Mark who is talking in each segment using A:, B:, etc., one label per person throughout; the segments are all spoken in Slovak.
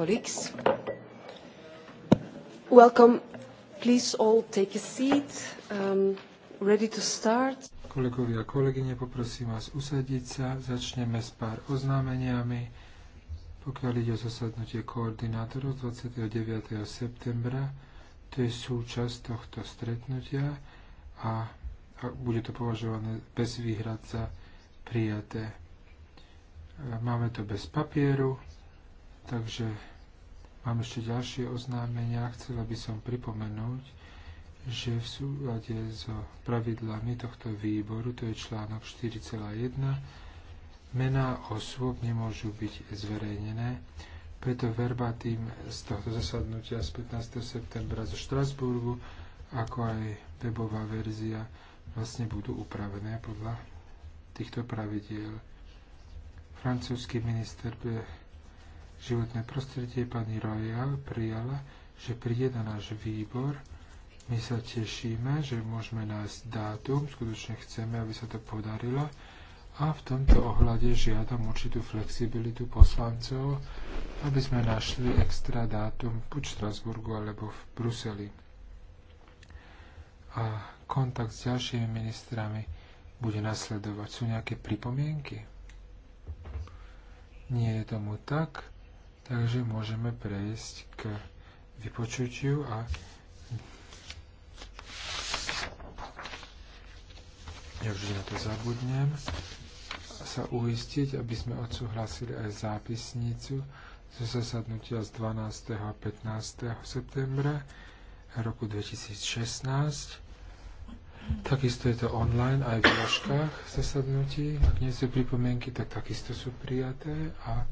A: colleagues. Welcome. Please all take a seat. Um, ready to start.
B: Kolegovia a kolegyne, poprosím vás usadiť sa. Začneme s pár oznámeniami. Pokiaľ ide o zasadnutie koordinátorov 29. septembra, to je súčasť tohto stretnutia a, a bude to považované bez výhrad za prijaté. E, máme to bez papieru, takže Mám ešte ďalšie oznámenia. Chcela by som pripomenúť, že v súlade s pravidlami tohto výboru, to je článok 4.1, mená osôb nemôžu byť zverejnené, preto tým z tohto zasadnutia z 15. septembra zo Štrasburgu, ako aj webová verzia, vlastne budú upravené podľa týchto pravidiel. Francúzsky minister pre životné prostredie pani Royal prijala, že príde na náš výbor. My sa tešíme, že môžeme nájsť dátum, skutočne chceme, aby sa to podarilo. A v tomto ohľade žiadam určitú flexibilitu poslancov, aby sme našli extra dátum buď v Štrasburgu alebo v Bruseli. A kontakt s ďalšími ministrami bude nasledovať. Sú nejaké pripomienky? Nie je tomu tak. Takže môžeme prejsť k vypočutiu a ja už na to zabudnem, sa uistiť, aby sme odsúhlasili aj zápisnicu zo zasadnutia z 12. a 15. septembra roku 2016. Takisto je to online aj v dĺžkach zasadnutí. Ak nie sú pripomienky, tak takisto sú prijaté a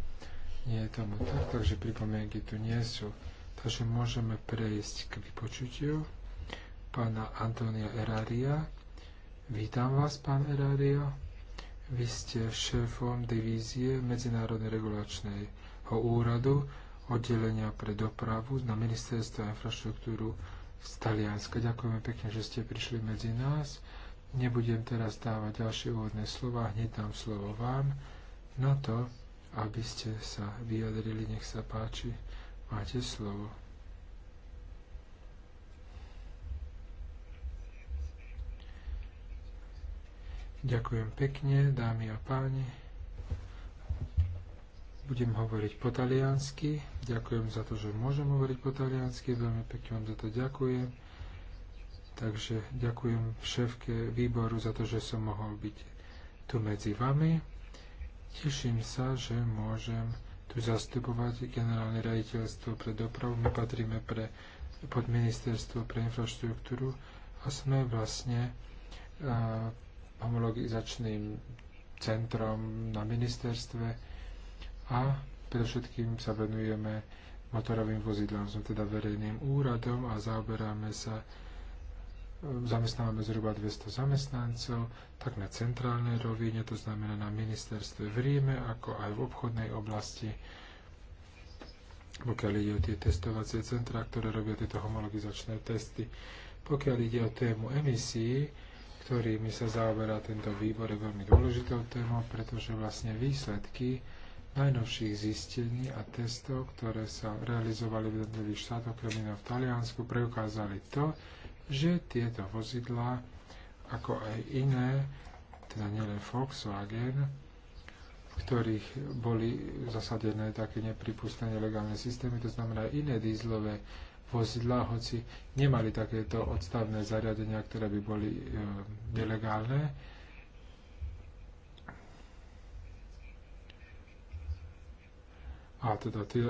B: nie je tomu tak, takže pripomienky tu nie sú. Takže môžeme prejsť k vypočutiu pána Antonia Eraria. Vítam vás, pán Erario. Vy ste šéfom divízie Medzinárodnej regulačného úradu oddelenia pre dopravu na ministerstvo infraštruktúru z Talianska. Ďakujeme pekne, že ste prišli medzi nás. Nebudem teraz dávať ďalšie úvodné slova, hneď dám slovo vám na to, aby ste sa vyjadrili. Nech sa páči, máte slovo. Ďakujem pekne, dámy a páni. Budem hovoriť po taliansky. Ďakujem za to, že môžem hovoriť po taliansky. Veľmi pekne vám za to ďakujem. Takže ďakujem všetké výboru za to, že som mohol byť tu medzi vami. Teším sa, že môžem tu zastupovať generálne raditeľstvo pre dopravu. My patríme pre, pod ministerstvo pre infraštruktúru a sme vlastne uh, homologizačným centrom na ministerstve a predovšetkým sa venujeme motorovým vozidlám, sme teda verejným úradom a zaoberáme sa uh, zamestnávame zhruba 200 zamestnancov, tak na centrálnej rovine, to znamená na ministerstve v Ríme, ako aj v obchodnej oblasti, pokiaľ ide o tie testovacie centra, ktoré robia tieto homologizačné testy. Pokiaľ ide o tému emisí, ktorými sa zaoberá tento výbor, je veľmi dôležitou témou, pretože vlastne výsledky najnovších zistení a testov, ktoré sa realizovali v jednotlivých štátoch, krem v Taliansku, preukázali to, že tieto vozidlá, ako aj iné, teda nielen Volkswagen, v ktorých boli zasadené také nepripustné nelegálne systémy, to znamená iné dízlové vozidlá, hoci nemali takéto odstavné zariadenia, ktoré by boli e, nelegálne. A teda tie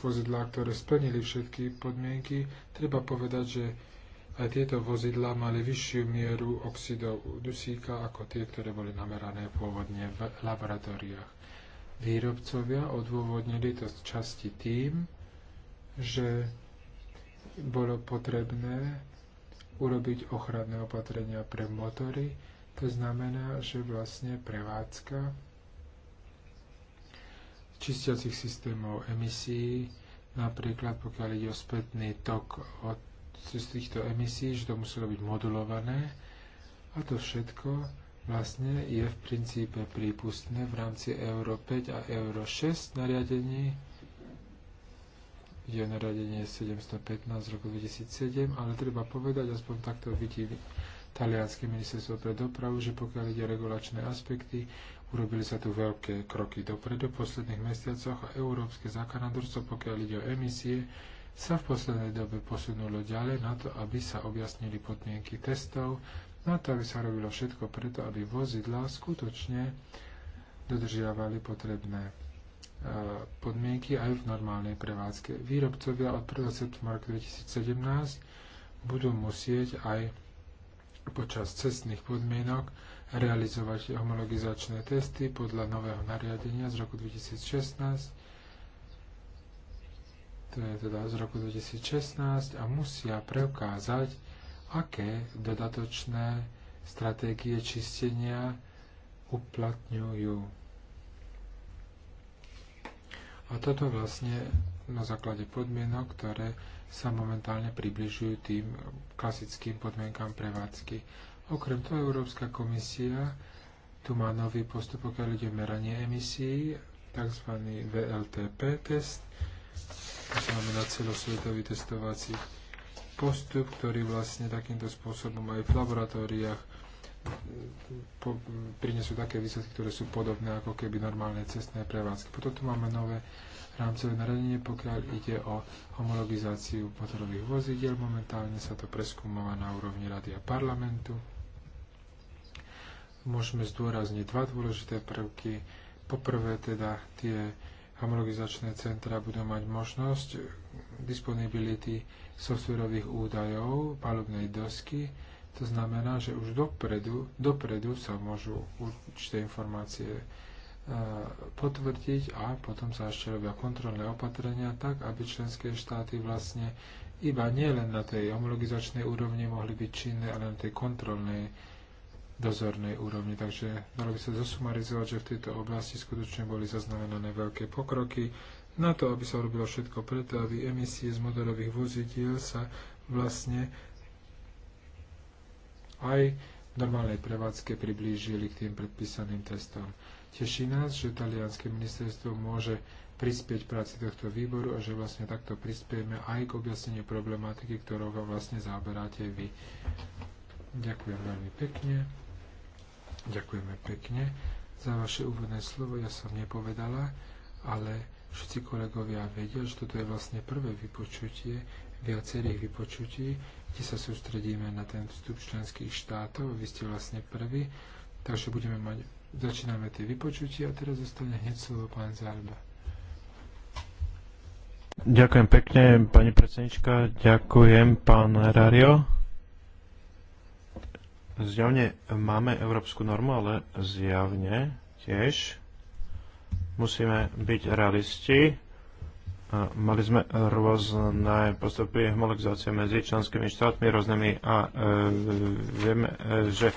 B: vozidlá, ktoré splnili všetky podmienky, treba povedať, že tieto vozidla mali vyššiu mieru oxidov dusíka ako tie, ktoré boli namerané pôvodne v laboratóriách. Výrobcovia odôvodnili to z časti tým, že bolo potrebné urobiť ochranné opatrenia pre motory. To znamená, že vlastne prevádzka čistiacich systémov emisí, napríklad pokiaľ ide o spätný tok od z týchto emisí, že to muselo byť modulované a to všetko vlastne je v princípe prípustné v rámci Euro 5 a Euro 6 nariadení, je nariadenie 715 z roku 2007, ale treba povedať, aspoň takto vidí talianské ministerstvo pre dopravu, že pokiaľ ide o regulačné aspekty, urobili sa tu veľké kroky dopredu v posledných mesiacoch a európske zákonodárstvo, pokiaľ ide o emisie, sa v poslednej dobe posunulo ďalej na to, aby sa objasnili podmienky testov, na to, aby sa robilo všetko preto, aby vozidlá skutočne dodržiavali potrebné e, podmienky aj v normálnej prevádzke. Výrobcovia od 1. septembra 2017 budú musieť aj počas cestných podmienok realizovať homologizačné testy podľa nového nariadenia z roku 2016 to je teda z roku 2016 a musia preukázať, aké dodatočné stratégie čistenia uplatňujú. A toto vlastne na základe podmienok, ktoré sa momentálne približujú tým klasickým podmienkám prevádzky. Okrem toho Európska komisia tu má nový postup, pokiaľ ide o meranie emisí, tzv. VLTP test, to znamená celosvetový testovací postup, ktorý vlastne takýmto spôsobom aj v laboratóriách eh, prinesú také výsledky, ktoré sú podobné ako keby normálne cestné prevádzky. Potom tu máme nové rámcové naradenie, pokiaľ ide o homologizáciu motorových vozidiel. Momentálne sa to preskúmava na úrovni Rady a parlamentu. Môžeme zdôrazniť dva dôležité prvky. Poprvé teda tie homologizačné centra budú mať možnosť disponibility softwarových údajov palubnej dosky. To znamená, že už dopredu, dopredu sa môžu určité informácie e, potvrdiť a potom sa ešte robia kontrolné opatrenia tak, aby členské štáty vlastne iba nielen na tej homologizačnej úrovni mohli byť činné, ale na tej kontrolnej dozornej úrovni. Takže dalo by sa zosumarizovať, že v tejto oblasti skutočne boli zaznamenané veľké pokroky na to, aby sa robilo všetko preto, aby emisie z motorových vozidiel sa vlastne aj v normálnej prevádzke priblížili k tým predpísaným testom. Teší nás, že talianské ministerstvo môže prispieť práci tohto výboru a že vlastne takto prispieme aj k objasneniu problematiky, ktorou vlastne zaoberáte vy. Ďakujem veľmi pekne. Ďakujeme pekne za vaše úvodné slovo. Ja som nepovedala, ale všetci kolegovia vedia, že toto je vlastne prvé vypočutie viacerých vypočutí, kde sa sústredíme na ten vstup členských štátov. Vy ste vlastne prvý, takže budeme mať, začíname tie vypočutie a teraz zostane hneď slovo pán Zalba.
C: Ďakujem pekne, pani predsednička. Ďakujem, pán Rario Zjavne máme európsku normu, ale zjavne tiež musíme byť realisti. Mali sme rôzne postupy homologizácie medzi členskými štátmi rôznymi a e, vieme, že e,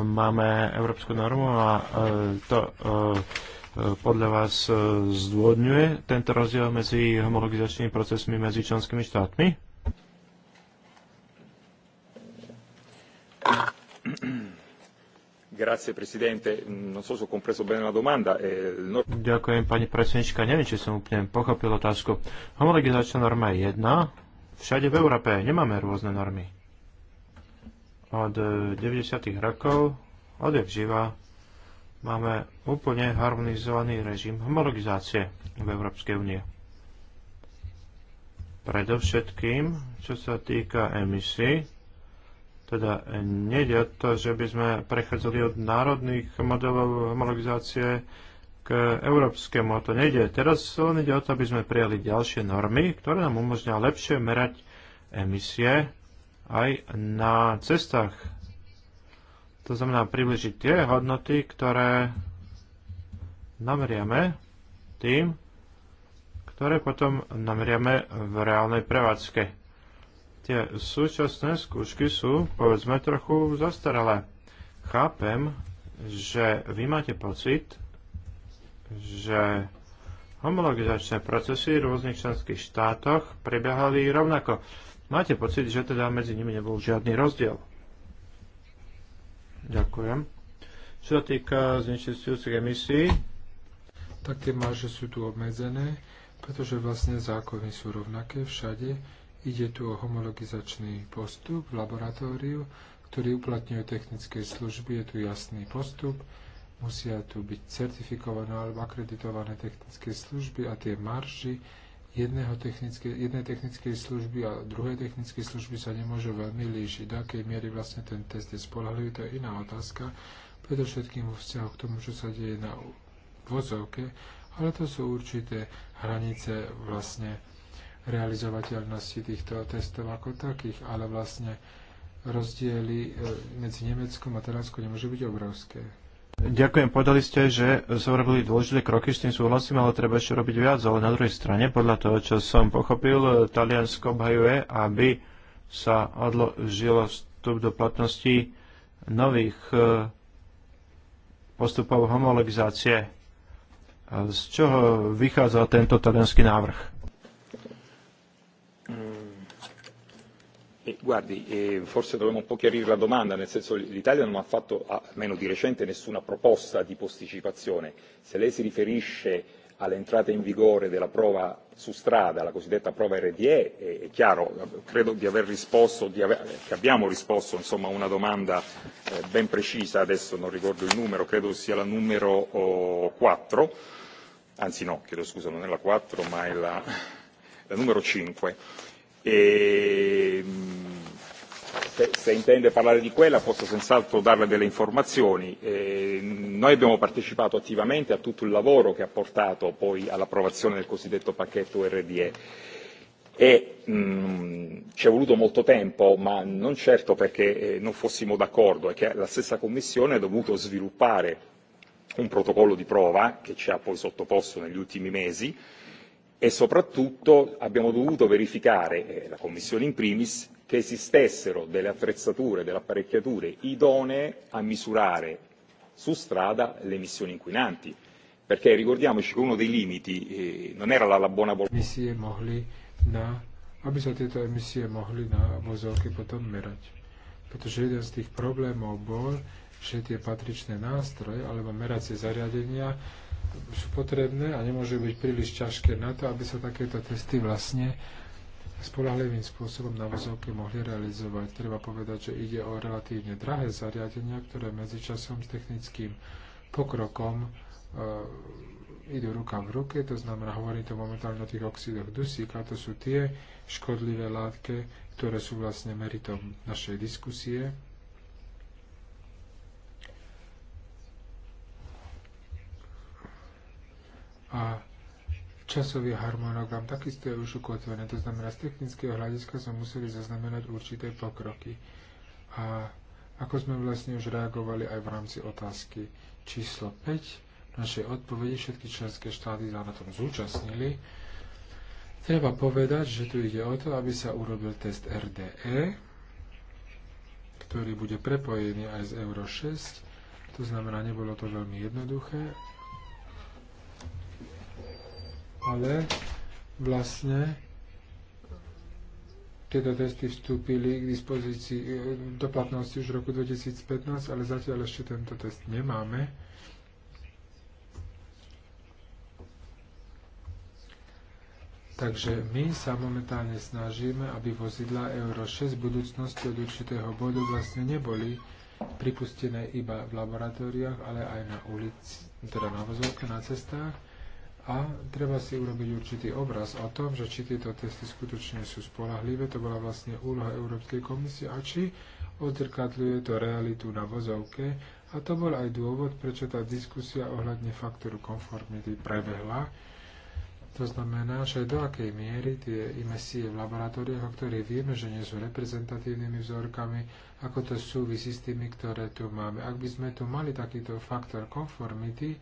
C: máme európsku normu a e, to e, e podľa vás e, zdôvodňuje tento rozdiel medzi homologizačnými procesmi medzi členskými štátmi?
D: Eh,
C: Ďakujem, pani predsednička. Neviem, či som úplne pochopil otázku. Homologizačná norma je jedna. Všade v Európe nemáme rôzne normy. Od 90. Eh, rokov, od živa, máme úplne harmonizovaný režim homologizácie v Európskej únie. Predovšetkým, čo sa týka emisí, teda nejde o to, že by sme prechádzali od národných modelov homologizácie k európskemu, o to nejde. Teraz len ide o to, aby sme prijali ďalšie normy, ktoré nám umožňujú lepšie merať emisie aj na cestách. To znamená približiť tie hodnoty, ktoré nameriame tým, ktoré potom nameriame v reálnej prevádzke tie súčasné skúšky sú, povedzme, trochu zastaralé. Chápem, že vy máte pocit, že homologizačné procesy v rôznych členských štátoch prebiehali rovnako. Máte pocit, že teda medzi nimi nebol žiadny rozdiel? Ďakujem. Čo sa týka znečistujúcich emisí,
B: tak tie marže sú tu obmedzené, pretože vlastne zákony sú rovnaké všade Ide tu o homologizačný postup v laboratóriu, ktorý uplatňuje technické služby. Je tu jasný postup. Musia tu byť certifikované alebo akreditované technické služby a tie marži jedného technické, jednej technickej služby a druhej technickej služby sa nemôžu veľmi líšiť. Do akej miery vlastne ten test je spolahlivý, to je iná otázka, predovšetkým vo vzťahu k tomu, čo sa deje na vozovke, ale to sú určité hranice vlastne realizovateľnosti týchto testov ako takých, ale vlastne rozdiely e, medzi Nemeckom a Talianskom nemôžu byť obrovské.
C: Ďakujem, povedali ste, že sa robili dôležité kroky, s tým súhlasím, ale treba ešte robiť viac, ale na druhej strane, podľa toho, čo som pochopil, e, Taliansko obhajuje, aby sa odložilo vstup do platnosti nových e, postupov homologizácie. Z čoho vychádza tento talianský návrh?
D: Mm. E, guardi, e, forse dovremmo un po' chiarire la domanda, nel senso che l'Italia non ha fatto, almeno di recente, nessuna proposta di posticipazione. Se lei si riferisce all'entrata in vigore della prova su strada, la cosiddetta prova RDE, è, chiaro, credo di aver risposto, di aver, che abbiamo risposto insomma, a una domanda eh, ben precisa, adesso non ricordo il numero, credo sia la numero oh, quattro 4, anzi no, chiedo scusa, non è la 4 ma è la la numero 5. E, se, se intende parlare di quella posso senz'altro darle delle informazioni. E, noi abbiamo partecipato attivamente a tutto il lavoro che ha portato poi all'approvazione del cosiddetto pacchetto RDE e, e mm, ci è voluto molto tempo, ma non certo perché eh, non fossimo d'accordo, è che la stessa Commissione ha dovuto sviluppare un protocollo di prova che ci ha poi sottoposto negli ultimi mesi e soprattutto abbiamo dovuto verificare, eh, la Commissione in primis, che esistessero delle attrezzature, delle apparecchiature idonee a misurare su strada le emissioni inquinanti. Perché ricordiamoci che uno dei limiti eh, non era la, la
B: buona volontà. aby sa tieto emisie mohli na vozovky potom merať. Pretože jeden z tých problémov bol, že tie patričné nástroje alebo meracie zariadenia sú potrebné a nemôžu byť príliš ťažké na to, aby sa takéto testy vlastne spolahlivým spôsobom na vozovke mohli realizovať. Treba povedať, že ide o relatívne drahé zariadenia, ktoré medzičasom s technickým pokrokom e, idú ruka v ruke, to znamená, hovorím to momentálne o tých oxidoch dusíka, to sú tie škodlivé látky, ktoré sú vlastne meritom našej diskusie. a časový harmonogram takisto je už ukotvené. To znamená, z technického hľadiska sme museli zaznamenať určité pokroky. A ako sme vlastne už reagovali aj v rámci otázky číslo 5, našej odpovede všetky členské štáty sa na tom zúčastnili. Treba povedať, že tu ide o to, aby sa urobil test RDE, ktorý bude prepojený aj z Euro 6. To znamená, nebolo to veľmi jednoduché, ale vlastne tieto testy vstúpili k dispozícii e, do platnosti už v roku 2015, ale zatiaľ ešte tento test nemáme. Takže my sa momentálne snažíme, aby vozidla Euro 6 v budúcnosti od určitého bodu vlastne neboli pripustené iba v laboratóriách, ale aj na ulici, teda na vozovke, na cestách a treba si urobiť určitý obraz o tom, že či tieto testy skutočne sú spolahlivé, to bola vlastne úloha Európskej komisie, a či odzrkadľuje to realitu na vozovke. A to bol aj dôvod, prečo tá diskusia ohľadne faktoru konformity prebehla. To znamená, že do akej miery tie imesie v laboratóriách, o ktorých vieme, že nie sú reprezentatívnymi vzorkami, ako to súvisí s tými, ktoré tu máme. Ak by sme tu mali takýto faktor konformity,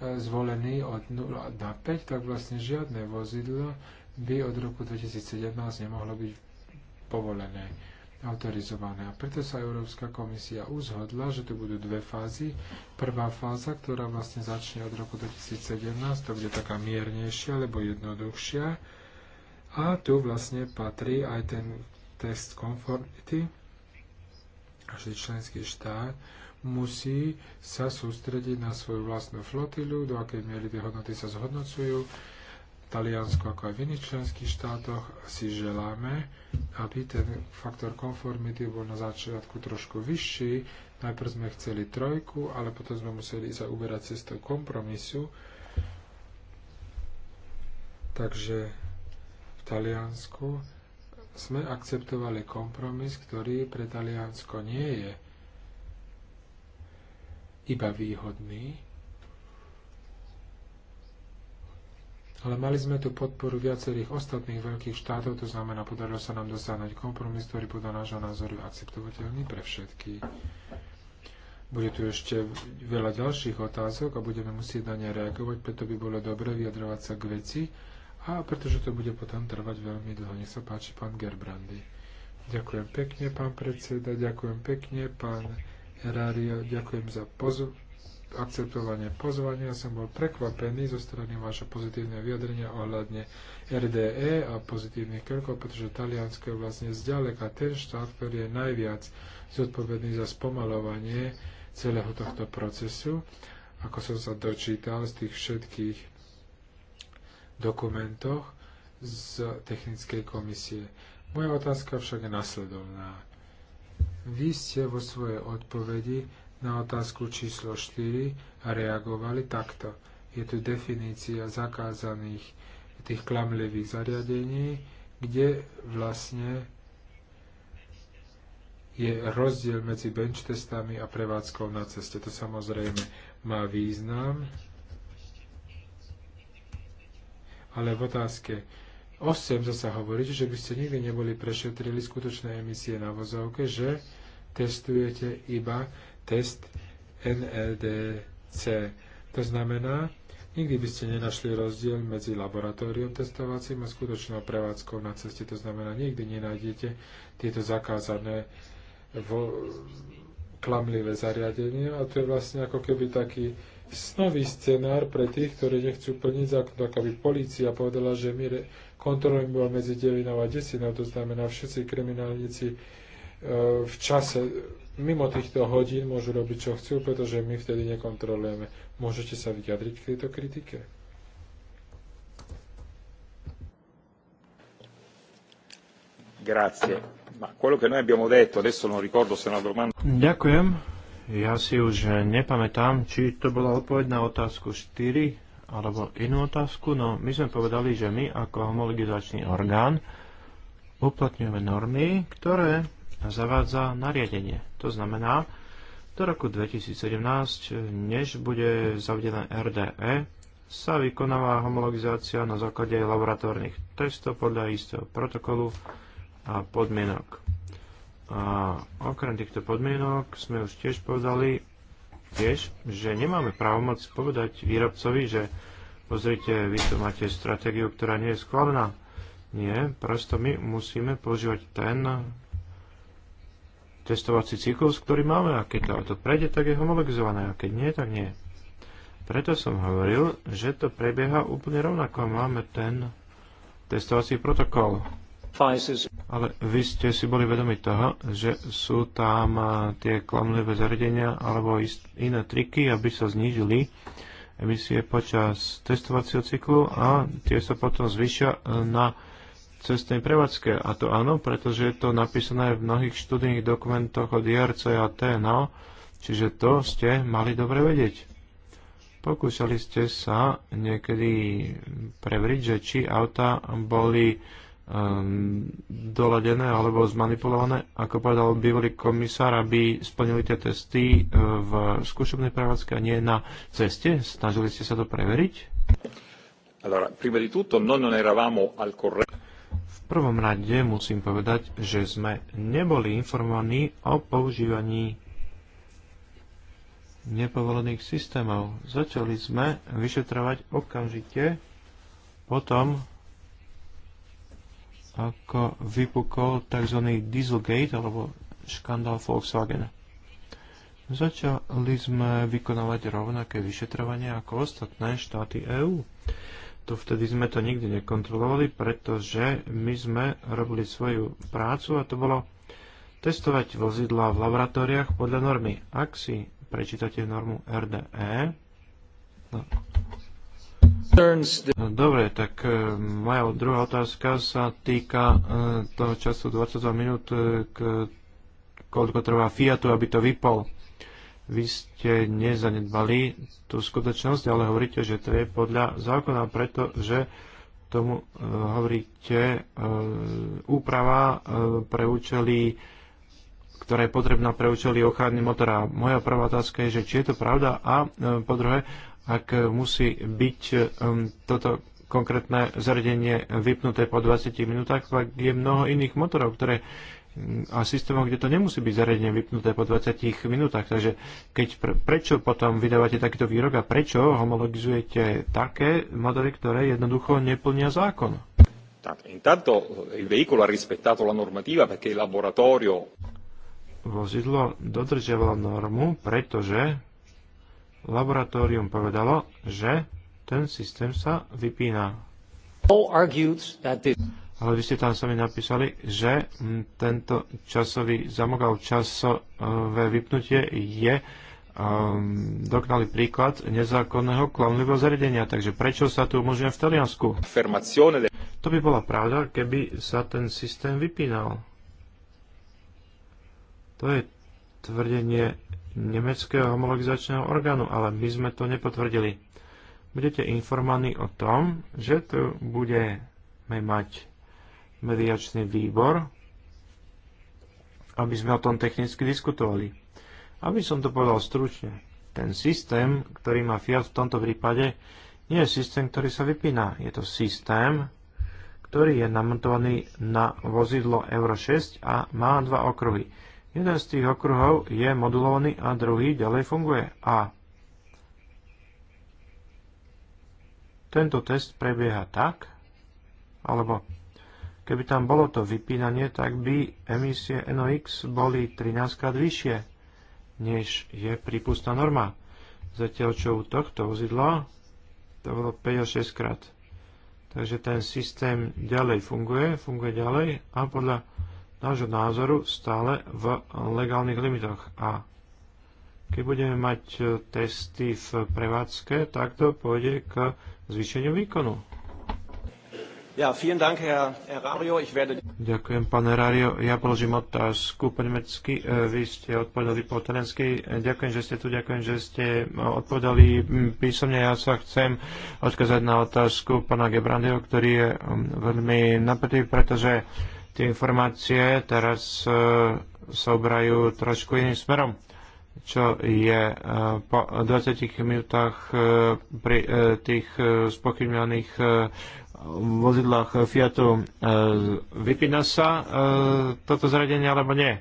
B: zvolený od 0 na 5, tak vlastne žiadne vozidlo by od roku 2017 nemohlo byť povolené, autorizované. A preto sa Európska komisia uzhodla, že tu budú dve fázy. Prvá fáza, ktorá vlastne začne od roku 2017, to bude taká miernejšia, alebo jednoduchšia. A tu vlastne patrí aj ten test conformity, každý členský štát musí sa sústrediť na svoju vlastnú flotilu, do akej miery tie hodnoty sa zhodnocujú. Taliansko ako aj v iných členských štátoch si želáme, aby ten faktor konformity bol na začiatku trošku vyšší. Najprv sme chceli trojku, ale potom sme museli sa uberať cestou kompromisu. Takže v Taliansku sme akceptovali kompromis, ktorý pre Taliansko nie je iba výhodný. Ale mali sme tu podporu viacerých ostatných veľkých štátov, to znamená, podarilo sa nám dosiahnuť kompromis, ktorý podľa nášho názoru je akceptovateľný pre všetky. Bude tu ešte veľa ďalších otázok a budeme musieť na ne reagovať, preto by bolo dobre vyjadrovať sa k veci a pretože to bude potom trvať veľmi dlho. Nech sa páči pán Gerbrandy. Ďakujem pekne, pán predseda, ďakujem pekne, pán Herário, ďakujem za pozu- akceptovanie pozvania. Som bol prekvapený zo strany vaše pozitívne vyjadrenia ohľadne RDE a pozitívnych krokov, pretože Taliansko je vlastne zďaleka ten štát, ktorý je najviac zodpovedný za spomalovanie celého tohto procesu. Ako som sa dočítal z tých všetkých dokumentoch z technickej komisie. Moja otázka však je nasledovná vy ste vo svojej odpovedi na otázku číslo 4 reagovali takto. Je tu definícia zakázaných tých klamlivých zariadení, kde vlastne je rozdiel medzi bench testami a prevádzkou na ceste. To samozrejme má význam, ale v otázke 8 zase hovorí, že by ste nikdy neboli prešetrili skutočné emisie na vozovke, že testujete iba test NEDC. To znamená, nikdy by ste nenašli rozdiel medzi laboratóriom testovacím a skutočnou prevádzkou na ceste. To znamená, nikdy nenájdete tieto zakázané vo, klamlivé zariadenie a to je vlastne ako keby taký snový scenár pre tých, ktorí nechcú plniť zákon, tak aby policia povedala, že my kontrolujeme iba medzi 9 a 10, to znamená všetci kriminálnici e, v čase mimo týchto hodín môžu robiť, čo chcú, pretože my vtedy nekontrolujeme. Môžete sa vyjadriť k tejto kritike?
D: Grazie. Ma quello che noi abbiamo detto, adesso non ricordo se è una domanda...
C: Ďakujem. Ja si už nepamätám, či to bola odpoveď na otázku 4 alebo inú otázku? No, my sme povedali, že my ako homologizačný orgán uplatňujeme normy, ktoré zavádza nariadenie. To znamená, do roku 2017, než bude zavedené RDE, sa vykonáva homologizácia na základe laboratórnych testov podľa istého protokolu a podmienok. A okrem týchto podmienok sme už tiež povedali, tiež, že nemáme právomoc povedať výrobcovi, že pozrite, vy tu máte stratégiu, ktorá nie je skladná. Nie, prosto my musíme používať ten testovací cyklus, ktorý máme a keď to auto prejde, tak je homologizované a keď nie, tak nie. Preto som hovoril, že to prebieha úplne rovnako. Máme ten testovací protokol.
E: Ale
C: vy ste si boli vedomi toho, že sú tam eh, tie klamlivé zariadenia alebo iné triky, aby sa znížili emisie počas testovacieho cyklu a tie sa potom zvyšia eh, na cestnej prevádzke. A to áno, pretože je to napísané v mnohých študijných dokumentoch od IRC a TNO, čiže to ste mali dobre vedieť. Pokúšali ste sa niekedy prevriť, že či auta boli um, doladené alebo zmanipulované. Ako povedal bývalý komisár, aby splnili tie testy eh, v skúšobnej prevádzke a nie na ceste? Snažili ste sa to preveriť? V prvom rade musím povedať, že sme neboli informovaní o používaní nepovolených systémov. Začali sme vyšetrovať okamžite potom, ako vypukol tzv. Dieselgate alebo škandál Volkswagen. Začali sme vykonávať rovnaké vyšetrovanie ako ostatné štáty EÚ. To vtedy sme to nikdy nekontrolovali, pretože my sme robili svoju prácu a to bolo testovať vozidla v laboratóriách podľa normy. Ak si prečítate normu RDE, no, No, dobre, tak e, moja druhá otázka sa týka e, toho času 22 minút, e, k, koľko trvá Fiatu, aby to vypol. Vy ste nezanedbali tú skutočnosť, ale hovoríte, že to je podľa zákona, pretože tomu hovoríte úprava pre účely ktorá je potrebná pre účely ochrany motora. Moja prvá otázka je, že či je to pravda a po druhé, ak musí byť um, toto konkrétne zariadenie vypnuté po 20 minútach, tak je mnoho iných motorov, ktoré mm, a systémov, kde to nemusí byť zariadenie vypnuté po 20 minútach. Takže keď pre, prečo potom vydávate takýto výrok a prečo homologizujete také motory, ktoré jednoducho neplnia zákon?
D: Intanto il veicolo ha rispettato la normativa perché il laboratorio...
C: Vozidlo dodržiavalo normu, pretože laboratórium povedalo, že ten systém sa vypína. Ale vy ste tam sami napísali, že tento časový zamok alebo časové vypnutie je um, dokonalý príklad nezákonného klamlivého zariadenia. Takže prečo sa tu umožňuje v Taliansku? To by bola pravda, keby sa ten systém vypínal. To je tvrdenie nemeckého homologizačného orgánu, ale my sme to nepotvrdili. Budete informovaní o tom, že tu budeme mať mediačný výbor, aby sme o tom technicky diskutovali. Aby som to povedal stručne, ten systém, ktorý má Fiat v tomto prípade, nie je systém, ktorý sa vypína. Je to systém, ktorý je namontovaný na vozidlo Euro 6 a má dva okruhy. Jeden z tých okruhov je modulovaný a druhý ďalej funguje. A tento test prebieha tak, alebo keby tam bolo to vypínanie, tak by emisie NOx boli 13 krát vyššie, než je prípustná norma. Zatiaľ čo u tohto vozidla to bolo 5 až 6 krát. Takže ten systém ďalej funguje, funguje ďalej a podľa nášho názoru stále v legálnych limitoch. A keď budeme mať e, testy v prevádzke, tak to pôjde k zvýšeniu výkonu.
D: Ja, vielen Dank, Herr Rario. Ich werde...
C: Ďakujem, pán Rario. Ja položím otázku po nemecky. E, vy ste odpovedali po taliansky. E, ďakujem, že ste tu, ďakujem, že ste odpovedali písomne. Ja sa chcem odkazať na otázku pána Gebrandeho, ktorý je veľmi napätý, pretože tie informácie teraz e, sa obrajú trošku iným smerom čo je e, po 20 minútach e, pri tých spochybňovaných vozidlách Fiatu vypína sa toto zradenie alebo nie?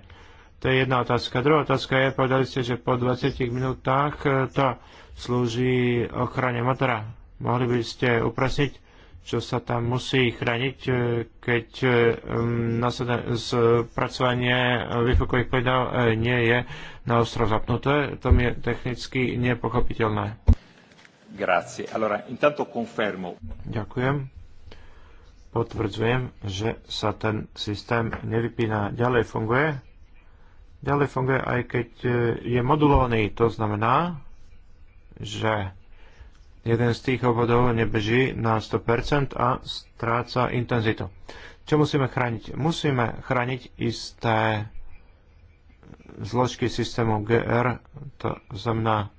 C: To je jedna otázka. Druhá otázka je, povedali ste, že po 20 minútach to slúži ochrane motora. Mohli by ste upresniť, čo sa tam musí chrániť, e, keď e, následné spracovanie výfokových plynov e, nie je na ostro zapnuté. To mi je technicky nepochopiteľné.
D: Grazie. Allora, intanto confermo.
C: Ďakujem. Potvrdzujem, že sa ten systém nevypína. Ďalej funguje. Ďalej funguje aj keď je modulovaný. To znamená, že jeden z tých obvodov nebeží na 100% a stráca intenzitu. Čo musíme chrániť? Musíme chrániť isté zložky systému GR, to znamená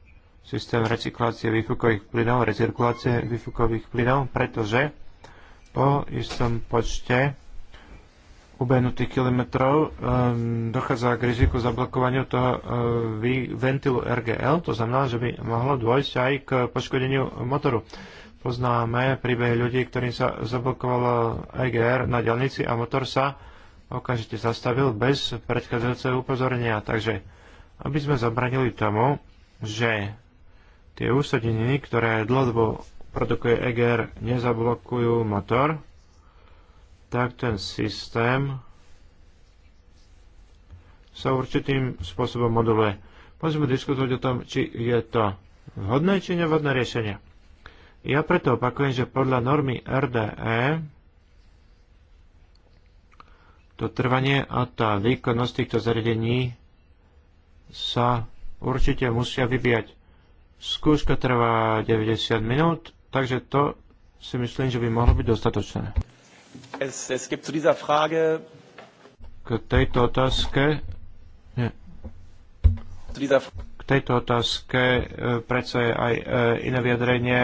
C: systém recyklácie výfukových plynov, recirkulácie výfukových plynov, pretože po istom počte ubehnutých kilometrov um, dochádza k riziku zablokovania toho uh, ventilu RGL, to znamená, že by mohlo dôjsť aj k poškodeniu motoru. Poznáme príbehy ľudí, ktorým sa zablokovalo EGR na dielnici a motor sa okamžite zastavil bez predchádzajúceho upozornenia. Takže aby sme zabranili tomu, že tie úsadeniny, ktoré dlhodobo produkuje EGR, nezablokujú motor, tak ten systém sa určitým spôsobom moduluje. Môžeme diskutovať o tom, či je to vhodné či nevhodné riešenie. Ja preto opakujem, že podľa normy RDE to trvanie a tá výkonnosť týchto zariadení sa určite musia vybíjať. Skúška trvá 90 minút, takže to si myslím, že by mohlo byť dostatočné.
D: Es, es gibt zu dieser Frage
C: k tejto otázke
D: K
C: tejto otázke e, predsa je aj e, iné vyjadrenie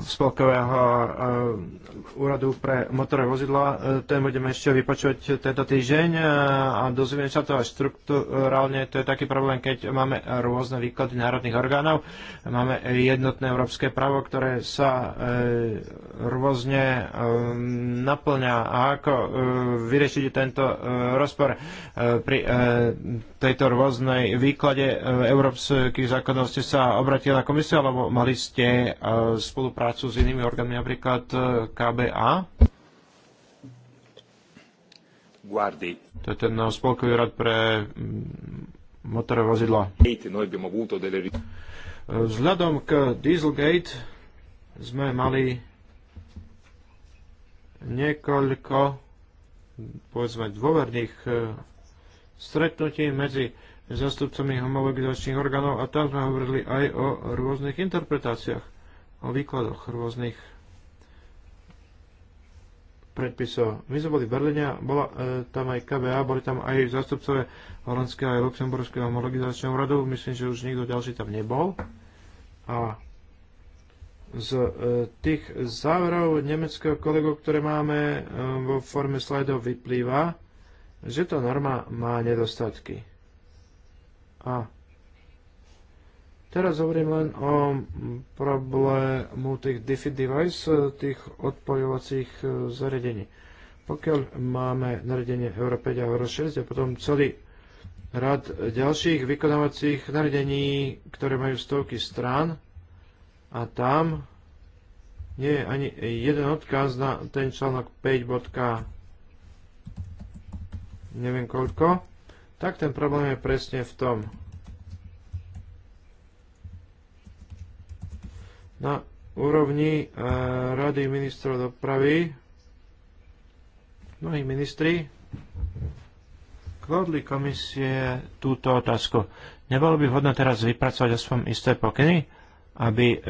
C: spolkového eh, úradu pre motorové vozidla. Eh, ten budeme ešte vypočuť tento týždeň eh, a dozvíme sa to až štruktúrálne. To je taký problém, keď máme rôzne výklady národných orgánov. Máme jednotné európske právo, ktoré sa rôzne naplňa. A ako vyriešiť tento rozpor pri tejto rôznej výklade európskych zákonov ste sa obratili na komisiu, alebo mali ste spolu spoluprácu s inými orgánmi, napríklad e, KBA? Guardi. To je ten e, spolkový rad pre mm, motorové vozidla.
D: E,
C: vzhľadom k Dieselgate sme mali niekoľko povedzme dôverných stretnutí medzi zastupcami homologizačných orgánov a tam sme hovorili aj o rôznych interpretáciách o výkladoch rôznych predpisov. My sme boli v Berlíne, bola e, tam aj KBA, boli tam aj zástupcové holandského aj luxemburského homologizačného úradu, myslím, že už nikto ďalší tam nebol. A z e, tých záverov nemeckého kolegu, ktoré máme e, vo forme slajdov, vyplýva, že tá norma má nedostatky. A Teraz hovorím len o problému tých DeFi device, tých odpojovacích e, zariadení. Pokiaľ máme nariadenie Euro 5 a Euro 6 a potom celý rad ďalších vykonávacích nariadení, ktoré majú stovky strán a tam nie je ani jeden odkaz na ten článok 5 bodka neviem koľko, tak ten problém je presne v tom, Na úrovni eh, Rady ministrov dopravy mnohí ministri kladli komisie túto otázku. Nebolo by vhodné teraz vypracovať aspoň isté pokyny, aby eh,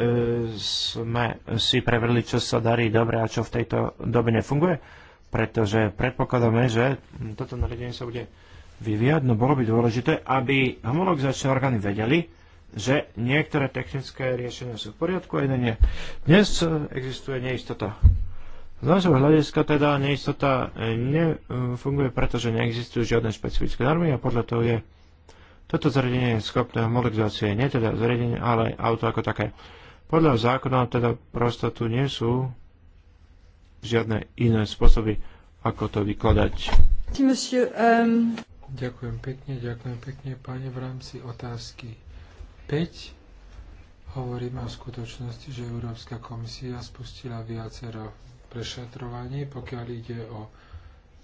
C: sme si preverili, čo sa darí dobre a čo v tejto dobe nefunguje? Pretože predpokladáme, že toto nariadenie sa bude vyvíjať, no bolo by dôležité, aby homologizačné orgány vedeli, že niektoré technické riešenia sú v poriadku a iné nie. Dnes e, existuje neistota. Z nášho hľadiska teda neistota e, nefunguje, pretože neexistujú žiadne špecifické normy a podľa toho je toto zariadenie je schopné homologizácie, nie teda zariadenie, ale auto ako také. Podľa zákona teda prosto tu nie sú žiadne iné spôsoby, ako to vykladať.
E: Um.
B: Ďakujem pekne, ďakujem pekne, páne, v rámci otázky 5 hovoríme o skutočnosti, že Európska komisia spustila viacero prešetrovaní, pokiaľ ide o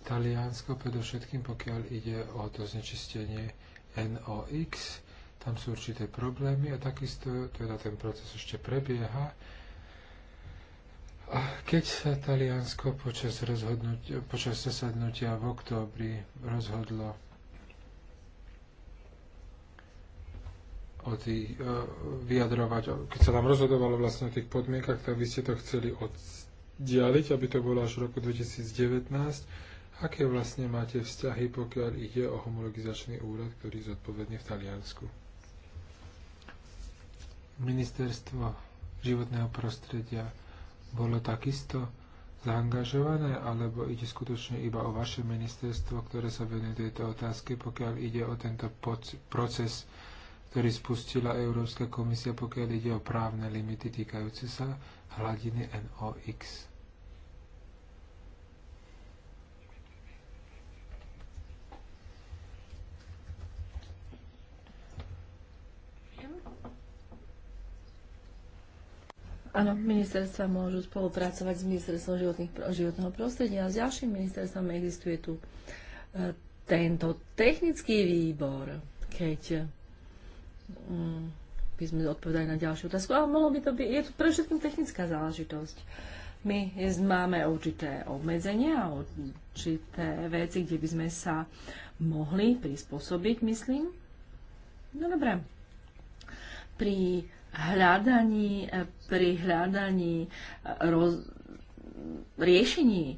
B: Taliansko, predovšetkým pokiaľ ide o to znečistenie NOx. Tam sú určité problémy a takisto teda ten proces ešte prebieha. A keď sa Taliansko počas, počas zasadnutia v októbri rozhodlo o e, vyjadrovať, keď sa tam rozhodovalo vlastne o tých podmienkach, tak vy ste to chceli oddialiť, aby to bolo až v roku 2019. Aké vlastne máte vzťahy, pokiaľ ide o homologizačný úrad, ktorý je zodpovedný v Taliansku? Ministerstvo životného prostredia bolo takisto zaangažované, alebo ide skutočne iba o vaše ministerstvo, ktoré sa venuje tejto otázke, pokiaľ ide o tento proces ktorý spustila Európska komisia, pokiaľ ide o právne limity týkajúce sa hladiny NOx.
A: Áno, ministerstva môžu spolupracovať s ministerstvom životného prostredia a s ďalším ministerstvom existuje tu e, tento technický výbor, keď by sme odpovedali na ďalšiu otázku. Ale mohlo by to byť, je to pre všetkým technická záležitosť. My máme určité obmedzenia, určité veci, kde by sme sa mohli prispôsobiť, myslím. No dobre. Pri hľadaní, pri hľadaní eh, roz, riešení eh,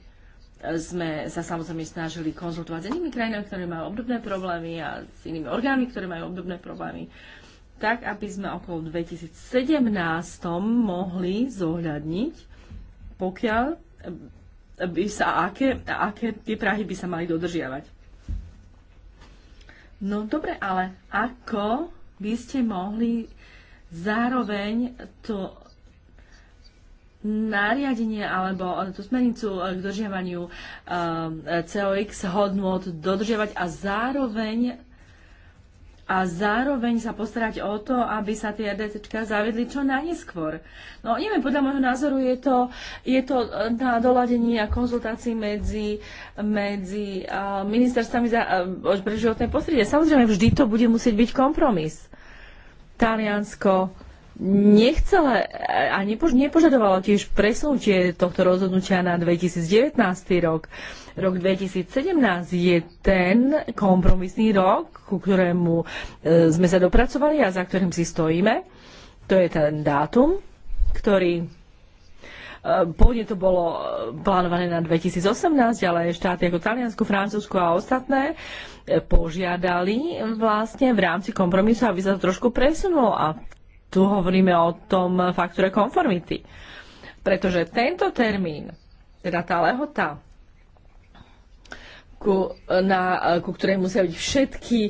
A: sme sa samozrejme snažili konzultovať s inými krajinami, ktoré majú obdobné problémy a s inými orgánmi, ktoré majú obdobné problémy. Uh, tak aby sme okolo 2017 mohli zohľadniť, pokiaľ eh, by sa aké, aké tie Prahy by sa mali dodržiavať. No dobre, ale ako by ste mohli zároveň to nariadenie alebo tú smernicu k dodržiavaniu um, eh, eh, COX hodnot dodržiavať a zároveň a zároveň sa postarať o to, aby sa tie RDCčka zavedli čo najskôr. No neviem, podľa môjho názoru je to, je to e, na doladení a konzultácii medzi, medzi e, ministerstvami za, e, pre životné prostredie. Samozrejme, vždy to bude musieť byť kompromis. Taliansko nechcela a nepož, nepožadovala tiež presunutie tohto rozhodnutia na 2019. rok. Rok 2017 je ten kompromisný rok, ku ktorému e, sme sa dopracovali a za ktorým si stojíme. To je ten dátum, ktorý e, Pôvodne to bolo e, plánované na 2018, ale štáty ako Taliansko, Francúzsko a ostatné e, požiadali vlastne v rámci kompromisu, aby sa to trošku presunulo a tu hovoríme o tom faktore konformity. Pretože tento termín, teda tá lehota, ku, na, ku ktorej musia byť všetky,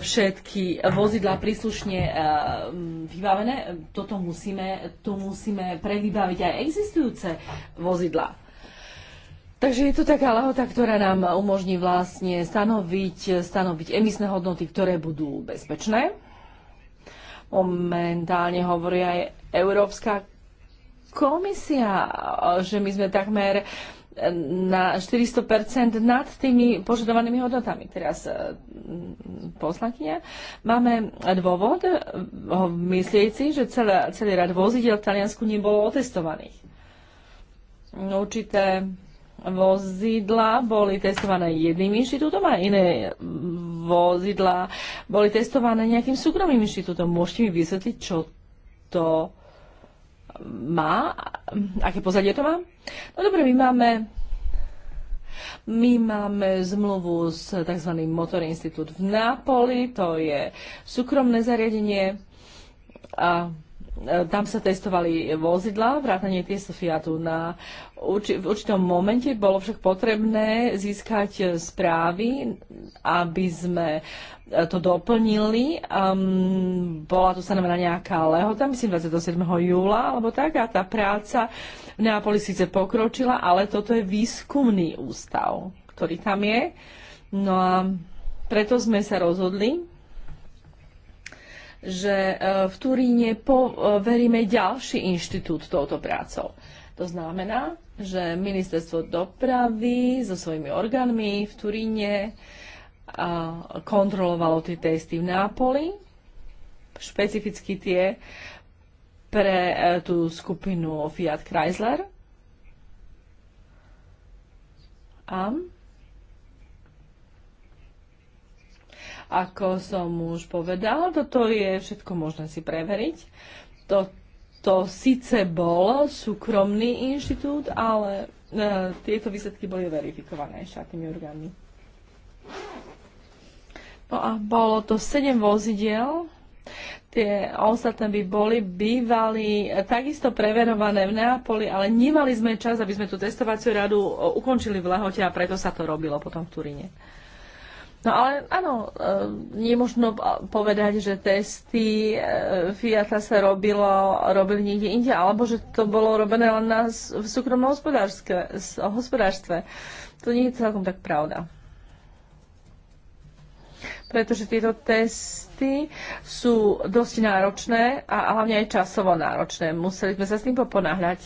A: všetky vozidla príslušne eh, vybavené. Toto musíme, tu musíme prevybaviť aj existujúce vozidla. Takže je to taká lehota, ktorá nám umožní vlastne stanoviť, stanoviť emisné hodnoty, ktoré budú bezpečné momentálne hovorí aj Európska komisia, že my sme takmer na 400% nad tými požadovanými hodnotami. Teraz e, poslankyňa. Máme dôvod e, myslieť si, že celé, celý rad vozidel v Taliansku nebolo otestovaných. Určité vozidla boli testované jedným inštitútom a iné vozidla boli testované nejakým súkromným inštitútom. Môžete mi vysvetliť, čo to má? Aké pozadie to má? No dobre, my máme my máme zmluvu s tzv. Motor Institute v Nápoli, to je súkromné zariadenie. A E, tam sa testovali vozidla, vrátanie tiesto Fiatu. Na urči- v určitom momente bolo však potrebné získať e, správy, aby sme e, to doplnili. Um, bola to stanovená nejaká lehota, myslím 27. júla, alebo tak, a tá práca v Neapoli síce pokročila, ale toto je výskumný ústav, ktorý tam je. No a preto sme sa rozhodli, že e, v Turíne poveríme e, ďalší inštitút touto prácou. To znamená, že ministerstvo dopravy so svojimi orgánmi v Turíne e, kontrolovalo tie testy v Nápoli, špecificky tie pre tú skupinu Fiat Chrysler. A Ako som už povedala, toto je všetko možné si preveriť. Toto síce bol súkromný inštitút, ale e, tieto výsledky boli verifikované šatými orgánmi. No a bolo to 7 vozidiel. Tie ostatné by boli bývali e, takisto preverované v Neapoli, ale nemali sme čas, aby sme tú testovaciu radu e, ukončili v lehote a preto sa to robilo potom v Turíne. No ale áno, e, nemôžno možno povedať, že testy e, Fiata sa robilo, robili niekde inde, alebo že to bolo robené len na, v súkromnom hospodárstve. To nie je celkom tak pravda. Pretože tieto testy sú dosť náročné a hlavne aj časovo náročné. Museli sme sa s tým poponáhľať.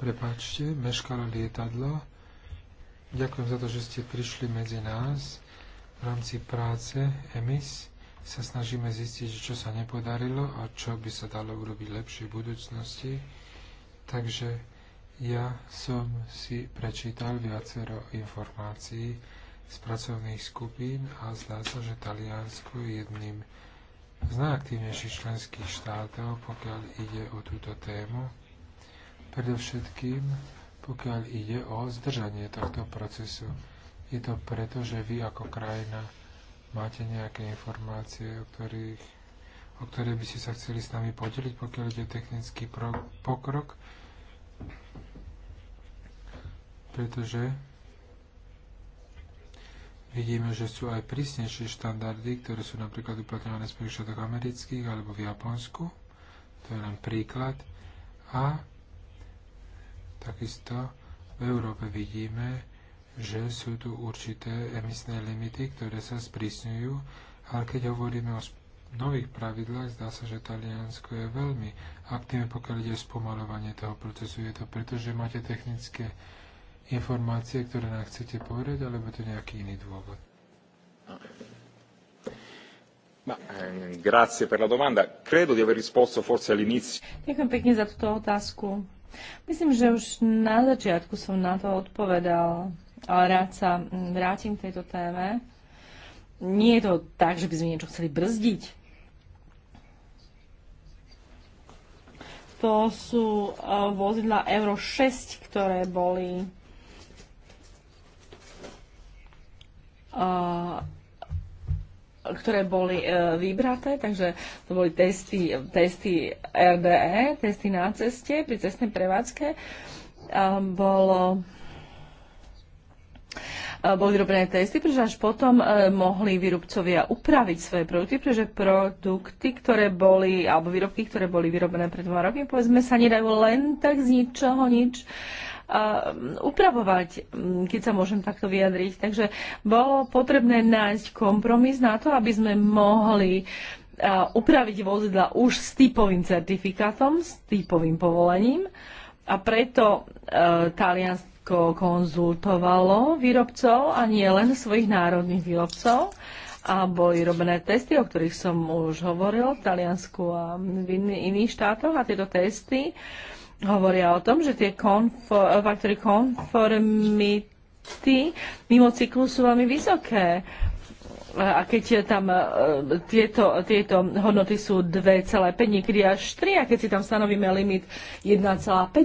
B: Prepačte, meškalo lietadlo Ďakujem za to, že ste prišli medzi nás. V rámci práce EMIS sa snažíme zistiť, čo sa nepodarilo a čo by sa dalo urobiť lepšie v budúcnosti. Takže ja som si prečítal viacero informácií z pracovných skupín a zdá sa, že Taliansko je jedným z najaktívnejších členských štátov, pokiaľ ide o túto tému. Predovšetkým pokiaľ ide o zdržanie tohto procesu. Je to preto, že vy ako krajina máte nejaké informácie, o, ktorých, o ktoré by ste sa chceli s nami podeliť, pokiaľ ide technický pokrok, pretože vidíme, že sú aj prísnejšie štandardy, ktoré sú napríklad uplatňované v Spojených štátoch amerických alebo v Japonsku. To je len príklad. A Takisto v Európe vidíme, že sú tu určité emisné limity, ktoré sa sprísňujú, ale keď hovoríme o nových pravidlách, zdá sa, že Taliansko je veľmi aktívne, pokiaľ ide o spomalovanie toho procesu. Je to preto, že máte technické informácie, ktoré nám chcete povedať, alebo je to nejaký iný dôvod? Eh,
A: Ďakujem pekne za túto otázku. Myslím, že už na začiatku som na to odpovedal, ale rád sa vrátim k tejto téme. Nie je to tak, že by sme niečo chceli brzdiť. To sú e, vozidla Euro 6, ktoré boli e, ktoré boli e, vybraté, takže to boli testy, testy RDE, testy na ceste pri cestnej prevádzke. E, bolo e, boli robené testy, pretože až potom mohli výrobcovia upraviť svoje produkty, pretože produkty, ktoré boli, alebo výrobky, ktoré boli vyrobené pred dva roky, povedzme, sa nedajú len tak z ničoho nič upravovať, keď sa môžem takto vyjadriť. Takže bolo potrebné nájsť kompromis na to, aby sme mohli upraviť vozidla už s typovým certifikátom, s typovým povolením a preto e, Taliansko konzultovalo výrobcov a nie len svojich národných výrobcov a boli robené testy, o ktorých som už hovoril v Taliansku a v iných štátoch a tieto testy uh, hovoria o tom, že tie konfor, faktory konformity mimo cyklu sú veľmi vysoké. A keď tam e, tieto, tieto hodnoty sú 2,5, niekedy až 3, a keď si tam stanovíme limit 1,5,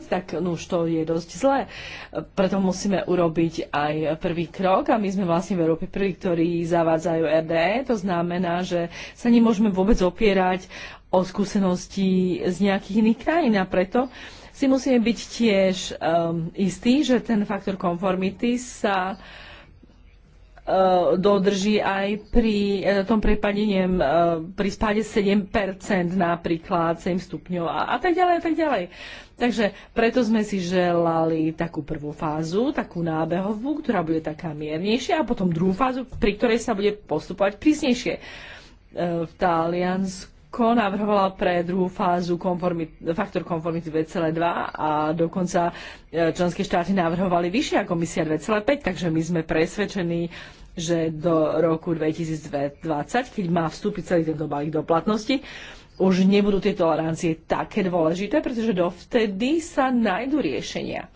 A: tak no už to je dosť zlé. Preto musíme urobiť aj prvý krok a my sme vlastne v Európe prví, ktorí zavádzajú RDE. To znamená, že sa nemôžeme vôbec opierať o skúsenosti z nejakých iných krajín a preto uh, si musíme byť tiež um, istí, že ten faktor konformity sa uh, dodrží aj pri eh, tom prepadení, eh, pri spáde 7% napríklad, 7 stupňov a, a tak ďalej, a tak ďalej. Takže preto sme si želali takú prvú fázu, takú nábehovú, ktorá bude taká miernejšia a potom druhú fázu, pri ktorej sa bude postupovať prísnejšie. Eh, v Taliansku Ko navrhovala pre druhú fázu konformit, faktor konformity 2,2 a dokonca e, členské štáty navrhovali vyššia komisia 2,5, takže my sme presvedčení, že do roku 2020, keď má vstúpiť celý tento balík do platnosti, už nebudú tie tolerancie také dôležité, pretože dovtedy sa nájdú riešenia,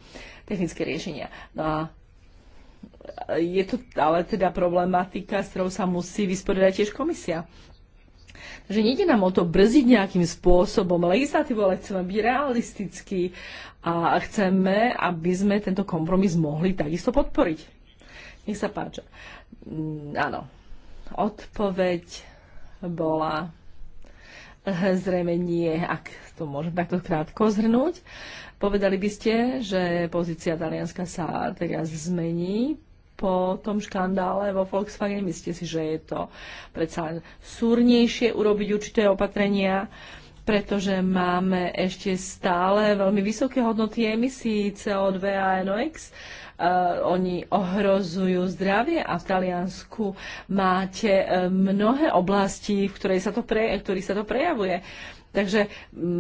A: technické riešenia. No a e, je to ale teda problematika, s ktorou sa musí vysporiadať tiež komisia že nejde nám o to brziť nejakým spôsobom legislatívu, ale chceme byť realistickí a chceme, aby sme tento kompromis mohli takisto podporiť. Nech sa páča. Mm, áno, odpoveď bola zrejme nie, ak to môžem takto krátko zhrnúť. Povedali by ste, že pozícia Talianska sa teraz zmení po tom škandále vo Volkswagen. Myslíte si, že je to predsa len súrnejšie urobiť určité opatrenia, pretože máme ešte stále veľmi vysoké hodnoty emisí CO2 a NOx. Uh, e, oni ohrozujú zdravie a v Taliansku máte uh, mnohé oblasti, v ktorej sa to pre, ktorých sa to prejavuje. Takže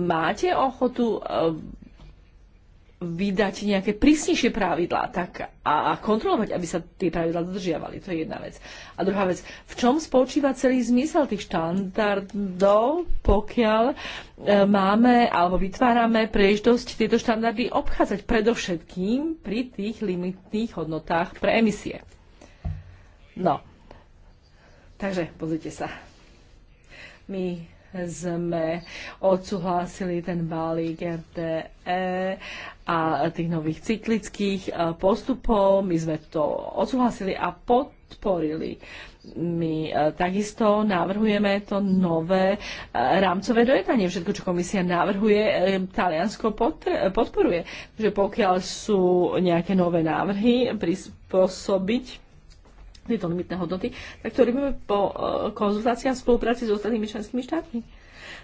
A: máte ochotu uh, vydať nejaké prísnejšie pravidlá tak, a, a kontrolovať, aby sa tie pravidlá dodržiavali. To je jedna vec. A druhá vec, v čom spočíva celý zmysel tých štandardov, pokiaľ e, máme alebo vytvárame príležitosť tieto štandardy obchádzať predovšetkým pri tých limitných hodnotách pre emisie. No, takže pozrite sa. My sme odsúhlasili ten balík RTE a tých nových cyklických e, postupov. My sme to odsúhlasili a podporili. My e, takisto navrhujeme to nové e, rámcové dojednanie. Všetko, čo komisia navrhuje, Taliansko podporuje. Že pokiaľ sú nejaké nové návrhy prispôsobiť tieto limitné hodnoty, tak to robíme po e, konzultáciách a spolupráci s ostatnými členskými štátmi.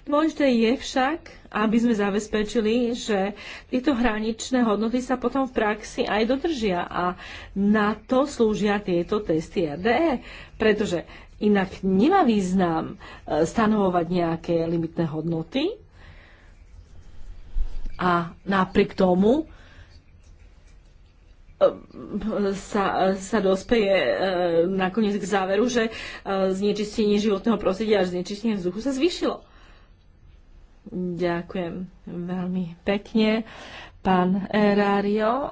A: Dôležité je však, aby sme zabezpečili, že tieto hraničné hodnoty sa potom v praxi aj dodržia a na to slúžia tieto testy ADE. pretože inak nemá význam e, stanovovať nejaké limitné hodnoty a napriek tomu sa, sa dospeje e, nakoniec k záveru, že e, znečistenie životného prostredia a znečistenie vzduchu sa zvýšilo. Ďakujem veľmi pekne. Pán Erario, e,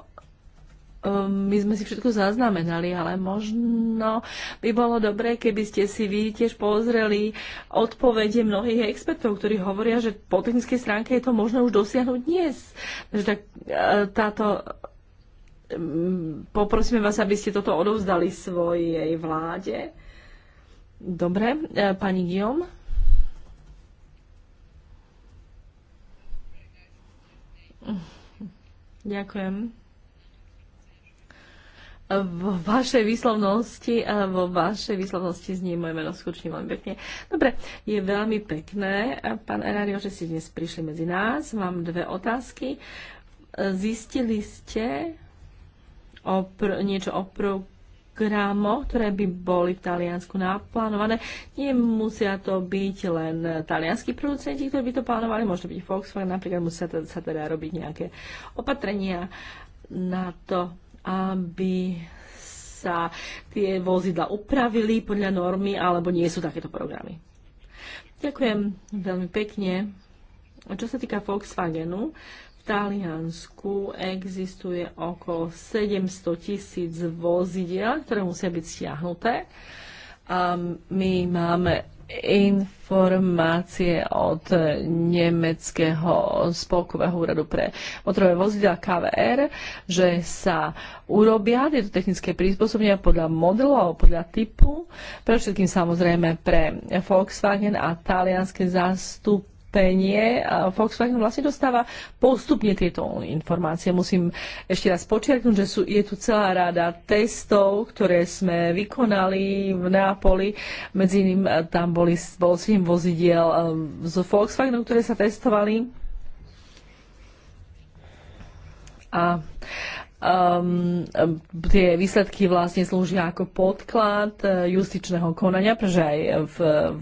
A: my sme si všetko zaznamenali, ale možno by bolo dobré, keby ste si vy tiež pozreli odpovede mnohých expertov, ktorí hovoria, že po technickej stránke je to možné už dosiahnuť dnes. Takže tak, táto Poprosíme vás, aby ste toto odovzdali svojej vláde. Dobre, e, pani Guillaume. Ďakujem. V vašej výslovnosti, e, vo vašej výslovnosti znie moje meno skutočne veľmi pekne. Dobre, je veľmi pekné, e, pán Erario, že ste dnes prišli medzi nás. Mám dve otázky. Zistili ste, pr- niečo o programoch, ktoré by boli v Taliansku naplánované. Nemusia to byť len talianskí producenti, ktorí by to plánovali, môže to byť Volkswagen, napríklad musia to, sa teda robiť nejaké opatrenia na to, aby sa tie vozidla upravili podľa normy, alebo nie sú takéto programy. Ďakujem veľmi pekne. A čo sa týka Volkswagenu, Taliansku existuje okolo 700 tisíc vozidiel, ktoré musia byť stiahnuté. A my máme informácie od nemeckého spolkového úradu pre motorové vozidla KVR, že sa urobia tieto technické prispôsobenia podľa modelu alebo podľa typu, pre všetkým samozrejme pre Volkswagen a talianské zástup poistenie. Volkswagen vlastne dostáva postupne tieto informácie. Musím ešte raz počiarknúť, že sú, je tu celá rada testov, ktoré sme vykonali v Neapoli. Medzi iným eh, tam boli, bol 7 vozidiel z eh, Volkswagenu, ktoré sa testovali. A um, tie výsledky vlastne slúžia ako podklad eh, justičného konania, pretože aj v,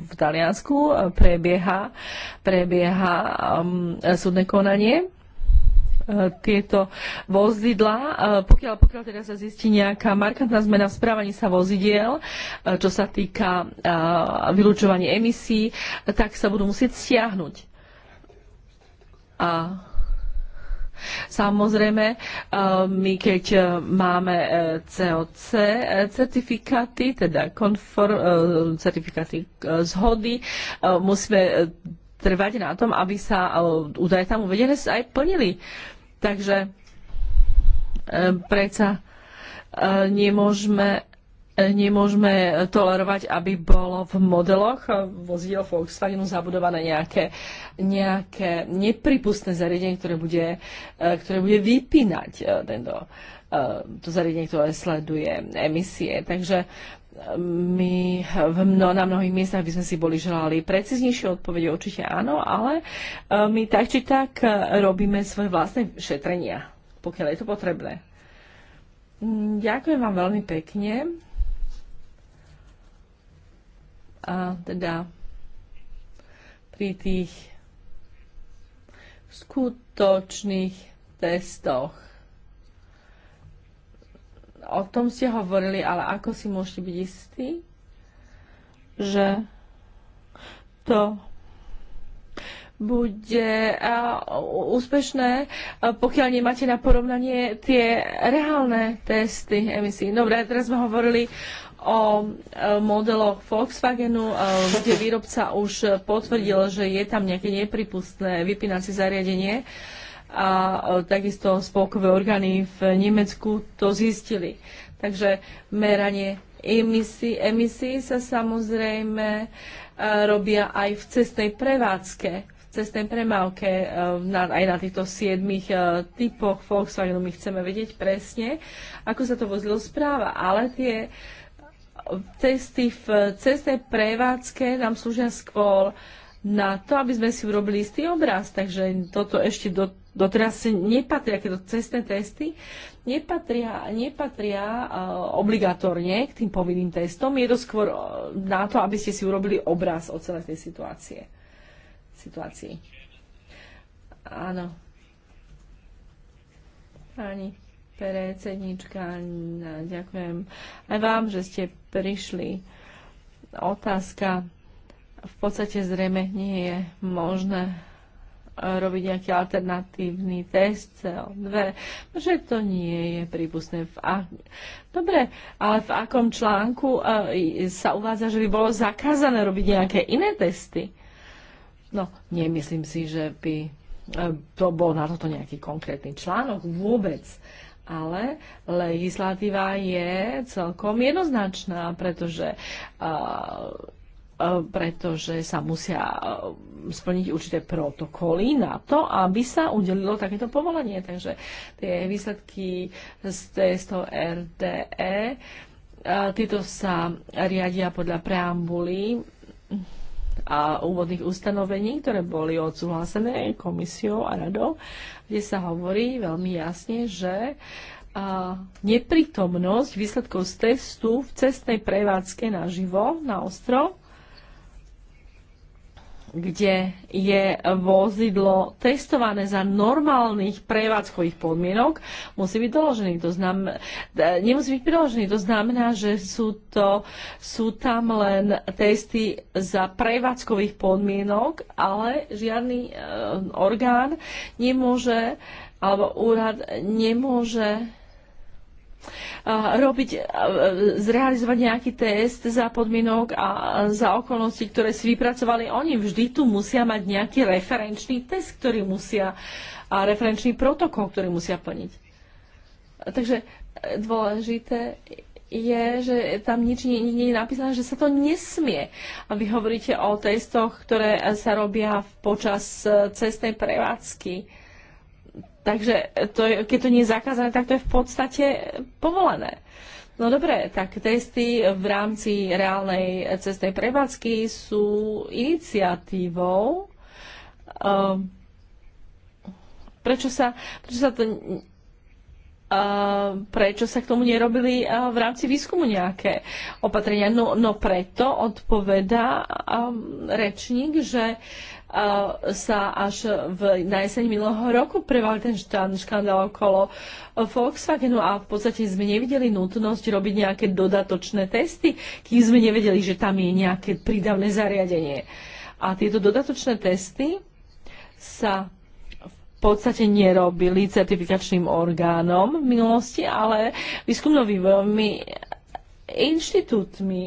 A: v Taliansku eh, prebieha, prebieha um, súdne konanie eh, tieto vozidla. Pokiaľ, pokiaľ teda sa zistí nejaká markantná zmena v správaní sa vozidiel, čo sa týka vylúčovania emisí, tak sa budú musieť stiahnuť. A Samozrejme, eh, my keď eh, máme COC eh, certifikáty, teda konform, certifikáty zhody, musíme trvať na tom, aby sa údaje tam uvedené aj plnili. Takže preca? nemôžeme nemôžeme tolerovať, aby bolo v modeloch vozidel Volkswagenu zabudované nejaké, nejaké nepripustné zariadenie, ktoré bude, eh, ktoré bude vypínať eh, tento, eh, to zariadenie, ktoré sleduje emisie. Takže my v mno, na mnohých miestach by sme si boli želali preciznejšie odpovede, určite áno, ale my tak či tak robíme svoje vlastné šetrenia, pokiaľ je to potrebné. Hm, ďakujem vám veľmi pekne. A teda pri tých skutočných testoch. O tom ste hovorili, ale ako si môžete byť istí, že to bude úspešné, pokiaľ nemáte na porovnanie tie reálne testy emisí. Dobre, teraz sme hovorili o e, modeloch Volkswagenu, e, kde výrobca už potvrdil, že je tam nejaké nepripustné vypínacie zariadenie a e, takisto spolkové orgány v Nemecku to zistili. Takže meranie emisí, emisí sa samozrejme robia aj v cestnej prevádzke, cestnej premávke aj na týchto siedmých typoch Volkswagenu. My chceme vedieť presne, ako sa to vozilo správa, ale tie testy v cestnej prevádzke nám slúžia skôr na to, aby sme si urobili istý obraz. Takže toto ešte do, doteraz nepatria, keď cestné testy nepatria, nepatria uh, obligatorne k tým povinným testom. Je to skôr eh, na to, aby ste si urobili obraz o celej tej situácie. situácii. Áno. Pani predsednička. Ďakujem aj vám, že ste prišli. Otázka v podstate zrejme nie je možné e, robiť nejaký alternatívny test CO2, že to nie je prípustné. V a... Dobre, ale v akom článku e, sa uvádza, že by bolo zakázané robiť nejaké iné testy? No, nemyslím si, že by e, to bol na toto nejaký konkrétny článok vôbec ale legislatíva je celkom jednoznačná, pretože uh, pretože sa musia splniť určité protokoly na to, aby sa udelilo takéto povolenie. Takže tie výsledky z testov RDE, tieto sa riadia podľa preambuly a úvodných ustanovení, ktoré boli odsúhlasené komisiou a radou, kde sa hovorí veľmi jasne, že a neprítomnosť výsledkov z testu v cestnej prevádzke na živo na ostrov kde je vozidlo testované za normálnych prevádzkových podmienok, musí byť doložený. To znamená, nemusí byť priložený. To znamená, že sú, to, sú tam len testy za prevádzkových podmienok, ale žiadny e, orgán nemôže alebo úrad nemôže robiť, zrealizovať nejaký test za podmienok a za okolnosti, ktoré si vypracovali oni. Vždy tu musia mať nejaký referenčný test, ktorý musia a referenčný protokol, ktorý musia plniť. Takže e, dôležité je, že tam nič nie, nie je napísané, že sa to nesmie. A vy hovoríte o testoch, ktoré sa robia počas e, cestnej prevádzky Takže to je, keď to nie je zakázané, tak to je v podstate povolené. No dobre, tak testy v rámci reálnej cestnej prevádzky sú iniciatívou. Um, prečo, sa, prečo, sa to, uh, prečo sa k tomu nerobili uh, v rámci výskumu nejaké opatrenia? No, no preto odpoveda um, ehm, rečník, že uh, sa až v, na jeseň minulého roku preval ten škandál okolo e, Volkswagenu a v podstate sme nevideli nutnosť robiť nejaké dodatočné testy, kým sme nevedeli, že tam je nejaké prídavné zariadenie. A tieto dodatočné testy sa v podstate nerobili certifikačným orgánom v minulosti, ale výskumno-vývojovými inštitútmi.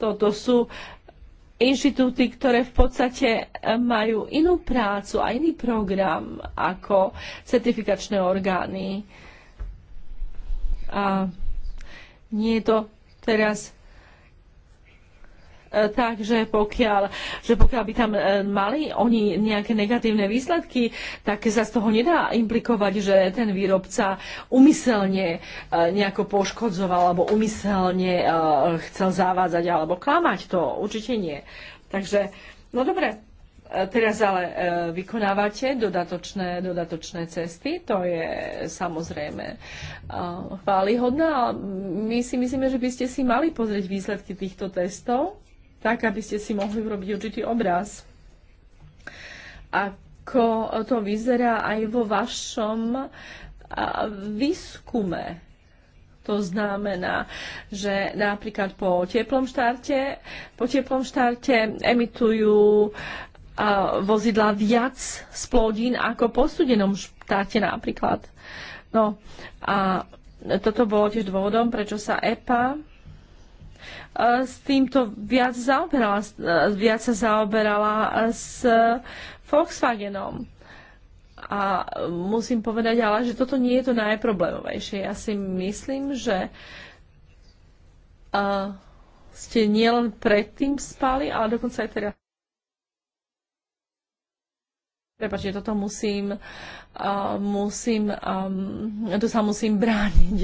A: Toto sú inštitúty, ktoré v podstate e, majú inú prácu a iný program ako certifikačné orgány. A nie je to teraz E, takže pokiaľ, že pokiaľ by tam e, mali oni nejaké negatívne výsledky, tak sa z toho nedá implikovať, že ten výrobca umyselne e, nejako poškodzoval alebo umyselne chcel zavádzať alebo klamať. To určite nie. Takže, no dobre, Teraz ale vykonávate dodatočné, dodatočné cesty, to je samozrejme chválihodné, ale my si myslíme, že by ste si mali pozrieť výsledky týchto testov tak aby ste si mohli urobiť určitý obraz. Ako to vyzerá aj vo vašom výskume. To znamená, že napríklad po teplom štarte, po teplom štarte emitujú vozidla viac splodín ako po studenom štáte napríklad. No a toto bolo tiež dôvodom, prečo sa EPA E, s týmto viac, zaoberala, e, viac sa zaoberala e, s Volkswagenom. A musím povedať ale, že toto nie je to najproblémovejšie. Ja si myslím, že ste nielen predtým spali, ale dokonca aj teraz Prepačte, toto musím, uh, musím, um, to sa musím brániť,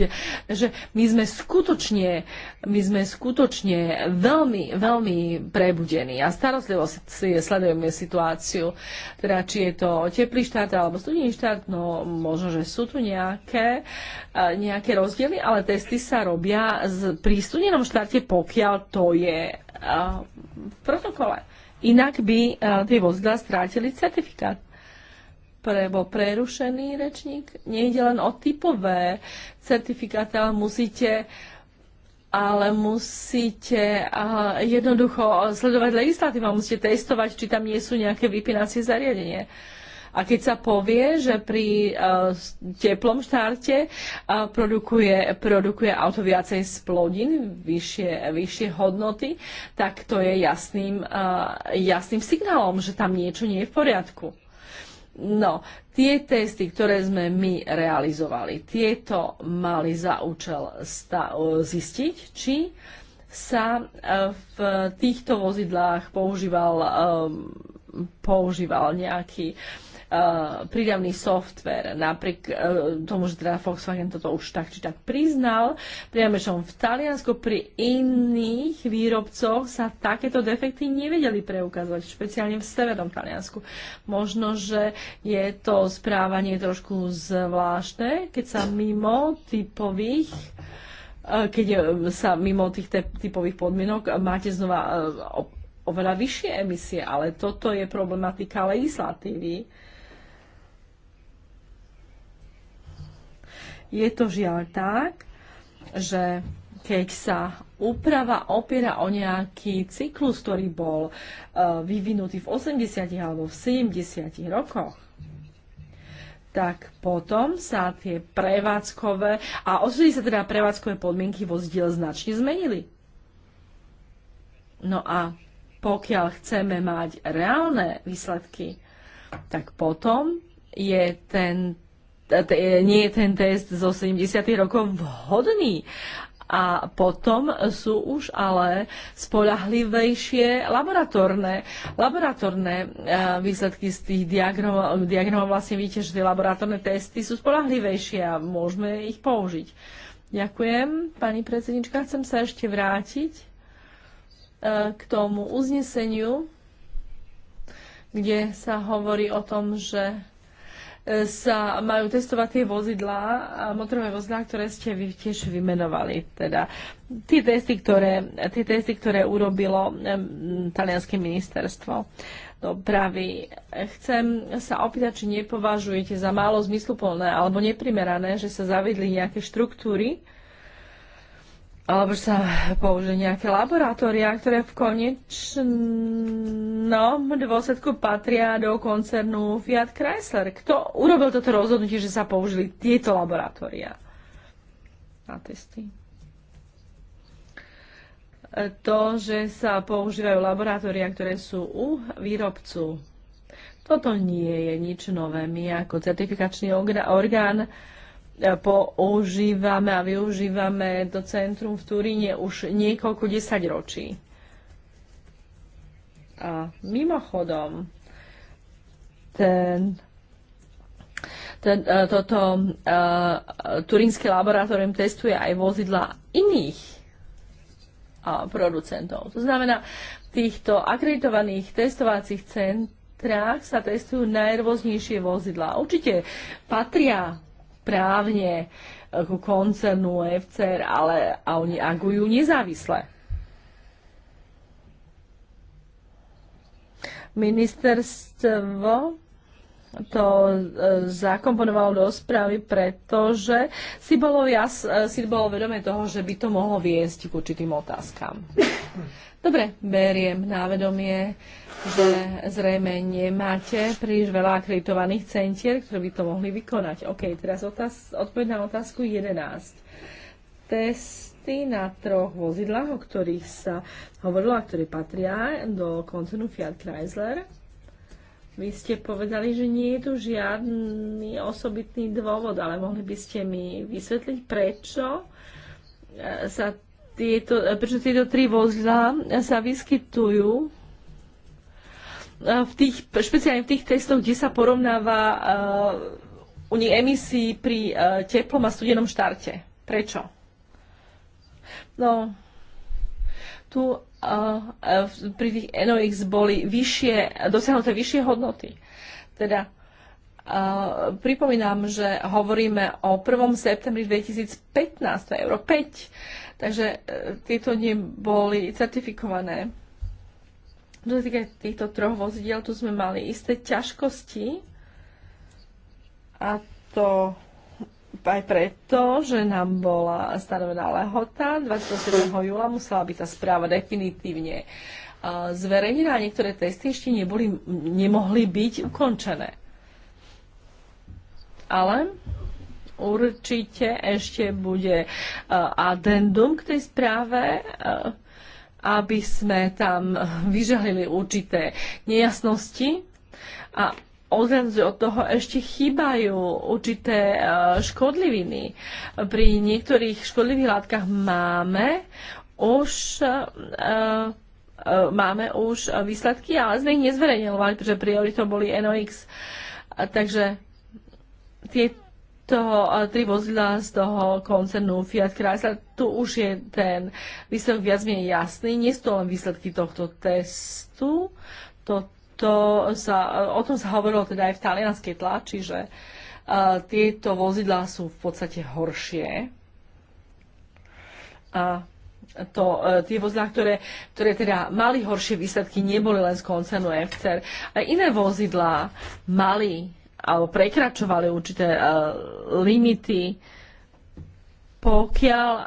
A: že my sme skutočne, my sme skutočne veľmi, veľmi prebudení a starostlivo si sledujeme situáciu, teda či je to teplý štát alebo studený štát, no možno, že sú tu nejaké, uh, nejaké rozdiely, ale testy sa robia z, pri studenom štáte, pokiaľ to je uh, v protokole. Inak by tie vozidla strátili certifikát prebo prerušený rečník. Nejde len o typové certifikáty, ale musíte ale musíte jednoducho sledovať legislatívu, musíte testovať, či tam nie sú nejaké vypínacie zariadenie. A keď sa povie, že pri teplom štarte produkuje, produkuje auto viacej splodín, vyššie, vyššie hodnoty, tak to je jasným, jasným signálom, že tam niečo nie je v poriadku. No, tie testy, ktoré sme my realizovali, tieto mali za účel zistiť, či sa e, v týchto vozidlách používal, e, používal nejaký Eh, prídavný software. Napriek eh, tomu, že teda Volkswagen toto už tak či tak priznal, priame že v Taliansku pri iných výrobcoch sa takéto defekty nevedeli preukázať, špeciálne v severnom Taliansku. Možno, že je to správanie trošku zvláštne, keď sa mimo typových eh, keď sa mimo tých typových podmienok máte znova oveľa vyššie emisie, ale toto je problematika legislatívy Je to žiaľ tak, že keď sa úprava opiera o nejaký cyklus, ktorý bol e, vyvinutý v 80. alebo v 70. rokoch, tak potom sa tie prevádzkové a odvtedy sa teda prevádzkové podmienky vozidiel značne zmenili. No a pokiaľ chceme mať reálne výsledky, tak potom je ten nie je ten test zo 70. rokov vhodný. A potom sú už ale spolahlivejšie laboratórne, laboratórne e, výsledky z tých diagramov. Diagramov vlastne víte, že tie laboratórne testy sú spolahlivejšie a môžeme ich použiť. Ďakujem, pani predsednička. Chcem sa ešte vrátiť e, k tomu uzneseniu, kde sa hovorí o tom, že sa majú testovať tie vozidlá, motorové vozidlá, ktoré ste vy tiež vymenovali. Teda tie testy, ktoré, tie testy, ktoré urobilo talianské ministerstvo dopravy. No, chcem sa opýtať, či nepovažujete za málo zmysluplné alebo neprimerané, že sa zavedli nejaké štruktúry, alebo sa použije nejaké laboratória, ktoré v konečnom dôsledku patria do koncernu Fiat Chrysler. Kto urobil toto rozhodnutie, že sa použili tieto laboratória na testy? To, že sa používajú laboratória, ktoré sú u výrobcu, toto nie je nič nové. My ako certifikačný orgán E, používame a využívame to centrum v Turíne už niekoľko desaťročí. A mimochodom, ten e, toto uh, turínske laboratórium testuje aj vozidla iných uh, producentov. To znamená, v týchto akreditovaných testovacích centrách sa testujú najrôznejšie vozidla. Určite patria právne ku koncernu FCR, ale a oni agujú nezávisle. Ministerstvo to e, zakomponovalo do správy, pretože si bolo, jas, e, si bolo vedomé toho, že by to mohlo viesť k určitým otázkam. Dobre, beriem na vedomie, že zrejme nemáte príliš veľa akreditovaných centier, ktoré by to mohli vykonať. OK, teraz otáz, odpoveď na otázku 11. Testy na troch vozidlách, o ktorých sa hovorilo a ktoré patria do koncernu Fiat Chrysler vy ste povedali, že nie je tu žiadny osobitný dôvod, ale mohli by ste mi vysvetliť, prečo e, sa tieto, e, prečo tieto tri vozidla sa vyskytujú e, v tých, špeciálne v tých testoch, kde sa porovnáva uh, u nich emisí pri uh, teplom a studenom štarte. Prečo? No, tu Eh, pri tých NOx boli vyššie, dosiahnuté vyššie hodnoty. Teda eh, pripomínam, že hovoríme o 1. septembri 2015, to je Euro 5, takže eh, tieto dni boli certifikované. Čo sa týka týchto troch vozidiel, tu sme mali isté ťažkosti a to aj preto, že nám bola stanovená lehota 27. júla, musela byť tá správa definitívne eh, zverejnená a niektoré testy ešte neboli, nemohli byť ukončené. Ale určite ešte bude eh, addendum k tej správe, eh, aby sme tam vyžahlili určité nejasnosti a ozrem, že od toho ešte chýbajú určité eh, škodliviny. Pri niektorých škodlivých látkach máme už eh, eh, máme už výsledky, ale sme ich nezverejňovali, pretože prioritou boli NOx. Takže tieto tri vozidla z toho koncernu Fiat Chrysler, tu už je ten výsledok viac menej jasný. Nie sú to len výsledky tohto testu, to to sa, o tom sa hovorilo teda aj v talianskej tlači, že uh, tieto vozidlá sú v podstate horšie. A to, uh, tie vozidlá, ktoré, ktoré teda mali horšie výsledky, neboli len z koncernu FCR. A iné vozidlá mali alebo prekračovali určité uh, limity pokiaľ um,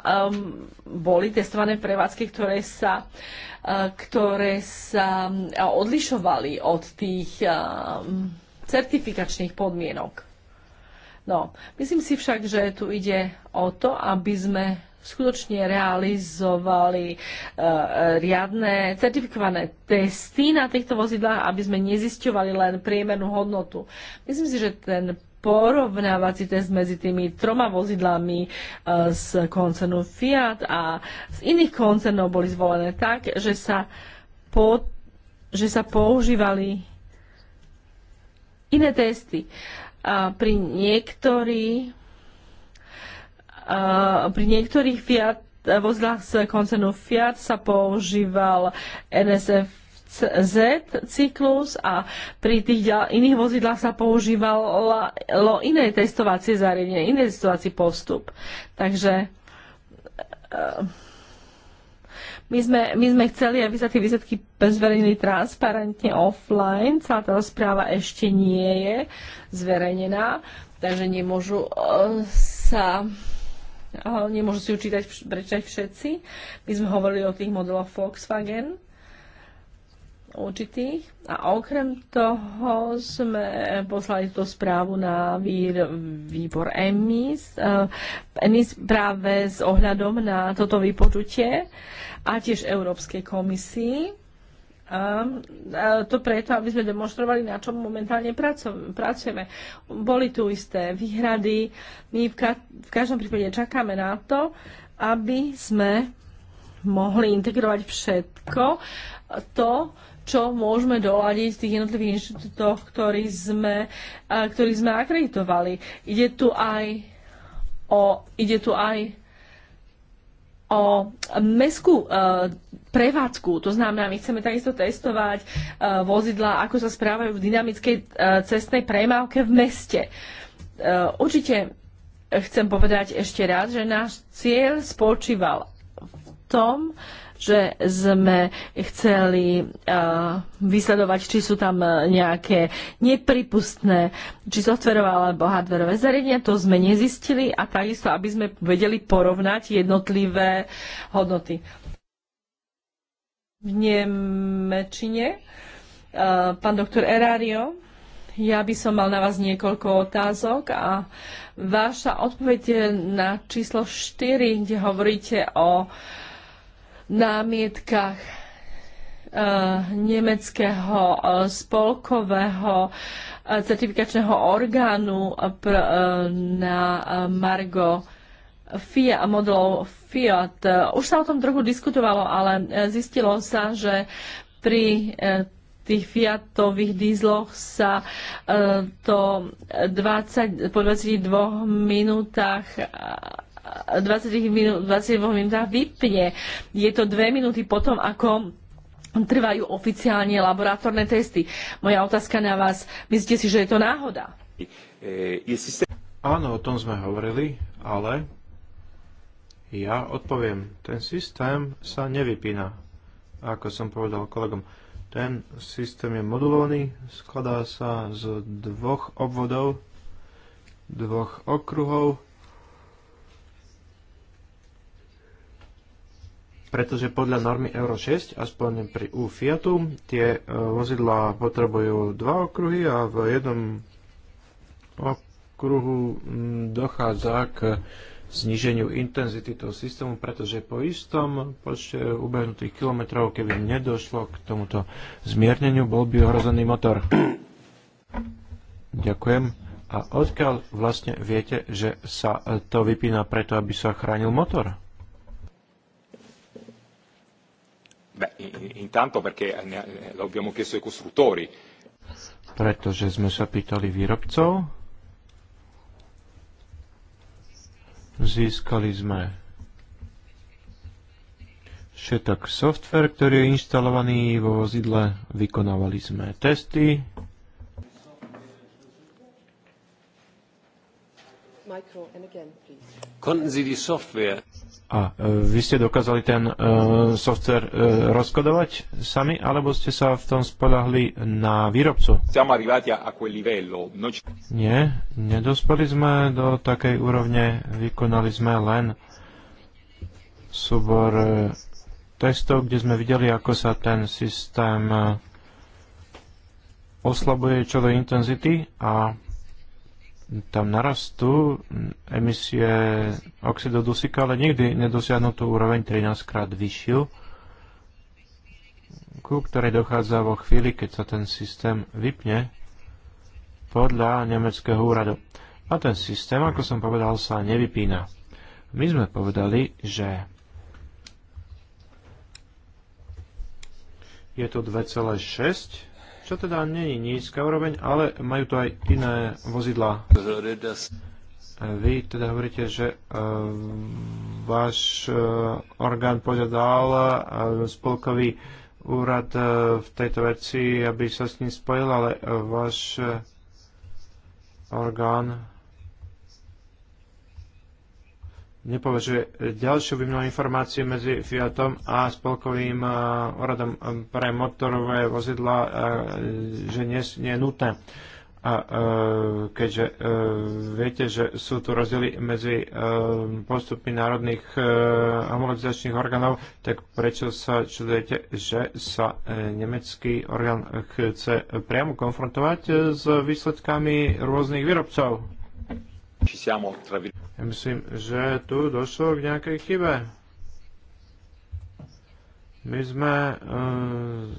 A: boli testované prevádzky, ktoré sa, uh, ktoré sa uh, odlišovali od tých um, certifikačných podmienok. No, myslím si však, že tu ide o to, aby sme skutočne realizovali uh, riadne certifikované testy na týchto vozidlách, aby sme nezisťovali len priemernú hodnotu. Myslím si, že ten porovnávací test medzi tými troma vozidlami eh, z koncernu Fiat a z iných koncernov boli zvolené tak, že sa, po, že sa používali iné testy. A pri niektorých pri niektorých Fiat eh, vozidlách z koncernu Fiat sa používal NSF z cyklus a pri tých iných vozidlách sa používalo iné testovacie zariadenie, iné testovací postup. Takže e, my sme, my sme chceli, aby sa tie výsledky zverejnili transparentne offline. Celá tá správa ešte nie je zverejnená, takže nemôžu e, sa e, nemôžu si učítať, čítať, prečítať všetci. My sme hovorili o tých modeloch Volkswagen určitých. A okrem toho sme poslali tú správu na výr, výbor EMIS, eh, EMIS práve s ohľadom na toto vypočutie a tiež Európskej komisii. A ehm, eh, to preto, aby sme demonstrovali, na čom momentálne pracujeme. Boli tu isté výhrady. My v, ka- v každom prípade čakáme na to, aby sme mohli integrovať všetko to, čo môžeme doľadiť v tých jednotlivých inštitútoch, ktorí sme, ktorý sme akreditovali. Ide tu aj o, ide tu aj o meskú e, prevádzku. To znamená, my chceme takisto testovať e, vozidla, ako sa správajú v dynamickej e, cestnej premávke v meste. E, určite chcem povedať ešte raz, že náš cieľ spočíval v tom, uh, že sme chceli uh, vysledovať, či sú tam nejaké nepripustné, či softverové alebo hardverové zariadenia. To sme nezistili a takisto, aby sme vedeli porovnať jednotlivé hodnoty. V Nemečine, uh, pán doktor Erario ja by som mal na vás niekoľko otázok a váša odpoveď na číslo 4, kde hovoríte o uh, námietkach eh, nemeckého eh, spolkového eh, certifikačného orgánu na Margo Fiat, modelov Fiat. Už sa o tom trochu diskutovalo, ale zistilo sa, že pri tých Fiatových dízloch sa to 20, po 22 minútach 20 minút, 22 minútach vypne. Je to dve minúty potom, ako trvajú oficiálne laboratórne testy. Moja otázka na vás, myslíte si, že je to náhoda?
C: Eh, Áno, o tom sme hovorili, ale ja odpoviem, ten systém sa nevypína, ako som povedal kolegom. Ten systém je modulovaný, skladá sa z dvoch obvodov, dvoch okruhov, pretože podľa normy Euro 6, aspoň pri U Fiatu, tie e, vozidlá potrebujú dva okruhy a v jednom okruhu dochádza k zniženiu intenzity toho systému, pretože po istom počte ubehnutých kilometrov, keby nedošlo k tomuto zmierneniu, bol by ohrozený motor. Ďakujem. A odkiaľ vlastne viete, že sa to vypína preto, aby sa chránil motor?
D: Beh, intanto perché lo abbiamo chiesto ai costruttori.
C: Pretože sme sa pýtali výrobcov, získali sme všetok software, ktorý je inštalovaný vo vozidle, vykonávali sme testy.
D: Konnten Sie die Software
C: a e, vy ste dokázali ten e, software e, rozkodovať sami, alebo ste sa v tom spolahli na výrobcu? Nie, nedospeli sme do takej úrovne, vykonali sme len súbor testov, kde sme videli, ako sa ten systém oslabuje čo do intenzity a tam narastú emisie oxidu dusíka, ale nikdy nedosiahnu tú úroveň 13 krát vyššiu, ku ktorej dochádza vo chvíli, keď sa ten systém vypne podľa nemeckého úradu. A ten systém, ako som povedal, sa nevypína. My sme povedali, že je to 2,6 čo teda není nízka úroveň, ale majú to aj iné vozidla. Vy teda hovoríte, že e, váš e, orgán požiadal e, spolkový úrad v tejto veci, aby sa s ním spojil, ale váš orgán nepovažuje ďalšiu výmenu informácií medzi Fiatom a spolkovým úradom pre motorové vozidla, že nie, nie je nutné. A e, keďže e, viete, že sú tu rozdiely medzi e, postupmi národných homologizačných orgánov, tak prečo sa čudujete, že sa nemecký orgán chce priamo konfrontovať s výsledkami rôznych výrobcov?
D: Ja
C: myslím, že tu došlo k nejakej chybe. My sme e,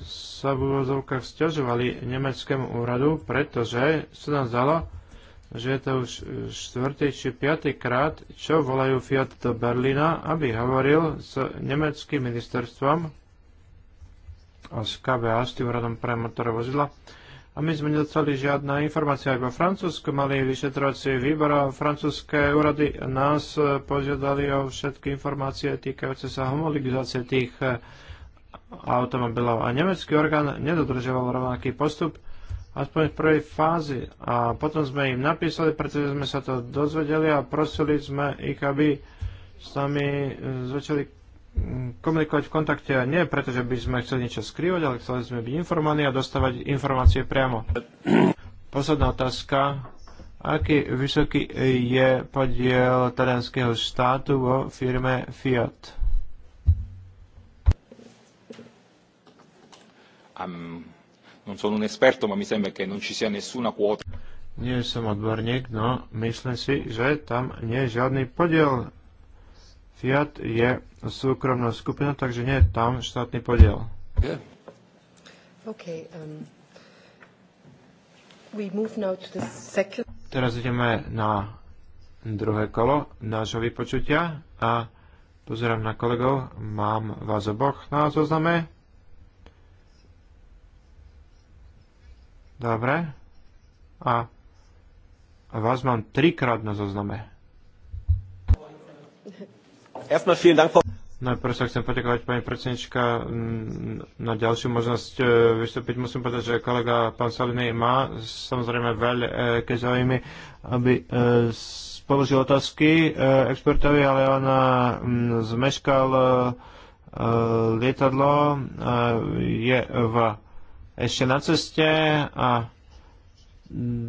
C: sa v úvodzovkách stiažovali nemeckému úradu, pretože sa nám zdalo, že je to už štvrtý či piatý krát, čo volajú Fiat do Berlína, aby hovoril s nemeckým ministerstvom a s KBA, s tým úradom pre motorové vozidla, a my sme nedostali žiadna informácia Aj vo Francúzsku mali vyšetrovacie výbor a francúzske úrady nás požiadali o všetky informácie týkajúce sa homologizácie tých eh, automobilov. A nemecký orgán nedodržoval rovnaký postup, aspoň v prvej fázi. A potom sme im napísali, pretože sme sa to dozvedeli a prosili sme ich, aby s nami eh, začali komunikovať v kontakte a nie preto, že by sme chceli niečo skrývať, ale chceli sme byť informovaní a dostávať informácie priamo. Posledná otázka. Aký vysoký je podiel talianského štátu vo firme Fiat?
D: Um, non sono un esperto, ma mi sembra che non ci sia nessuna quota.
C: Nie som odborník, no myslím si, že tam nie je žiadny podiel Fiat je súkromná skupina, takže nie je tam štátny podiel.
E: Okay, um, we move now to the second... Teraz ideme
C: na druhé kolo nášho vypočutia a pozerám na kolegov. Mám vás oboch na zozname. Dobre. A vás mám trikrát na zozname. Najprv sa chcem poďakovať pani predsednička na ďalšiu možnosť e, vystúpiť. Musím povedať, že kolega pán Salini má samozrejme veľké e, záujmy, aby e, položil otázky expertovi, ale on zmeškal lietadlo, je v, ešte na ceste a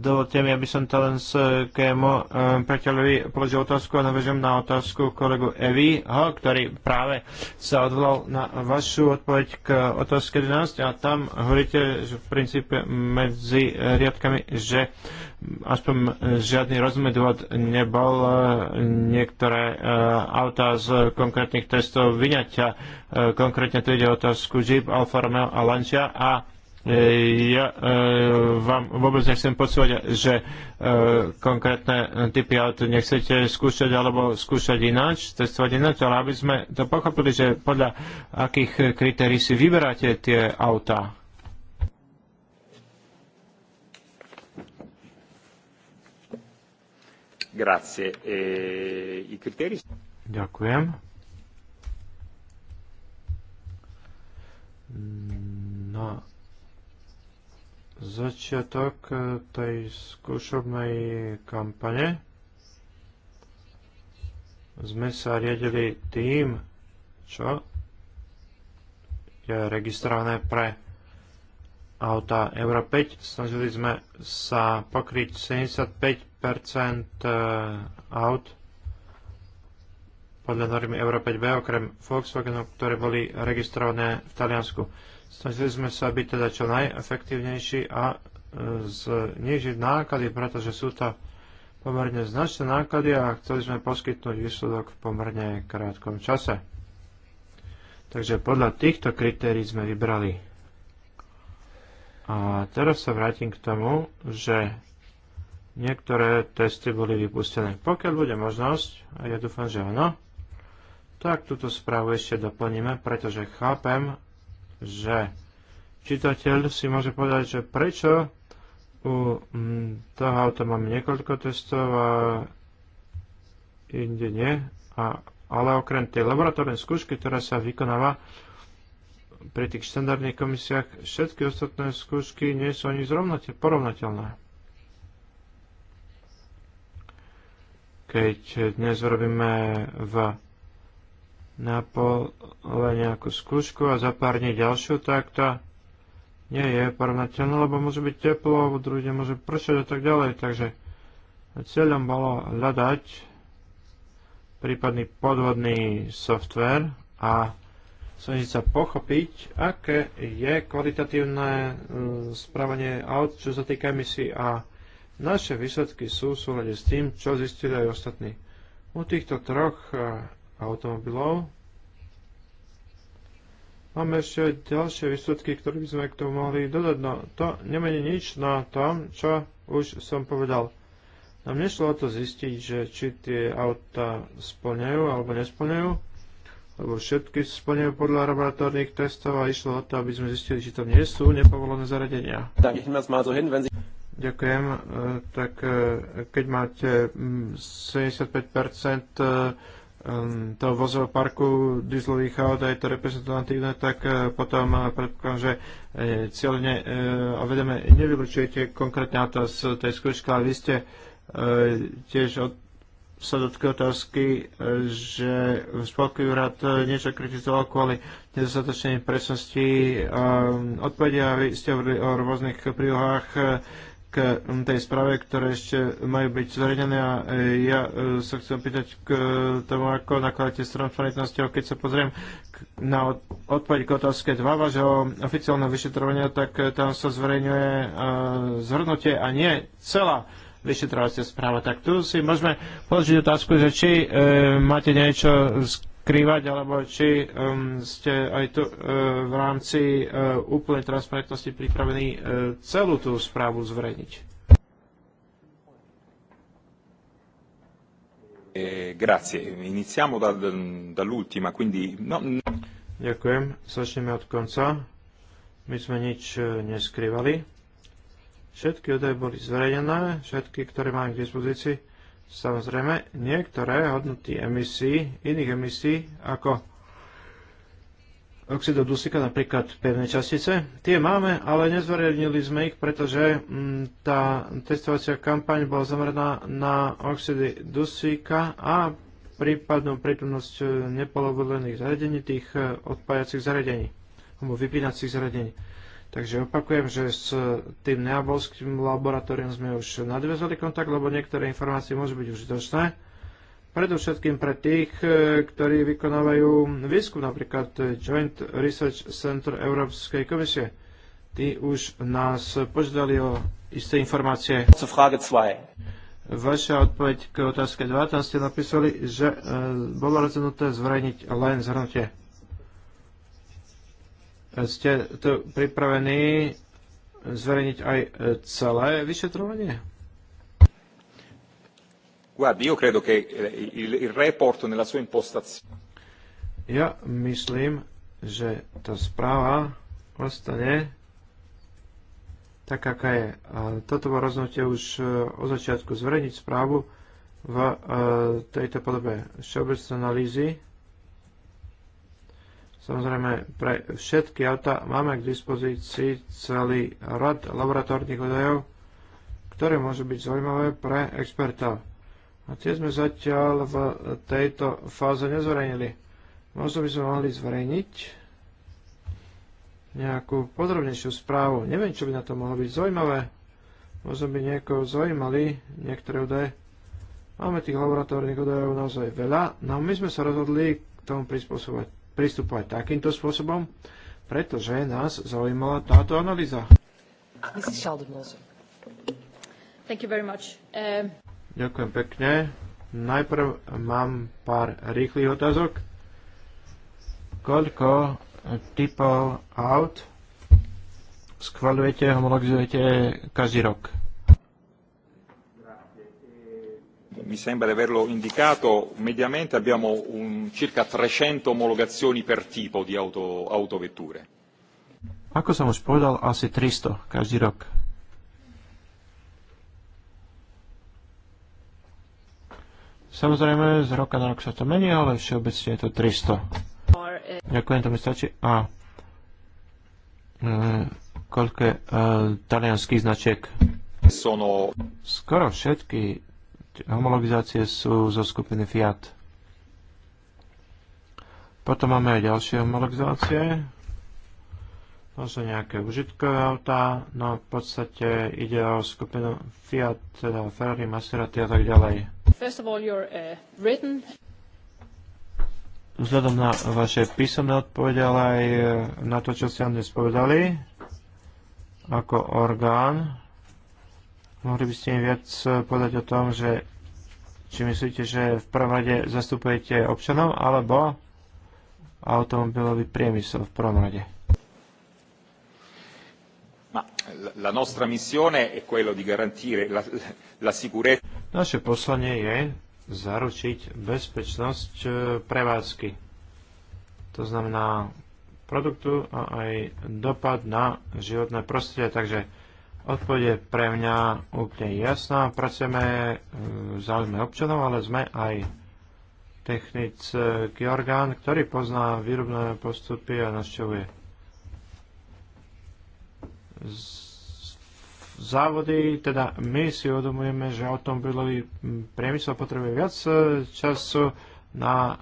C: Dovolte mi, aby som to len s KMO eh, Peťalovi položil otázku a navežem na otázku kolegu Evi, ho, ktorý práve sa odvolal na vašu odpoveď k otázke 11 a tam hovoríte že v princípe medzi riadkami, že aspoň žiadny rozumný dôvod nebol eh, niektoré eh, autá z konkrétnych testov vyňať a konkrétne tu ide o otázku Jeep, Alfa Romeo a Lancia a E, ja e, vám vôbec nechcem podsúvať, že e, konkrétne typy aut nechcete skúšať alebo skúšať ináč, testovať ináč, ale aby sme to pochopili, že podľa akých kritérií si vyberáte tie autá.
D: Grazie. E, i criteri...
C: Ďakujem. No, začiatok e, tej skúšobnej kampane sme sa riadili tým, čo je registrované pre auta Euro 5. Snažili sme sa pokryť 75% e, aut podľa normy Euro 5B, okrem Volkswagenu, ktoré boli registrované v Taliansku. Snažili sme sa byť teda čo najefektívnejší a e, znižiť náklady, pretože sú to pomerne značné náklady a chceli sme poskytnúť výsledok v pomerne krátkom čase. Takže podľa týchto kritérií sme vybrali. A teraz sa vrátim k tomu, že niektoré testy boli vypustené. Pokiaľ bude možnosť, a ja dúfam, že áno, tak túto správu ešte doplníme, pretože chápem, že čitateľ si môže povedať, že prečo u mm, toho auta máme niekoľko testov a inde nie. A, ale okrem tej laboratórnej skúšky, ktorá sa vykonáva pri tých štandardných komisiách, všetky ostatné skúšky nie sú ani porovnateľné. Keď dnes robíme v na pole nejakú skúšku a za pár dní ďalšiu, tak to nie je porovnateľné, lebo môže byť teplo, v druhý deň môže pršať a tak ďalej. Takže cieľom bolo hľadať prípadný podvodný software a snažiť sa pochopiť, aké je kvalitatívne mm, správanie aut, čo sa týka emisí a naše výsledky sú v súhľade s tým, čo zistili aj ostatní. U týchto troch eh, automobilov. Máme ešte ďalšie výsledky, ktoré by sme k tomu mohli dodať, no to nemení nič na tom, čo už som povedal. Nám nešlo o to zistiť, že či tie auta splňajú alebo nesplňajú, lebo všetky splňajú podľa laboratórnych testov a išlo o to, aby sme zistili, či tam nie sú nepovolené zariadenia. Ďakujem. E, tak e, keď máte 75 mm, Ehm, toho vozového parku dieselových aut a je to reprezentatívne, tak e, potom e, predpokladám, že e, cieľne a vedeme nevylučujete konkrétne auta z tej skúšky, ale vy ste tiež od, sa dotkli otázky, že spolkový úrad niečo kritizoval kvôli nedostatočnej presnosti odpovedia. Vy ste hovorili o rôznych prílohách k tej správe, ktoré ešte majú byť zverejnené a e, ja e, sa chcem pýtať k e, tomu, ako nakladáte s transparentnosťou. Keď sa pozriem na odpoveď k otázke 2 vášho oficiálneho vyšetrovania, tak tam sa zverejňuje zhrnutie a nie celá vyšetrovacia správa. Tak tu si môžeme položiť otázku, že či e, máte niečo, skrývať, alebo či um, ste aj tu uh, v rámci uh, úplnej transparentnosti pripravení uh, celú tú správu zverejniť.
D: Eh, no,
C: Ďakujem. Začneme od konca. My sme nič uh, neskrývali. Všetky údaje boli zverejnené, všetky, ktoré máme k dispozícii Samozrejme, niektoré hodnoty emisí, iných emisí, ako oxidov dusíka, napríklad pevné častice, tie máme, ale nezverejnili sme ich, pretože mm, tá testovacia kampaň bola zameraná na oxidy dusíka a prípadnú prítomnosť e, nepolovolených zariadení, tých e, odpájacích zariadení, alebo vypínacích zariadení. Takže opakujem, že s tým neabolským laboratóriom sme už nadviazali kontakt, lebo niektoré informácie môžu byť užitočné. Predovšetkým pre tých, e, ktorí vykonávajú výskum, napríklad Joint Research Center Európskej komisie. Tí už nás požiadali o isté informácie. Vaša odpoveď k otázke 2, tam ste napísali, že e, bolo rozhodnuté zverejniť len zhrnutie ste to pripravení zverejniť aj e, celé vyšetrovanie?
D: Guardi, io credo che il, il report nella sua impostazione.
C: Ja myslím, že tá správa ostane tak, aká je. A toto bolo rozhodnutie už e, od začiatku zverejniť správu v e, tejto podobe. Všeobecné analýzy Samozrejme, pre všetky auta máme k dispozícii celý rad laboratórnych údajov, ktoré môžu byť zaujímavé pre experta. A tie sme zatiaľ v tejto fáze nezverejnili. Možno by sme mohli zverejniť nejakú podrobnejšiu správu. Neviem, čo by na to mohlo byť zaujímavé. Možno by niekoho zaujímali niektoré údaje. Máme tých laboratórnych údajov naozaj veľa, no my sme sa rozhodli k tomu prispôsobať pristupovať takýmto spôsobom, pretože nás zaujímala táto analýza. Um, Ďakujem pekne. Najprv mám pár rýchlych otázok. Koľko typov aut schvaľujete, homologizujete každý rok?
D: mi sembra di averlo indicato, mediamente abbiamo un, circa 300 omologazioni per tipo di auto, autovetture.
C: Ako som už povedal, asi 300 každý rok. Samozrejme, z roka na rok sa to mení, ale všeobecne je to 300. Ďakujem, to mi stačí. A e, koľko je uh, talianských značiek?
D: Sono...
C: Skoro všetky homologizácie sú zo skupiny Fiat. Potom máme aj ďalšie homologizácie. To sú nejaké užitkové autá, no v podstate ide o skupinu Fiat, teda Ferrari, Maserati a tak ďalej.
A: First of all, uh, written...
C: Vzhľadom na vaše písomné odpovede, ale aj eh, na to, čo ste nám dnes povedali, ako orgán Mohli by ste mi viac eh, povedať o tom, že či myslíte, že v prvom rade zastupujete občanov alebo automobilový priemysel v prvom rade?
D: La nostra missione è quello di garantire la, la sicurezza.
C: Naše poslanie je zaručiť bezpečnosť eh, prevádzky. To znamená produktu a aj dopad na životné prostredie. Takže Odpovede pre mňa úplne jasná. Pracujeme e, v záujme občanov, ale sme aj technický orgán, ktorý pozná výrobné postupy a navštevuje závody. Teda my si uvedomujeme, že automobilový priemysel potrebuje viac e, času na e,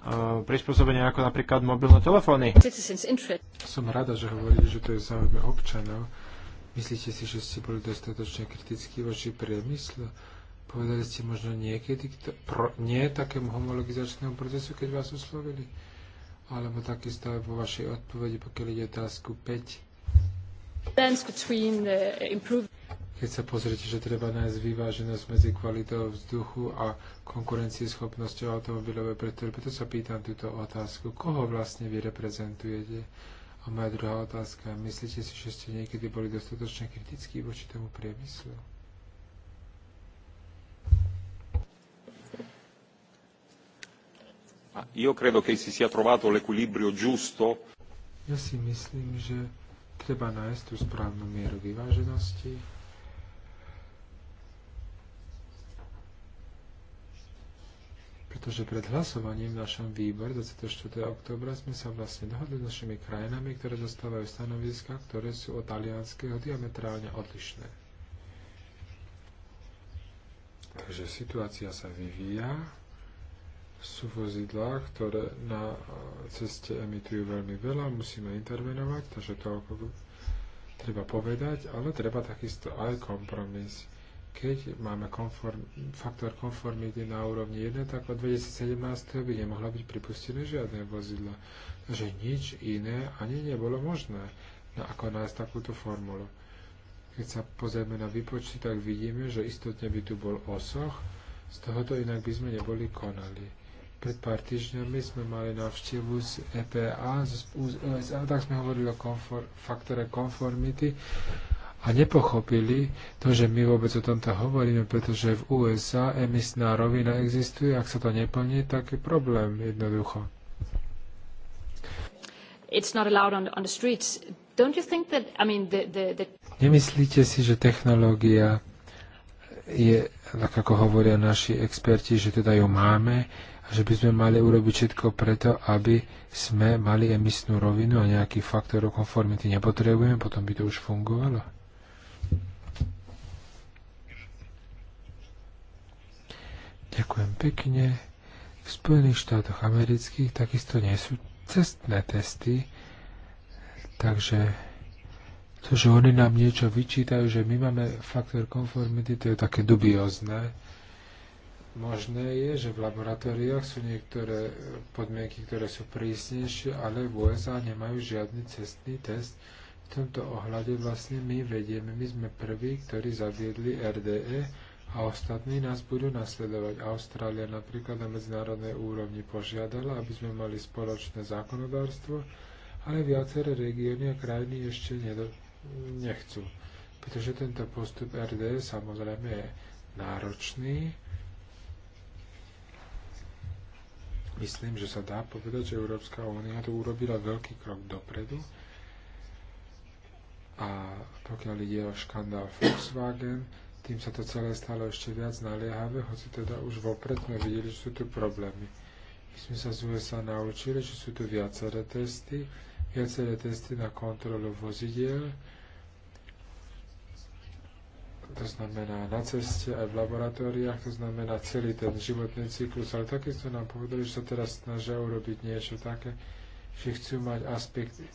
C: prispôsobenie ako napríklad mobilné telefóny.
B: Som rada, že hovorí, že to je záujme občanov Myslíte si, že ste boli dostatočne kritickí voči priemyslu? Povedali ste možno niekedy, kto, pro, nie takému homologizačnému procesu, keď vás oslovili? Alebo takisto aj vo vašej odpovedi, pokiaľ ide otázku 5. Keď sa pozrite, že treba nájsť vyváženosť medzi kvalitou vzduchu a konkurencieschopnosťou automobilovej pretrby, to sa pýtam túto otázku. Koho vlastne vy reprezentujete? A moja druhá otázka, myslíte si, že ste niekedy boli dostatočne kritickí voči tomu priemyslu?
D: Io credo che si sia trovato l'equilibrio giusto.
B: Ja si myslím, že treba nájsť tú správnu mieru vyváženosti pretože pred hlasovaním v našom výbore 24. oktobra sme sa vlastne dohodli s našimi krajinami, ktoré dostávajú stanoviska, ktoré sú od talianského diametrálne odlišné. Takže situácia sa vyvíja. Sú vozidlá, ktoré na e, ceste emitujú veľmi veľa, musíme intervenovať, takže toľko treba povedať, ale treba takisto aj kompromis keď máme konform, faktor konformity na úrovni 1, tak od 2017 by nemohlo byť pripustené žiadne vozidlo. Takže nič iné ani nebolo možné na no ako nájsť takúto formulu. Keď sa pozrieme na výpočty, tak vidíme, že istotne by tu bol osoch, z tohoto inak by sme neboli konali pred pár týždňami sme mali návštevu z EPA, z USA, tak sme hovorili o konfor, faktore konformity a nepochopili to, že my vôbec o tomto hovoríme, pretože v USA emisná rovina existuje, ak sa to neplní, tak je problém jednoducho.
A: It's not allowed on, on the streets. Don't you think that, I mean, the, the, the...
B: Nemyslíte si, že technológia je, tak ako hovoria naši experti, že teda ju máme a že by sme mali urobiť všetko preto, aby sme mali emisnú rovinu a nejaký faktor o konformity nepotrebujeme, potom by to už fungovalo? Ďakujem pekne. V Spojených štátoch amerických takisto nie sú cestné testy, takže to, že oni nám niečo vyčítajú, že my máme faktor konformity, to je také dubiozne. Možné je, že v laboratóriách sú niektoré podmienky, ktoré sú prísnejšie, ale v USA nemajú žiadny cestný test. V tomto ohľade vlastne my vedieme, my sme prví, ktorí zaviedli RDE, a ostatní nás budú nasledovať. Austrália napríklad na medzinárodnej úrovni požiadala, aby sme mali spoločné zákonodárstvo, ale viaceré regióny a krajiny ešte nedo- nechcú. Pretože tento postup RD samozrejme je náročný. Myslím, že sa dá povedať, že Európska únia tu urobila veľký krok dopredu. A pokiaľ ide o škandál Volkswagen, tým sa to celé stalo ešte viac naliehavé, hoci teda už vopred sme videli, že sú tu problémy. My sme sa z USA naučili, že sú tu viaceré testy, viaceré testy na kontrolu vozidiel, to znamená na ceste aj v laboratóriách, to znamená celý ten životný cyklus, ale takisto nám povedali, že sa teraz snažia urobiť niečo také, že chcú mať aspekty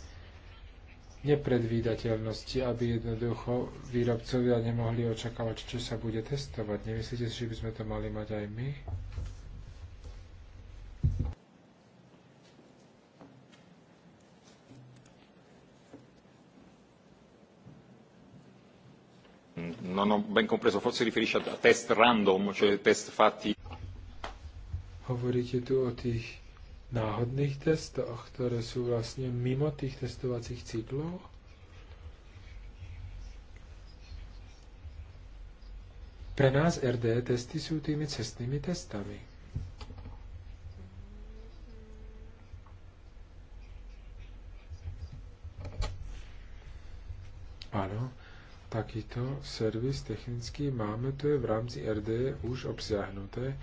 B: nepredvídateľnosti, aby jednoducho výrobcovia nemohli očakávať, čo sa bude testovať. Nemyslíte si, že by sme to mali mať aj my?
D: Non ho ben compreso, forse riferisce a test random, cioè test fatti.
B: Hovoríte tu o tých náhodných testoch, ktoré sú vlastne mimo tých testovacích cyklov. Pre nás RD testy sú tými cestnými testami. Áno, takýto servis technický máme, to je v rámci RD už obsiahnuté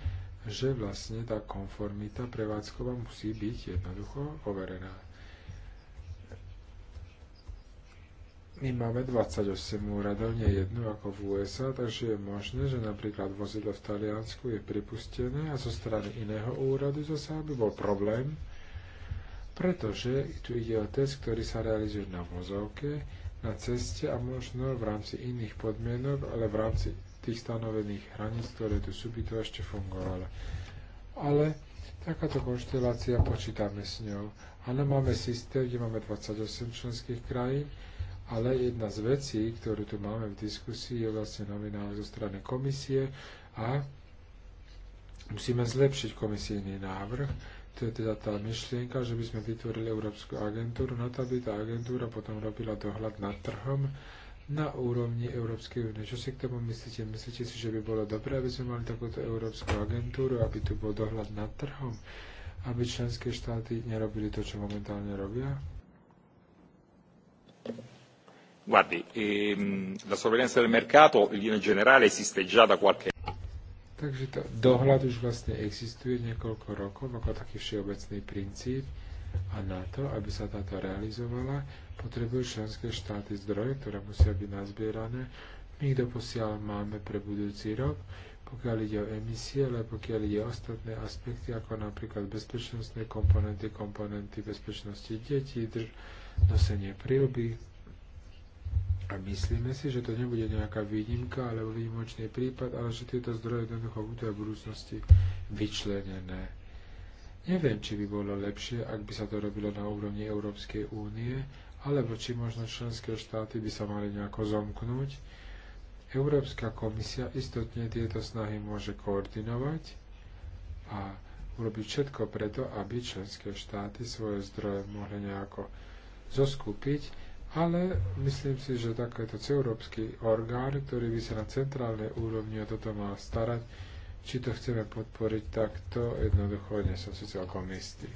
B: že vlastne tá konformita prevádzková musí byť jednoducho overená. My máme 28 úradov, nie jednu ako v USA, takže je možné, že napríklad vozidlo v Taliansku je pripustené a zo strany iného úradu zase by bol problém, pretože tu ide o test, ktorý sa realizuje na vozovke, na ceste a možno v rámci iných podmienok, ale v rámci tých stanovených hraníc, ktoré tu sú, by to ešte fungovalo. Ale takáto konštelácia, počítame s ňou. Áno, máme systém, kde máme 28 členských krajín, ale jedna z vecí, ktorú tu máme v diskusii, je vlastne nominál zo strany komisie a musíme zlepšiť komisijný návrh. To je teda tá myšlienka, že by sme vytvorili Európsku agentúru na to, aby tá agentúra potom robila dohľad nad trhom na úrovni Európskej únie. Čo si k tomu myslíte? Myslíte si, že by bolo dobré, aby sme mali takúto Európsku agentúru, aby tu bol dohľad nad trhom, aby členské štáty nerobili to, čo momentálne robia?
D: Guardi, ehm, la sorveglianza del mercato in generale esiste già da qualche
B: Takže to dohľad už vlastne existuje niekoľko rokov ako taký všeobecný princíp. A na to, aby sa táto realizovala, potrebujú členské štáty zdroje, ktoré musia byť nazbierané. My ich doposiaľ máme pre budúci rok, pokiaľ ide o emisie, ale pokiaľ ide o ostatné aspekty, ako napríklad bezpečnostné komponenty, komponenty bezpečnosti detí, drž- nosenie prilby. A myslíme si, že to nebude nejaká výnimka alebo výnimočný prípad, ale že tieto zdroje jednoducho budú aj v budúcnosti vyčlenené Neviem, či by bolo lepšie, ak by sa to robilo na úrovni Európskej únie, alebo či možno členské štáty by sa mali nejako zomknúť. Európska komisia istotne tieto snahy môže koordinovať a urobiť všetko preto, aby členské štáty svoje zdroje mohli nejako zoskúpiť, ale myslím si, že takéto európsky orgán, ktorý by sa na centrálnej úrovni o toto mal starať, či to chceme podporiť takto, jednoducho nie som si celkom istý.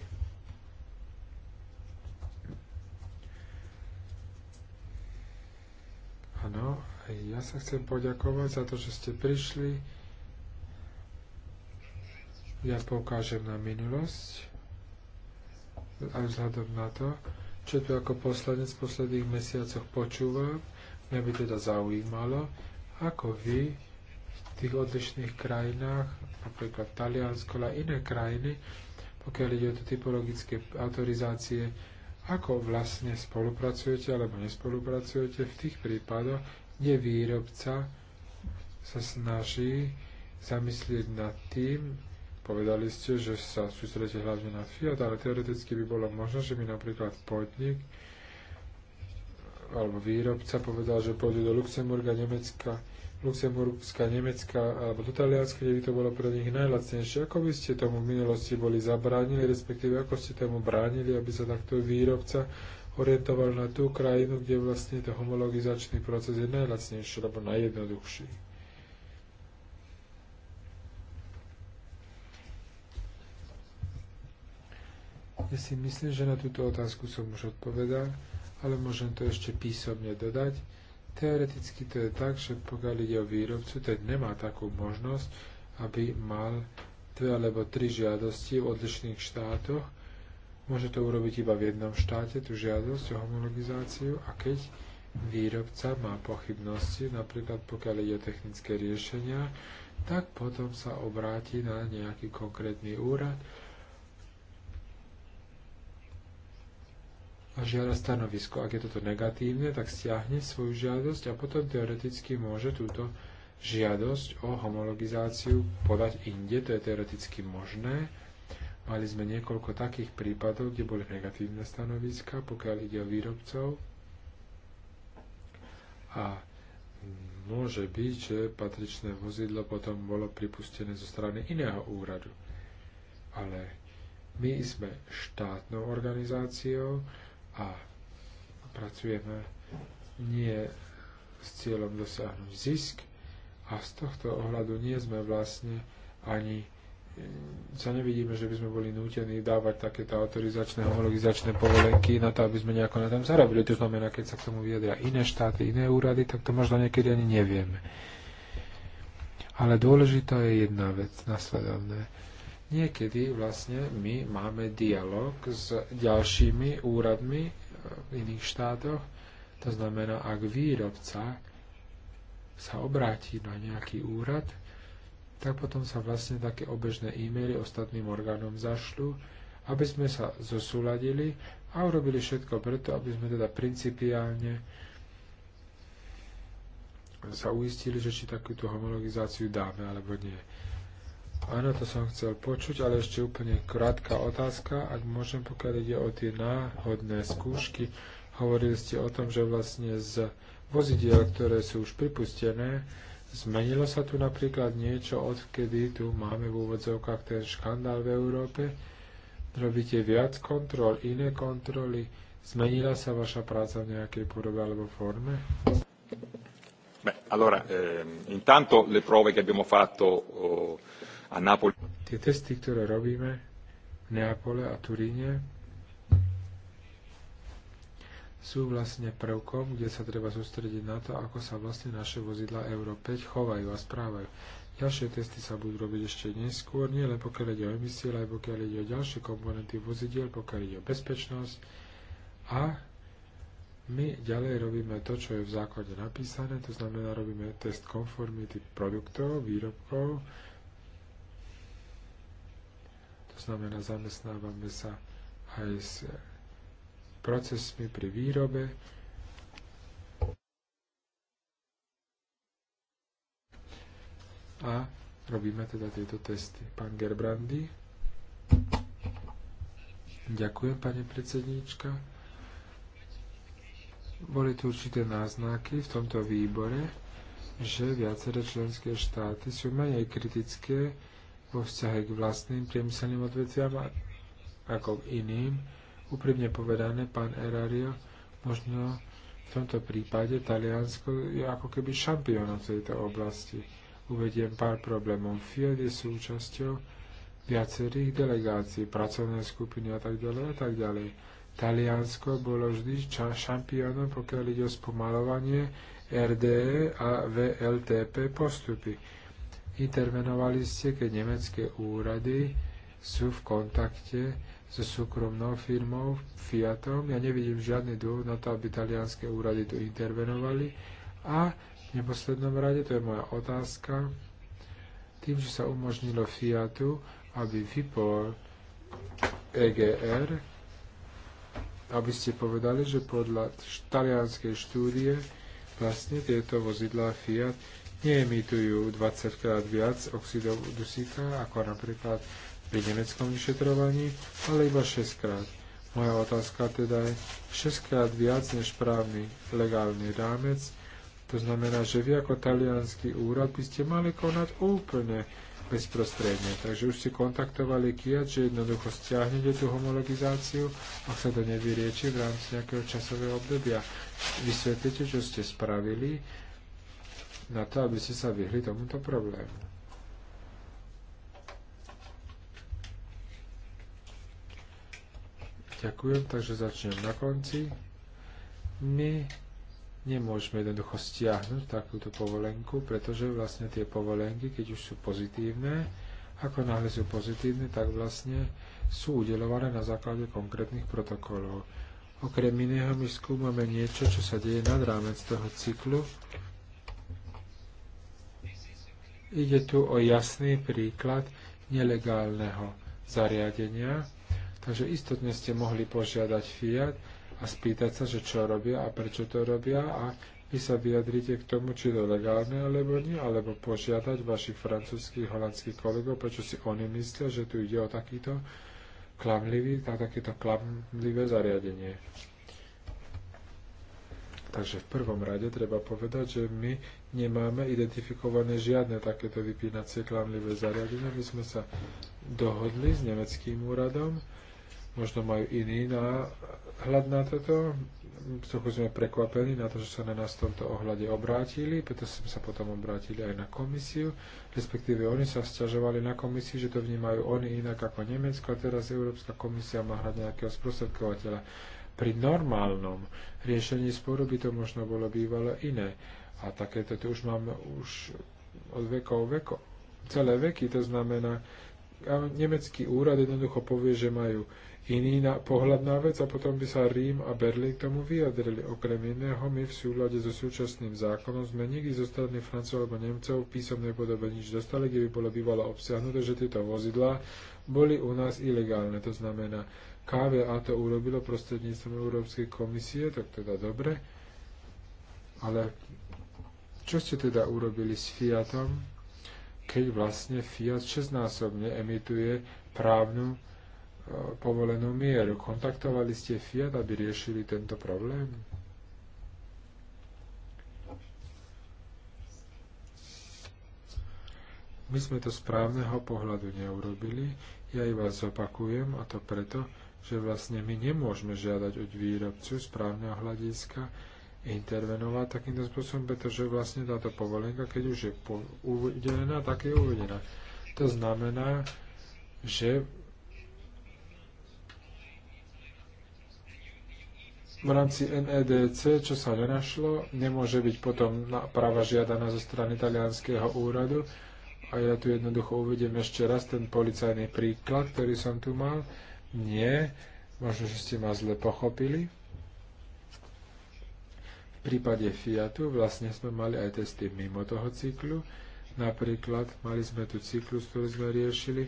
B: Áno, ja sa chcem poďakovať za to, že ste prišli. Ja poukážem na minulosť aj vzhľadom na to, čo tu ako poslanec v posledných mesiacoch počúvam, mňa by teda zaujímalo, ako vy tých odlišných krajinách, napríklad Taliansko, ale iné krajiny, pokiaľ ide o to typologické autorizácie, ako vlastne spolupracujete alebo nespolupracujete v tých prípadoch, kde výrobca sa snaží zamyslieť nad tým, povedali ste, že sa sústredíte hlavne na Fiat, ale teoreticky by bolo možno, že by napríklad podnik alebo výrobca povedal, že pôjde do Luxemburga, Nemecka, Luxemburska, Nemecka alebo do Talianska, kde by to bolo pre nich najlacnejšie. Ako by ste tomu v minulosti boli zabránili, respektíve ako ste tomu bránili, aby sa takto výrobca orientoval na tú krajinu, kde vlastne ten homologizačný proces je najlacnejší alebo najjednoduchší. Ja si myslím, že na túto otázku som už odpovedal, ale môžem to ešte písomne dodať. Teoreticky to je tak, že pokiaľ ide o výrobcu, ten nemá takú možnosť, aby mal dve alebo tri žiadosti v odlišných štátoch. Môže to urobiť iba v jednom štáte, tú žiadosť o homologizáciu a keď výrobca má pochybnosti, napríklad pokiaľ ide o technické riešenia, tak potom sa obráti na nejaký konkrétny úrad a žiada stanovisko. Ak je toto negatívne, tak stiahne svoju žiadosť a potom teoreticky môže túto žiadosť o homologizáciu podať inde, to je teoreticky možné. Mali sme niekoľko takých prípadov, kde boli negatívne stanoviska, pokiaľ ide o výrobcov. A môže byť, že patričné vozidlo potom bolo pripustené zo strany iného úradu. Ale my sme štátnou organizáciou, a pracujeme nie s cieľom dosiahnuť zisk a z tohto ohľadu nie sme vlastne ani e, sa nevidíme, že by sme boli nútení dávať takéto autorizačné, homologizačné povolenky na to, aby sme nejako na tom zarobili. To znamená, keď sa k tomu vyjadria iné štáty, iné úrady, tak to možno niekedy ani nevieme. Ale dôležitá je jedna vec, nasledovné. Niekedy vlastne my máme dialog s ďalšími úradmi e, v iných štátoch. To znamená, ak výrobca sa obráti na nejaký úrad, tak potom sa vlastne také obežné e-maily ostatným orgánom zašľú, aby sme sa zosúladili a urobili všetko preto, aby sme teda principiálne sa uistili, že či takúto homologizáciu dáme alebo nie. Áno, to som chcel počuť, ale ešte úplne krátka otázka, ak môžem, pokiaľ ide o tie náhodné skúšky. Hovorili ste o tom, že vlastne z vozidiel, ktoré sú už pripustené, zmenilo sa tu napríklad niečo, odkedy tu máme v úvodzovkách ten škandál v Európe. Robíte viac kontrol, iné kontroly. Zmenila sa vaša práca v nejakej podobe alebo forme?
D: Beh, allora, eh, intanto le prove che abbiamo fatto oh, a Napoli.
B: Tie testy, ktoré robíme v Neapole a Turíne, sú vlastne prvkom, kde sa treba sústrediť na to, ako sa vlastne naše vozidla Euro 5 chovajú a správajú. Ďalšie testy sa budú robiť ešte neskôr, nie len pokiaľ ide o emisie, ale aj pokiaľ ide o ďalšie komponenty vozidiel, pokiaľ ide o bezpečnosť. A my ďalej robíme to, čo je v základe napísané, to znamená robíme test konformity produktov, výrobkov, znamená zamestnávame sa aj s procesmi pri výrobe. A robíme teda tieto testy. Pán Gerbrandy. Ďakujem, pani predsedníčka. Boli tu určité náznaky v tomto výbore, že viaceré členské štáty sú menej kritické vo vzťahe k vlastným priemyselným odvetviam ako k iným. Úprimne povedané, pán Erario, možno v tomto prípade Taliansko je ako keby šampiónom v tejto oblasti. Uvediem pár problémov. Fiat je súčasťou viacerých delegácií, pracovné skupiny a tak ďalej a tak ďalej. Taliansko bolo vždy šampiónom, pokiaľ ide o spomalovanie RDE a VLTP postupy. Intervenovali ste, keď nemecké úrady sú v kontakte so súkromnou firmou Fiatom. Ja nevidím žiadny dôvod na to, aby talianské úrady tu intervenovali. A v neposlednom rade, to je moja otázka, tým, že sa umožnilo Fiatu, aby vypol EGR, aby ste povedali, že podľa talianskej štúdie vlastne tieto vozidlá Fiat neemitujú 20 krát viac oxidov dusíka, ako napríklad pri nemeckom vyšetrovaní, ale iba 6 krát. Moja otázka teda je 6 krát viac než právny legálny rámec. To znamená, že vy ako talianský úrad by ste mali konať úplne bezprostredne. Takže už ste kontaktovali KIAT, že jednoducho stiahnete tú homologizáciu, ak sa to nevyrieči v rámci nejakého časového obdobia. Vysvetlite, čo ste spravili, na to, aby ste sa vyhli tomuto problému. Ďakujem, takže začnem na konci. My nemôžeme jednoducho stiahnuť takúto povolenku, pretože vlastne tie povolenky, keď už sú pozitívne, ako náhle sú pozitívne, tak vlastne sú udelované na základe konkrétnych protokolov. Okrem iného my skúmame niečo, čo sa deje nad rámec toho cyklu Ide tu o jasný príklad nelegálneho zariadenia, takže istotne ste mohli požiadať Fiat a spýtať sa, že čo robia a prečo to robia a vy sa vyjadrite k tomu, či je to legálne alebo nie, alebo požiadať vašich francúzských, holandských kolegov, prečo si oni myslia, že tu ide o takýto klamlivý, na takéto klamlivé zariadenie. Takže v prvom rade treba povedať, že my nemáme identifikované žiadne takéto vypínacie klamlivé zariadenia. My sme sa dohodli s nemeckým úradom, možno majú iný náhľad na toto. Trochu sme prekvapení na to, že sa na nás v tomto ohľade obrátili, preto sme sa potom obrátili aj na komisiu, respektíve oni sa sťažovali na komisiu, že to vnímajú oni inak ako Nemecko a teraz Európska komisia má hrať nejakého sprostredkovateľa. Pri normálnom riešení sporu by to možno bolo bývalo iné a takéto tu už máme už od vekov veko, celé veky, to znamená, nemecký úrad jednoducho povie, že majú iný na, pohľad na vec a potom by sa Rím a Berlín k tomu vyjadrili. Okrem iného, my v súľade so súčasným zákonom sme nikdy zo strany Francov alebo Nemcov v písomnej podobe nič dostali, kde by bolo bývalo obsiahnuté, že tieto vozidlá boli u nás ilegálne. To znamená, KVA to urobilo prostredníctvom Európskej komisie, tak teda dobre, ale čo ste teda urobili s Fiatom, keď vlastne Fiat 16-násobne emituje právnu e, povolenú mieru? Kontaktovali ste Fiat, aby riešili tento problém? My sme to z právneho pohľadu neurobili, ja vás zopakujem, a to preto, že vlastne my nemôžeme žiadať od výrobcu z právneho hľadiska, intervenovať takýmto spôsobom, pretože vlastne táto povolenka, keď už je uvedená, tak je uvedená. To znamená, že v rámci NEDC, čo sa nenašlo, nemôže byť potom práva žiadaná zo strany talianského úradu. A ja tu jednoducho uvedem ešte raz ten policajný príklad, ktorý som tu mal. Nie, možno, že ste ma zle pochopili prípade Fiatu vlastne sme mali aj testy mimo toho cyklu. Napríklad mali sme tu cyklus, ktorý sme riešili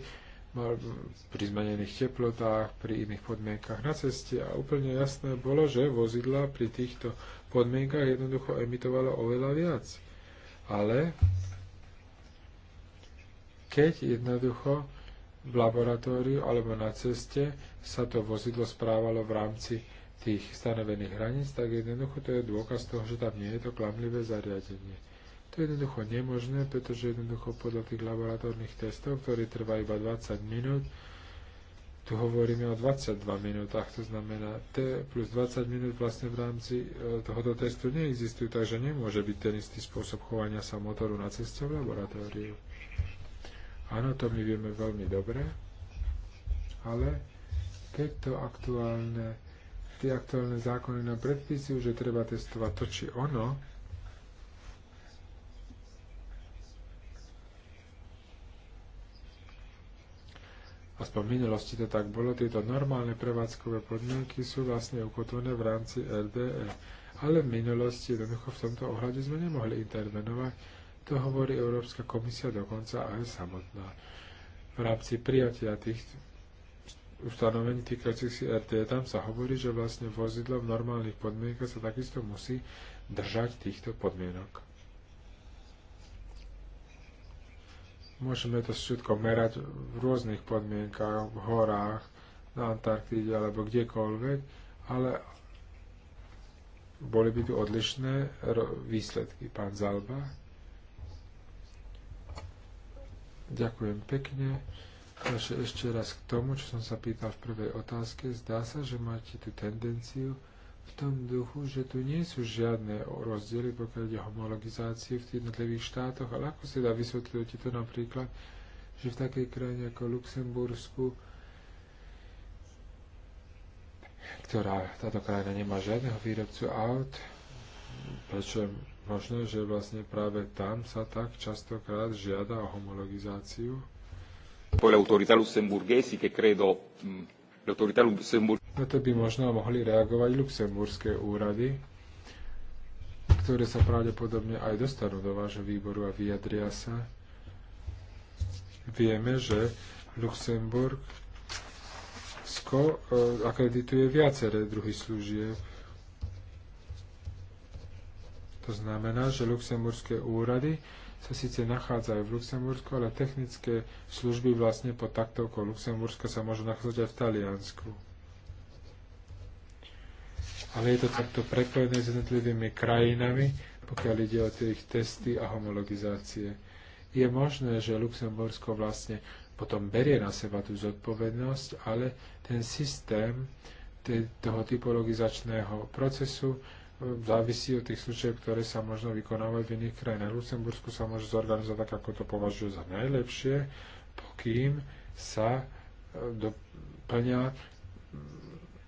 B: pri zmenených teplotách, pri iných podmienkach na ceste a úplne jasné bolo, že vozidla pri týchto podmienkach jednoducho emitovalo oveľa viac. Ale keď jednoducho v laboratóriu alebo na ceste sa to vozidlo správalo v rámci tých stanovených hraníc, tak jednoducho to je dôkaz toho, že tam nie je to klamlivé zariadenie. To je jednoducho nemožné, pretože jednoducho podľa tých laboratórnych testov, ktoré trvá iba 20 minút, tu hovoríme o 22 minútach, to znamená T plus 20 minút vlastne v rámci e, tohoto testu neexistujú, takže nemôže byť ten istý spôsob chovania sa motoru na ceste v laboratóriu. Áno, to my vieme veľmi dobre, ale keď to aktuálne tie aktuálne zákony na predpisy, že treba testovať to či ono, aspoň v minulosti to tak bolo, tieto normálne prevádzkové podmienky sú vlastne ukotvené v rámci RDE. Ale v minulosti jednoducho v tomto ohľade sme nemohli intervenovať. To hovorí Európska komisia dokonca aj samotná. V rámci prijatia tých ustanovení týkajúcich si RT. E tam sa hovorí, že vlastne vozidlo v normálnych podmienkach sa takisto musí držať týchto podmienok. Môžeme to všetko merať v rôznych podmienkach, v horách, na Antarktíde alebo kdekoľvek, ale boli by tu odlišné výsledky. Pán Zalba. Ďakujem pekne. Takže ešte raz k tomu, čo som sa pýtal v prvej otázke. Zdá sa, že máte tú tendenciu v tom duchu, že tu nie sú žiadne rozdiely, pokiaľ ide homologizácie v tých jednotlivých štátoch, ale ako si dá vysvetľujete to napríklad, že v takej krajine ako Luxembursku, ktorá táto krajina nemá žiadneho výrobcu aut, prečo je možné, že vlastne práve tam sa tak častokrát žiada o homologizáciu
D: Poi le autorità lussemburghesi che credo le autorità lussemburghesi
B: na to by možno mohli reagovať luxemburské úrady, ktoré sa pravdepodobne aj dostanú do vášho výboru a vyjadria sa. Vieme, že Luxemburg sko- eh, akredituje viaceré druhy služieb. To znamená, že luxemburské úrady sa síce nachádzajú v Luxembursku, ale technické služby vlastne pod taktovkou Luxemburska sa môžu nachádzať aj v Taliansku. Ale je to takto prepojené s jednotlivými krajinami, pokiaľ ide o tie ich testy a homologizácie. Je možné, že Luxembursko vlastne potom berie na seba tú zodpovednosť, ale ten systém toho typologizačného procesu závisí od tých služieb, ktoré sa možno vykonávajú v iných krajinách. Luxembursku sa môže zorganizovať tak, ako to považujú za najlepšie, pokým sa e, doplňa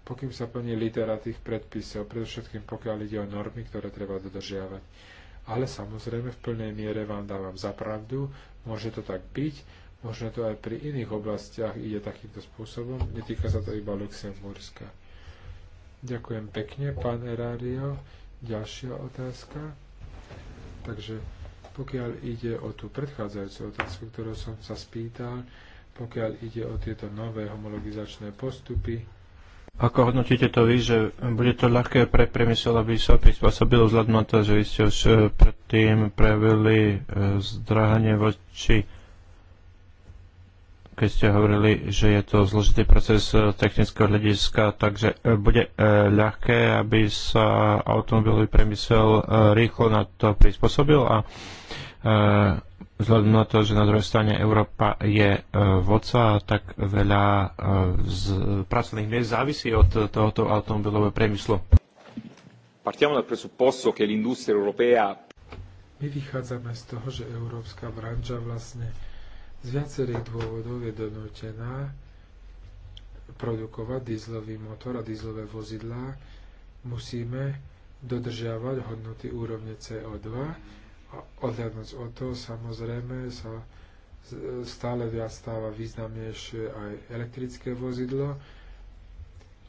B: pokým sa plní litera tých predpisov, predovšetkým pokiaľ ide o normy, ktoré treba dodržiavať. Ale samozrejme v plnej miere vám dávam za pravdu, môže to tak byť, možno to aj pri iných oblastiach ide takýmto spôsobom, netýka sa to iba Luxemburska. Ďakujem pekne, pán Erario. Ďalšia otázka. Takže pokiaľ ide o tú predchádzajúcu otázku, ktorú som sa spýtal, pokiaľ ide o tieto nové homologizačné postupy.
C: Ako hodnotíte to vy, že bude to ľahké pre priemysel, aby sa prispôsobilo vzhľadom na to, že vy ste už eh, predtým prejavili eh, zdráhanie voči keď ste hovorili, že je to zložitý proces eh, technického hľadiska, takže eh, bude eh, ľahké, aby sa automobilový priemysel rýchlo na to prispôsobil a vzhľadom na to, že na druhej strane Európa je vodca, tak veľa z pracovných miest závisí od tohoto automobilového priemyslu.
D: Partiamo dal presupposto che l'industria europea
B: my vychádzame z toho, že európska branža vlastne z viacerých dôvodov je donútená produkovať dizlový motor a dizlové vozidlá, musíme dodržiavať hodnoty úrovne CO2 a odhľadnúť o to, samozrejme sa stále viac stáva významnejšie aj elektrické vozidlo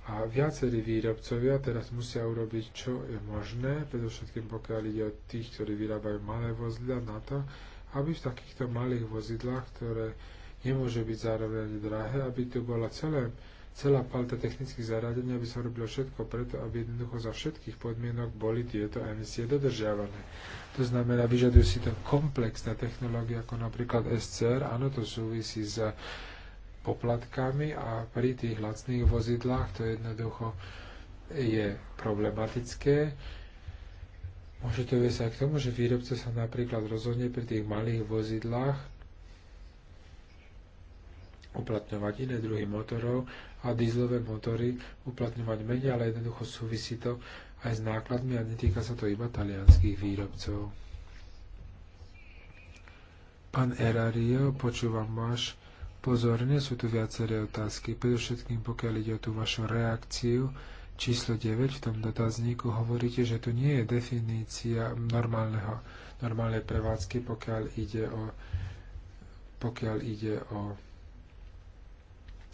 B: a viacerí výrobcovia teraz musia urobiť, čo je možné, predovšetkým pokiaľ ide o tých, ktorí vyrábajú malé vozidla na to, aby v takýchto malých vozidlách, ktoré nemôže byť zároveň drahé, aby tu bola celé, celá palta technických zariadení, aby sa robilo všetko preto, aby jednoducho za všetkých podmienok boli tieto emisie dodržiavané. To znamená, vyžaduje si to komplexné technológie, ako napríklad SCR, áno, to súvisí s poplatkami a pri tých lacných vozidlách to jednoducho je problematické. Môže to viesť aj k tomu, že výrobca sa napríklad rozhodne pri tých malých vozidlách uplatňovať iné druhy motorov a dízlové motory uplatňovať menej, ale jednoducho súvisí to aj s nákladmi a netýka sa to iba talianských výrobcov. Pán Erario, počúvam váš pozorne, sú tu viaceré otázky, predovšetkým pokiaľ ide o tú vašu reakciu číslo 9 v tom dotazníku hovoríte, že tu nie je definícia normálneho, normálnej prevádzky, pokiaľ ide o, pokiaľ ide o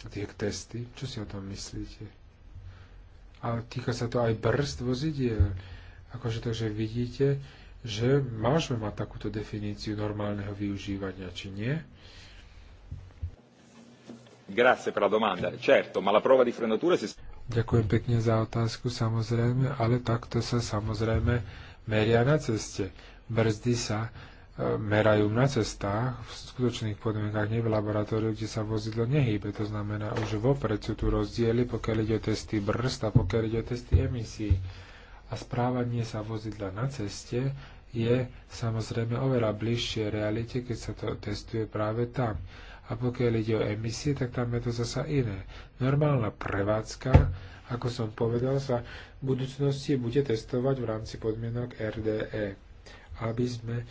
B: tie testy. Čo si o tom myslíte? A týka sa to aj brzd vozidiel. Akože že vidíte, že môžeme mať takúto definíciu normálneho využívania, či nie?
D: Grazie per la domanda. Certo, ma la prova di frenatura si...
B: Ďakujem pekne za otázku, samozrejme, ale takto sa samozrejme meria na ceste. Brzdy sa e, merajú na cestách, v skutočných podmienkach, nie v laboratóriu, kde sa vozidlo nehýbe. To znamená, už vopred sú tu rozdiely, pokiaľ ide o testy brzd a pokiaľ ide o testy emisí. A správanie sa vozidla na ceste je samozrejme oveľa bližšie realite, keď sa to testuje práve tam. A pokiaľ ide o emisie, tak tam je to zasa iné. Normálna prevádzka, ako som povedal, sa v budúcnosti bude testovať v rámci podmienok RDE. Aby sme,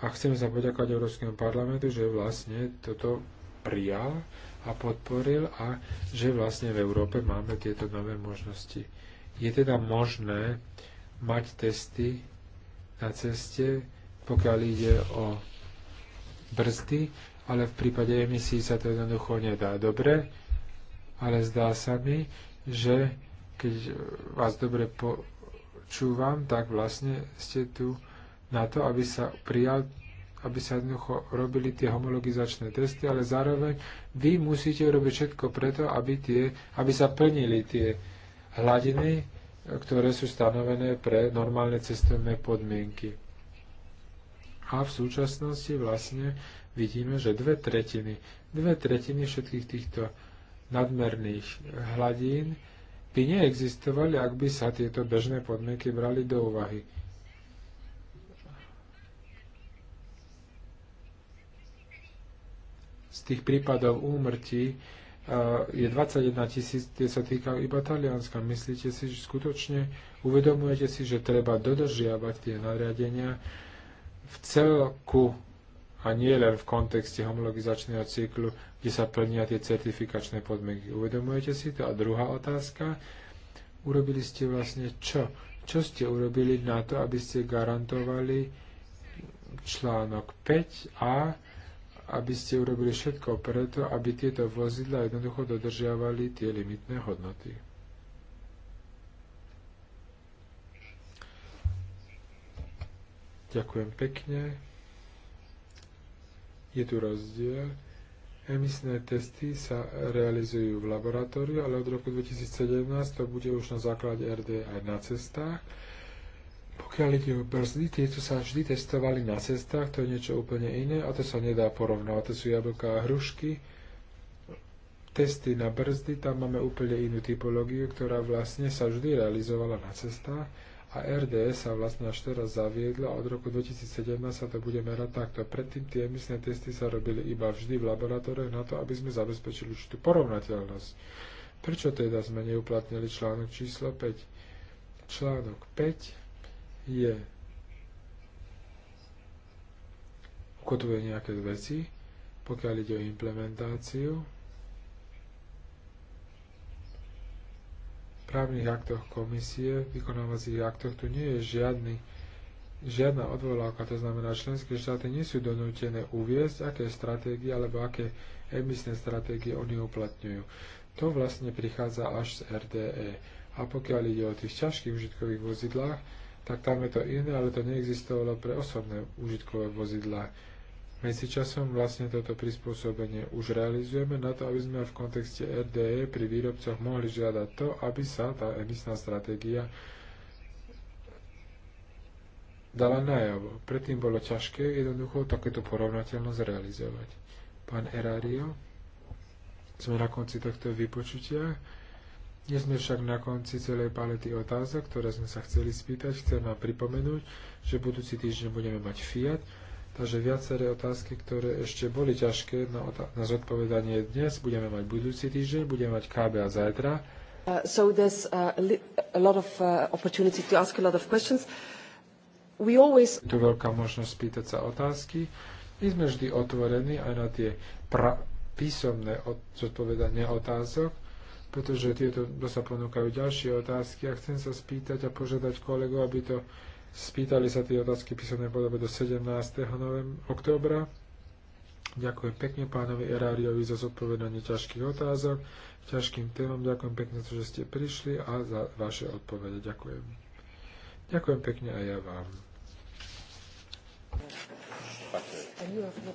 B: a chceme sa poďakovať Európskemu parlamentu, že vlastne toto prijal a podporil a že vlastne v Európe máme tieto nové možnosti. Je teda možné mať testy na ceste, pokiaľ ide o brzdy, ale v prípade emisí sa to jednoducho nedá. Dobre, ale zdá sa mi, že keď vás dobre počúvam, tak vlastne ste tu na to, aby sa prijal aby sa jednoducho robili tie homologizačné testy, ale zároveň vy musíte robiť všetko preto, aby, tie, aby sa plnili tie hladiny, ktoré sú stanovené pre normálne cestovné podmienky. A v súčasnosti vlastne vidíme, že dve tretiny, dve tretiny všetkých týchto nadmerných hladín by neexistovali, ak by sa tieto bežné podmienky brali do úvahy. Z tých prípadov úmrtí e, je 21 tisíc, tie sa týkajú iba Talianska. Myslíte si, že skutočne uvedomujete si, že treba dodržiavať tie nariadenia v celku a nie len v kontexte homologizačného cyklu, kde sa plnia tie certifikačné podmienky. Uvedomujete si to? A druhá otázka, urobili ste vlastne čo? Čo ste urobili na to, aby ste garantovali článok 5a, aby ste urobili všetko preto, aby tieto vozidla jednoducho dodržiavali tie limitné hodnoty? Ďakujem pekne. Je tu rozdiel. Emisné testy sa realizujú v laboratóriu, ale od roku 2017 to bude už na základe RD aj na cestách. Pokiaľ ide o brzdy, tieto sa vždy testovali na cestách, to je niečo úplne iné a to sa nedá porovnať. To sú jablka a hrušky. Testy na brzdy, tam máme úplne inú typológiu, ktorá vlastne sa vždy realizovala na cestách a RDS sa vlastne až teraz zaviedla a od roku 2017 sa to bude merať takto. Predtým tie emisné testy sa robili iba vždy v laboratóriách na to, aby sme zabezpečili určitú porovnateľnosť. Prečo teda sme neuplatnili článok číslo 5? Článok 5 je ukotvuje nejaké veci, pokiaľ ide o implementáciu, právnych aktoch komisie, v vykonávacích aktoch tu nie je žiadny, žiadna odvolávka, to znamená, členské štáty nie sú donútené uviezť, aké stratégie alebo aké emisné stratégie oni uplatňujú. To vlastne prichádza až z RDE. A pokiaľ ide o tých ťažkých užitkových vozidlách, tak tam je to iné, ale to neexistovalo pre osobné užitkové vozidlá. Medzičasom vlastne toto prispôsobenie už realizujeme na to, aby sme v kontexte RDE pri výrobcoch mohli žiadať to, aby sa tá emisná stratégia dala najavo. Predtým bolo ťažké jednoducho takéto porovnateľnosť realizovať. Pán Erario, sme na konci tohto vypočutia. Nie sme však na konci celej palety otázok, ktoré sme sa chceli spýtať. Chcem vám pripomenúť, že budúci týždeň budeme mať Fiat Takže viaceré otázky, ktoré ešte boli ťažké na, na zodpovedanie dnes, budeme mať budúci týždeň, budeme mať KB a zajtra.
A: Uh, so there's uh, a, lot of uh, opportunity to ask a lot of questions. We always...
B: Tu veľká možnosť spýtať sa otázky. My sme vždy otvorení aj na tie pra- písomné od- zodpovedanie otázok, pretože tieto, sa ponúkajú ďalšie otázky a chcem sa spýtať a požiadať kolegov, aby to Spýtali sa tie otázky písomnej podobe do 17. Novem, októbra. Ďakujem pekne pánovi Eráriovi za zodpovedanie ťažkých otázok, ťažkým témam. Ďakujem pekne, že ste prišli a za vaše odpovede. Ďakujem. Ďakujem pekne a ja vám.
E: And you have no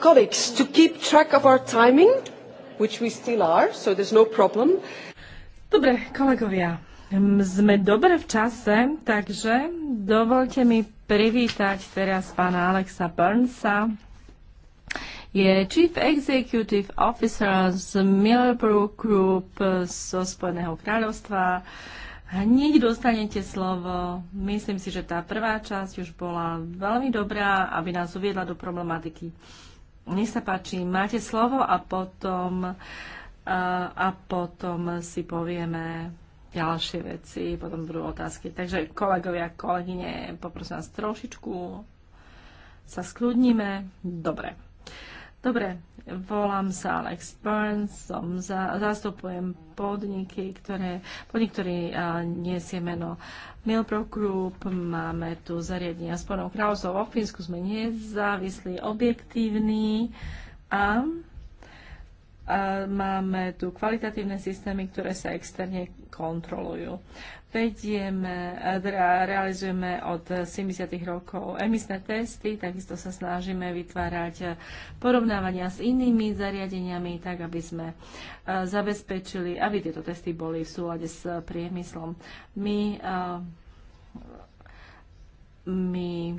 A: colleagues to keep track of our timing, which we still are, so there's no problem. Dobre, kolegovia, sme dobre v čase, takže dovolte mi privítať teraz pána Alexa Burnsa. Je Chief Executive Officer z Millbrook Group e, zo Spojeného kráľovstva. Hneď dostanete slovo. Myslím si, že tá prvá časť už bola veľmi dobrá, aby nás uviedla do problematiky nech sa páči, máte slovo a potom, a, a potom si povieme ďalšie veci, potom budú otázky. Takže kolegovia, kolegyne, poprosím vás trošičku sa skľudníme. Dobre. Dobre, Volám sa Alex Burns, som za, zastupujem podniky, ktoré, podnik, ktorý a, niesie meno Milpro Group, máme tu zariadenia ponou Krausov. V Fínsku sme nezávislí, objektívni a, a máme tu kvalitatívne systémy, ktoré sa externe kontrolujú vedieme, realizujeme od 70. rokov emisné testy, takisto sa snažíme vytvárať porovnávania s inými zariadeniami, tak aby sme e, zabezpečili, aby tieto testy boli v súlade s priemyslom. My, e, my e,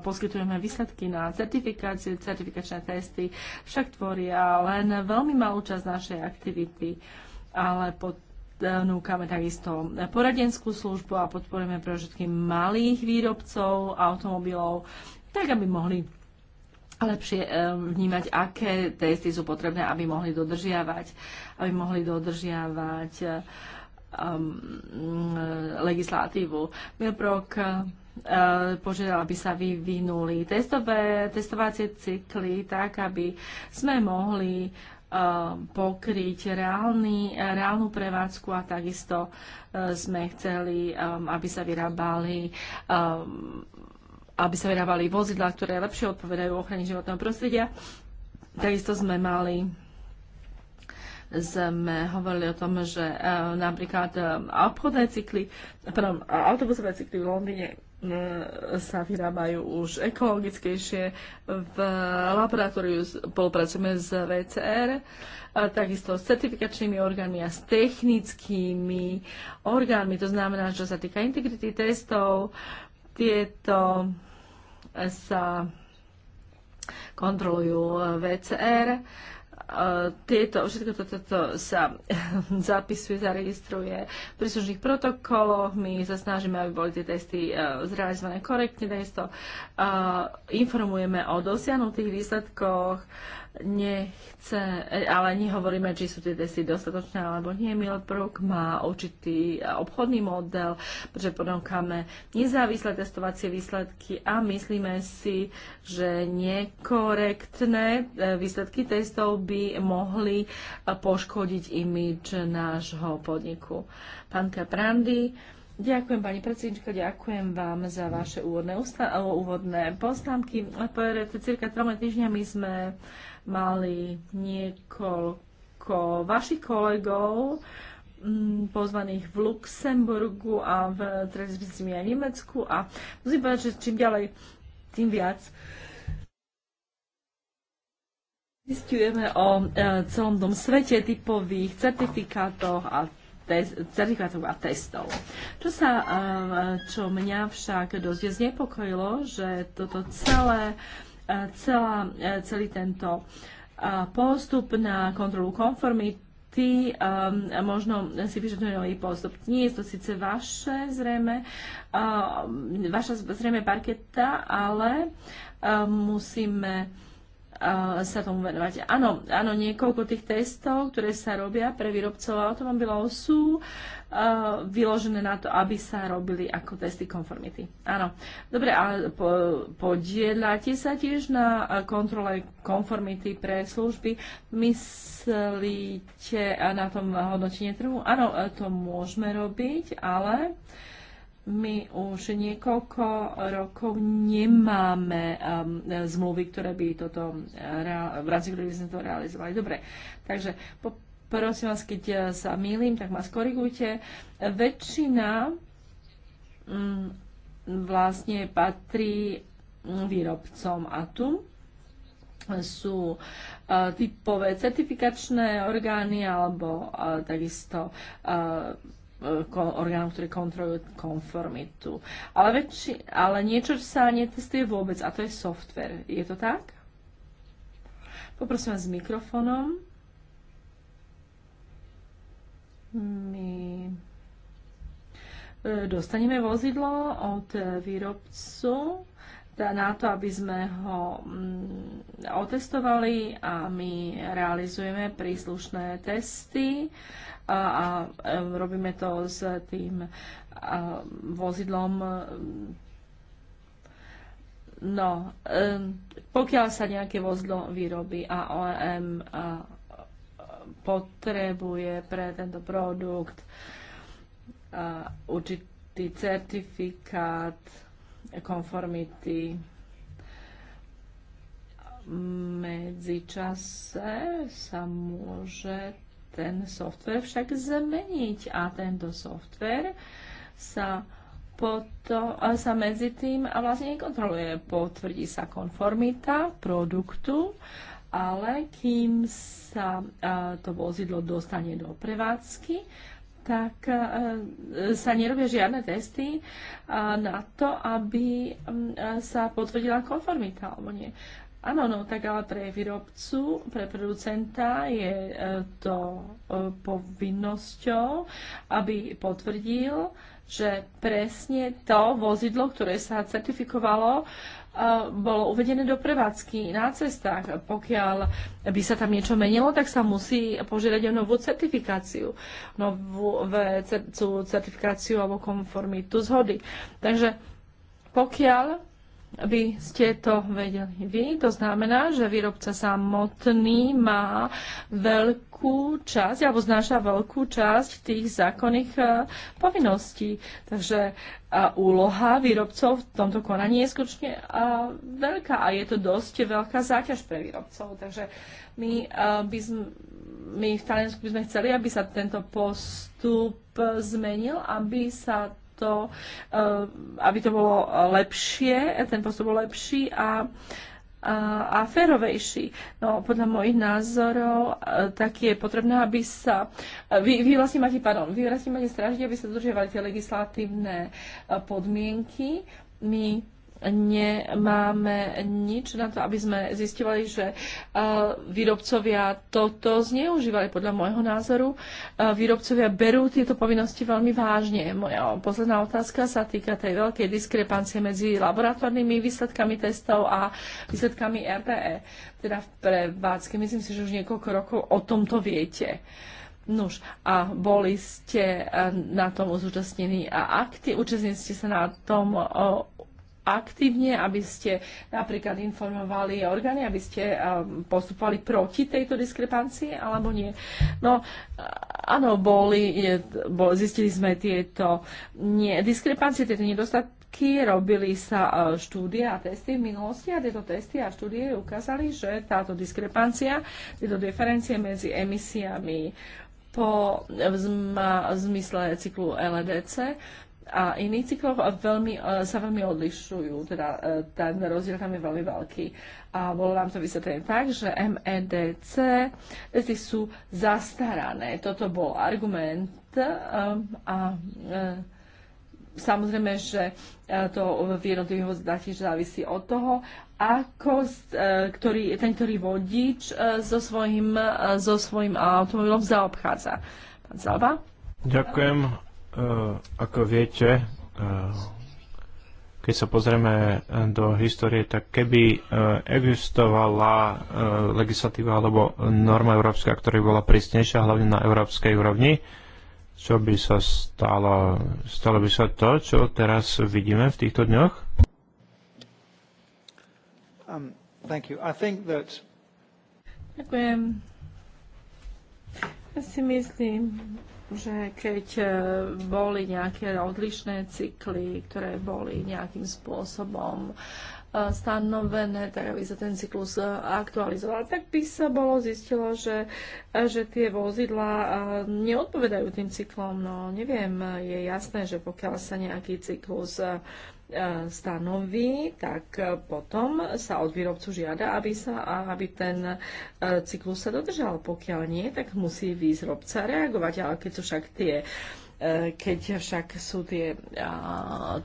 A: poskytujeme výsledky na certifikáciu, certifikačné testy však tvoria len veľmi malú časť našej aktivity, ale pod ponúkame takisto poradenskú službu a podporujeme pre všetkých malých výrobcov automobilov, tak aby mohli lepšie eh, vnímať, aké testy sú potrebné, aby mohli dodržiavať, aby mohli dodržiavať eh, um, eh, legislatívu. Milprok požiadal, aby sa vyvinuli testové, testovacie cykly tak, aby sme mohli Eh, pokryť reálny, eh, reálnu prevádzku a takisto eh, sme chceli, aby sa vyrábali aby sa vyrábali vozidla, ktoré lepšie odpovedajú ochrane životného prostredia. Takisto sme mali sme hovorili o tom, že napríklad obchodné cykly, pardon, autobusové cykly v Londýne sa vyrábajú už ekologickejšie. V laboratóriu spolupracujeme s VCR, takisto s certifikačnými orgánmi a s technickými orgánmi. To znamená, čo sa týka integrity testov, tieto sa kontrolujú VCR E, tieto, všetko toto to, to sa zapisuje, zaregistruje v príslušných protokoloch. My sa snažíme, aby boli tie testy e, zrealizované korektne, takisto e, informujeme o dosiahnutých výsledkoch nechce, ale nehovoríme, či sú tie testy dostatočné alebo nie. Milprok má určitý obchodný model, pretože ponúkame nezávislé testovacie výsledky a myslíme si, že nekorektné e, výsledky testov by mohli e, poškodiť imidž nášho podniku. Pán Kaprandy, Ďakujem, pani predsednička, ďakujem vám za vaše úvodné, úvodné poznámky. Pred cirka troma týždňami sme mali niekoľko vašich kolegov mm, pozvaných v Luxemburgu a v Trezbizmi a Nemecku a musím povedať, že čím ďalej, tým viac Zistujeme o e, celom tom svete typových certifikátoch a certifikátov a testov. Čo, sa, eh, čo mňa však dosť znepokojilo, že toto celé, eh, celá, eh, celý tento postup na kontrolu konformity ty um, možno si vyžaduje nový postup. Nie je to síce vaše zrejme, uh, vaša zrejme parketa, ale uh, musíme sa tomu venovať. Áno, áno, niekoľko tých testov, ktoré sa robia pre výrobcov automobilov sú uh, vyložené na to, aby sa robili ako testy konformity. Áno. Dobre, a po, podielate sa tiež na kontrole konformity pre služby? Myslíte na tom hodnotenie trhu? Áno, to môžeme robiť, ale uh, my už niekoľko rokov nemáme um, zmluvy, ktoré by toto, um, v rámci ktorých by sme to realizovali. Dobre, takže prosím vás, keď uh, sa mýlim, tak ma skorigujte. Väčšina um, vlastne patrí um, výrobcom a tu, sú uh, typové certifikačné orgány alebo uh, takisto E, orgánov, ktorí kontrolujú konformitu. Ale, väčši, ale niečo sa netestuje vôbec a to je software. Je to tak? Poprosím vás s mikrofonom. My e, dostaneme vozidlo od výrobcu teda na to, aby sme ho mm, otestovali a my realizujeme príslušné testy a, a e, robíme to s tým vozidlom. Mm, no, pokiaľ sa nejaké vozidlo vyrobí a OEM potrebuje pre tento produkt určitý certifikát, konformity. Medzi čase sa môže ten software však zmeniť a tento software sa potom, sa medzi tým vlastne nekontroluje. Potvrdí sa konformita produktu, ale kým sa to vozidlo dostane do prevádzky, tak e, sa nerobia žiadne testy e, na to, aby e, sa potvrdila konformita alebo nie. Áno, no tak ale pre výrobcu, pre producenta je to povinnosťou, aby potvrdil, že presne to vozidlo, ktoré sa certifikovalo, bolo uvedené do prevádzky na cestách. Pokiaľ by sa tam niečo menilo, tak sa musí požiadať o novú certifikáciu, novú certifikáciu alebo konformitu zhody. Takže pokiaľ vy ste to vedeli vy. To znamená, že výrobca samotný má veľkú časť, alebo znáša veľkú časť tých zákonných e, povinností. Takže a úloha výrobcov v tomto konaní je skutočne uh, veľká a je to dosť veľká záťaž pre výrobcov. Takže my, e, by sme, my v Taliansku by sme chceli, aby sa tento postup zmenil, aby sa to, eh, aby to bolo lepšie, ten postup bol lepší a a, a férovejší. No, podľa mojich názorov, eh, tak je potrebné, aby sa... Eh, vy, vy vlastne máte, pardon, vy vlastne máte strážiť, aby sa dodržiavali tie legislatívne podmienky. My nemáme nič na to, aby sme zistili, že e, výrobcovia toto zneužívali. Podľa môjho názoru e, výrobcovia berú tieto povinnosti veľmi vážne. Moja posledná otázka sa týka tej veľkej diskrepancie medzi laboratórnymi výsledkami testov a výsledkami RPE. Teda v prevádzke, myslím si, že už niekoľko rokov o tomto viete. Nuž, a boli ste e, na tom zúčastnení a akti, účastnili ste sa na tom aktívne, aby ste napríklad informovali orgány, aby ste um, postupovali proti tejto diskrepancii, alebo nie? No, áno, boli, zistili sme tieto nie, diskrepancie, tieto nedostatky, robili sa uh, štúdie a testy v minulosti a tieto testy a štúdie ukázali, že táto diskrepancia, tieto diferencie medzi emisiami po v, zma, v zmysle cyklu LDC a iných cykloch veľmi, e, sa veľmi odlišujú, teda e, ten rozdiel tam je veľmi veľký. A bolo nám to vysvetlené tak, že MEDC testy sú zastarané. Toto bol argument e, a samozrejme, že to v jednotlivých vozidlách tiež závisí od toho, ako ktorý, ten, ktorý vodič so svojím, so svojím automobilom zaobchádza. Pán Zalba?
C: Ďakujem Eh, ako viete, eh, keď sa pozrieme eh, do histórie, tak keby existovala legislatíva alebo norma európska, ktorá bola prísnejšia, hlavne na európskej úrovni, čo by sa stalo? Stalo by sa to, čo teraz vidíme v týchto dňoch?
E: Um, thank you. I think that...
A: Ďakujem. Ja si myslím, že keď e, boli nejaké odlišné cykly, ktoré boli nejakým spôsobom e, stanovené, tak aby sa ten cyklus e, aktualizoval, tak by sa bolo zistilo, že, že tie vozidla neodpovedajú tým cyklom. No neviem, je jasné, že pokiaľ sa nejaký cyklus E, stanoví, tak potom sa od výrobcu žiada, aby, sa, aby ten e, cyklus sa dodržal. Pokiaľ nie, tak musí výrobca reagovať. Ale keď sú však tie E, keď však sú tie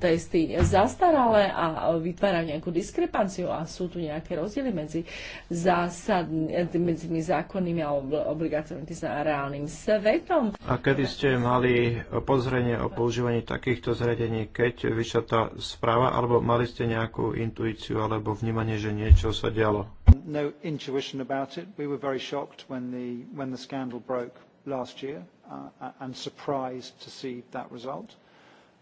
A: testy zastaralé a vytvárajú nejakú diskrepanciu a sú tu nejaké rozdiely medzi, zásadnými medzi zákonnými a obligáciami a reálnym svetom.
C: A kedy ste mali pozrenie o používaní takýchto zariadení, keď vyšla tá správa, alebo mali ste nejakú intuíciu alebo vnímanie, že niečo sa dialo?
E: No intuition about it. We were very shocked when the, when the scandal broke last year uh, and surprised to see that result.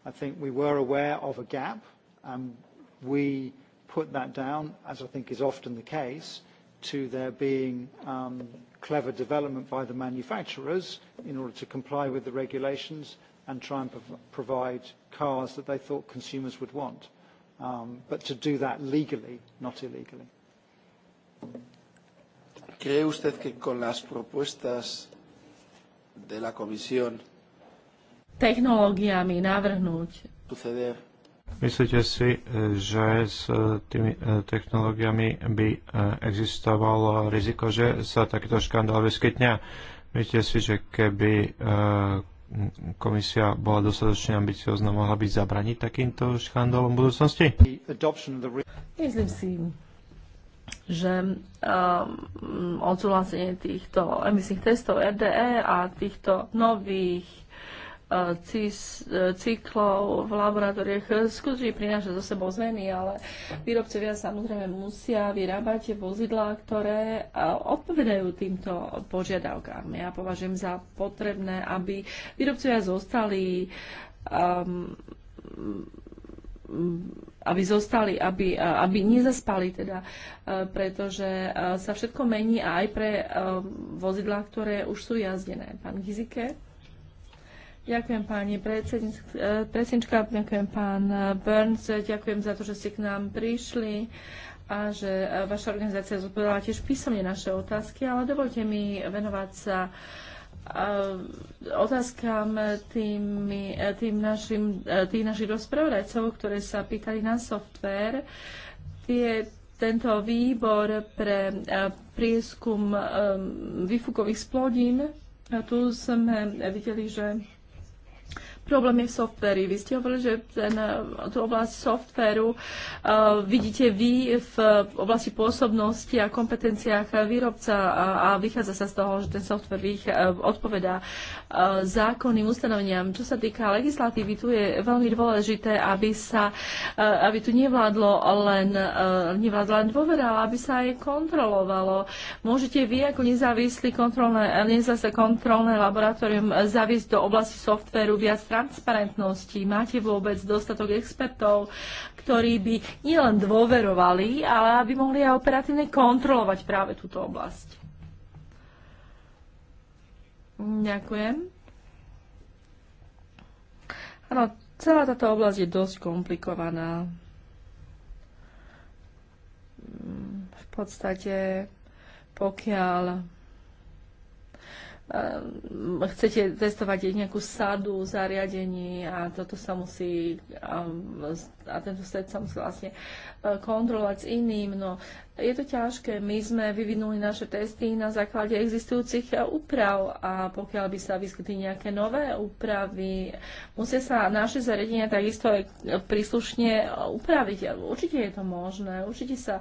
E: I think we were aware of a gap, and we put that down, as I think is often the case, to there being um, clever development by the manufacturers in order to comply with the regulations and try and prov provide cars that they thought consumers would want, um, but to do that legally, not illegally.
C: ¿Cree usted que con las propuestas de la comisión
A: technológiami navrhnúť.
C: Myslíte si, že s tými e, technológiami by e, existovalo riziko, že sa takýto škandál vyskytne? Myslíte si, že keby e, komisia bola dostatočne ambiciozna, mohla byť zabraniť takýmto škandálom v budúcnosti?
A: Myslím si, že um, odsúhlasenie týchto emisných testov RDE a týchto nových uh, cis, uh, cyklov v laboratóriách skutočne prináša za sebou zmeny, ale výrobcovia samozrejme musia vyrábať vozidlá, ktoré uh, odpovedajú týmto požiadavkám. Ja považujem za potrebné, aby výrobcovia zostali um aby zostali, aby, aby nezaspali teda, pretože sa všetko mení a aj pre vozidlá, ktoré už sú jazdené. Pán Gizike? Ďakujem pani e, predsednička, ďakujem pán Burns, ďakujem za to, že ste k nám prišli a že e, vaša organizácia zodpovedala tiež písomne naše otázky, ale dovolte mi venovať sa uh, Eh, otázkam eh, tým, eh, tým, našim, tých našich rozprávodajcov, ktoré sa pýtali na software. Tie, tento výbor pre prieskum výfukových splodín, tu sme videli, že Problém je v softveri. Vy ste hovorili, že ten, tú oblasť softvéru uh, vidíte vy v oblasti pôsobnosti a kompetenciách výrobca a, a vychádza sa z toho, že ten softver ich uh, odpovedá uh, zákonným ustanoveniam. Čo sa týka legislatívy, tu je veľmi dôležité, aby sa, uh, aby tu nevládlo len, uh, nevládla len dôvera, ale aby sa aj kontrolovalo. Môžete vy ako nezávislý kontrolné, nezávislé kontrolné laboratórium zaviesť do oblasti softvéru viac transparentnosti? Máte vôbec dostatok expertov, ktorí by nielen dôverovali, ale aby mohli aj operatívne kontrolovať práve túto oblasť? Ďakujem. Áno, celá táto oblasť je dosť komplikovaná. V podstate, pokiaľ Ehm, chcete testovať nejakú sadu zariadení a toto sa musí ehm, a tento svet sa musí vlastne e, kontrolovať s iným. No, je to ťažké. My sme vyvinuli naše testy na základe existujúcich e, úprav a pokiaľ by sa vyskytli nejaké nové úpravy, musia sa naše zariadenia takisto aj e, príslušne upraviť. Určite je to možné. Určite sa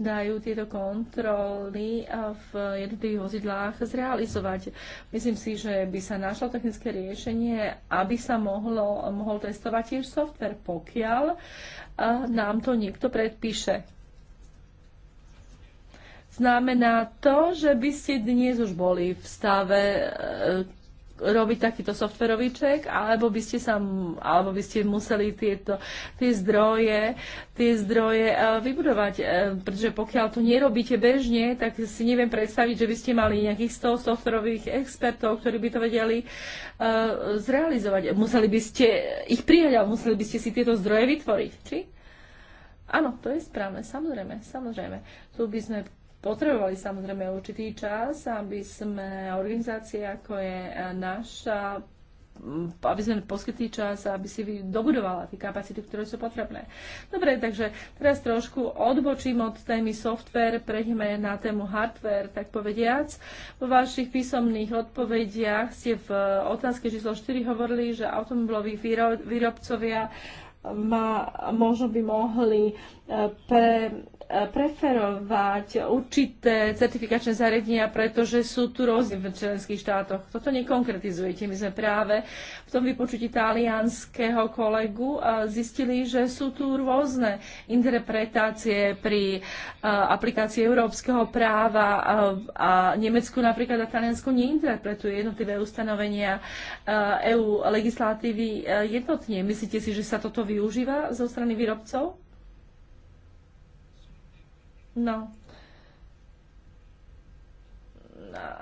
A: dajú tieto kontroly v jednotlivých vozidlách zrealizovať. Myslím si, že by sa našlo technické riešenie, aby sa mohlo, mohol testovať tiež software, pokiaľ a nám to niekto predpíše. Znamená to, že by ste dnes už boli v stave e, robiť takýto softverový ček, alebo by ste, sa, alebo by ste museli tieto, tie zdroje, tie zdroje e, vybudovať. E, pretože pokiaľ to nerobíte bežne, tak si neviem predstaviť, že by ste mali nejakých 100 softverových expertov, ktorí by to vedeli e, zrealizovať. Museli by ste ich prijať, ale museli by ste si tieto zdroje vytvoriť. Či? Áno, to je správne, samozrejme, samozrejme. Tu by sme potrebovali samozrejme určitý čas, aby sme organizácie, ako je e, naša, aby sme poskytli čas, aby si dobudovala tie kapacity, ktoré sú potrebné. Dobre, takže teraz trošku odbočím od témy software, prejdeme na tému hardware, tak povediac. Vo vašich písomných odpovediach ste v e, otázke číslo 4 hovorili, že automobiloví výrobcovia e, ma, možno by mohli pre preferovať určité certifikačné zariadenia, pretože sú tu rozdiely v členských štátoch. Toto nekonkretizujete. My sme práve v tom vypočutí talianského kolegu zistili, že sú tu rôzne interpretácie pri aplikácii európskeho práva a Nemecku napríklad a Taliansku neinterpretuje jednotlivé ustanovenia EU legislatívy jednotne. Myslíte si, že sa toto využíva zo strany výrobcov? No,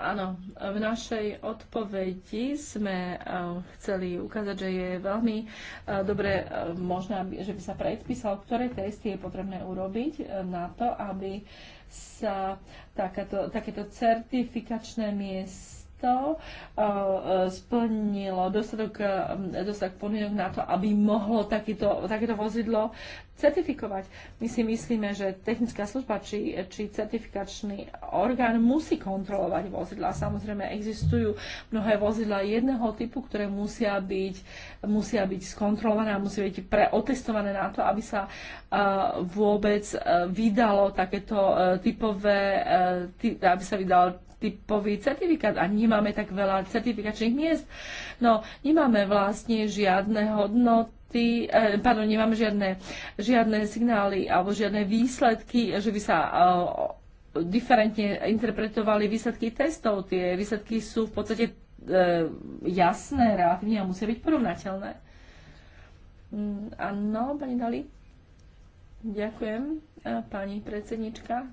A: áno, v našej odpovedi sme eh, chceli ukázať, že je veľmi eh, dobre eh, možné, že by sa predpísal, ktoré testy je potrebné urobiť na to, aby sa takéto certifikačné miesto to eh, splnilo dostatok, eh, dostatok podmienok na to, aby mohlo takýto, takéto vozidlo certifikovať. My si myslíme, že technická služba či, či certifikačný orgán musí kontrolovať vozidla. Samozrejme, existujú mnohé vozidla jedného typu, ktoré musia byť, musia byť skontrolované a musí byť preotestované na to, aby sa uh, vôbec uh, vydalo takéto uh, typové, ty, aby sa vydalo typový certifikát a nemáme tak veľa certifikačných miest. No, nemáme vlastne žiadne hodnoty ty, eh, pardon, nemám žiadne, žiadne signály alebo žiadne výsledky, že by sa uh, diferentne interpretovali výsledky testov. Tie výsledky sú v podstate uh, jasné, relatívne a musia byť porovnateľné. Mm, áno, mm, pani Dali. Ďakujem, pani predsednička.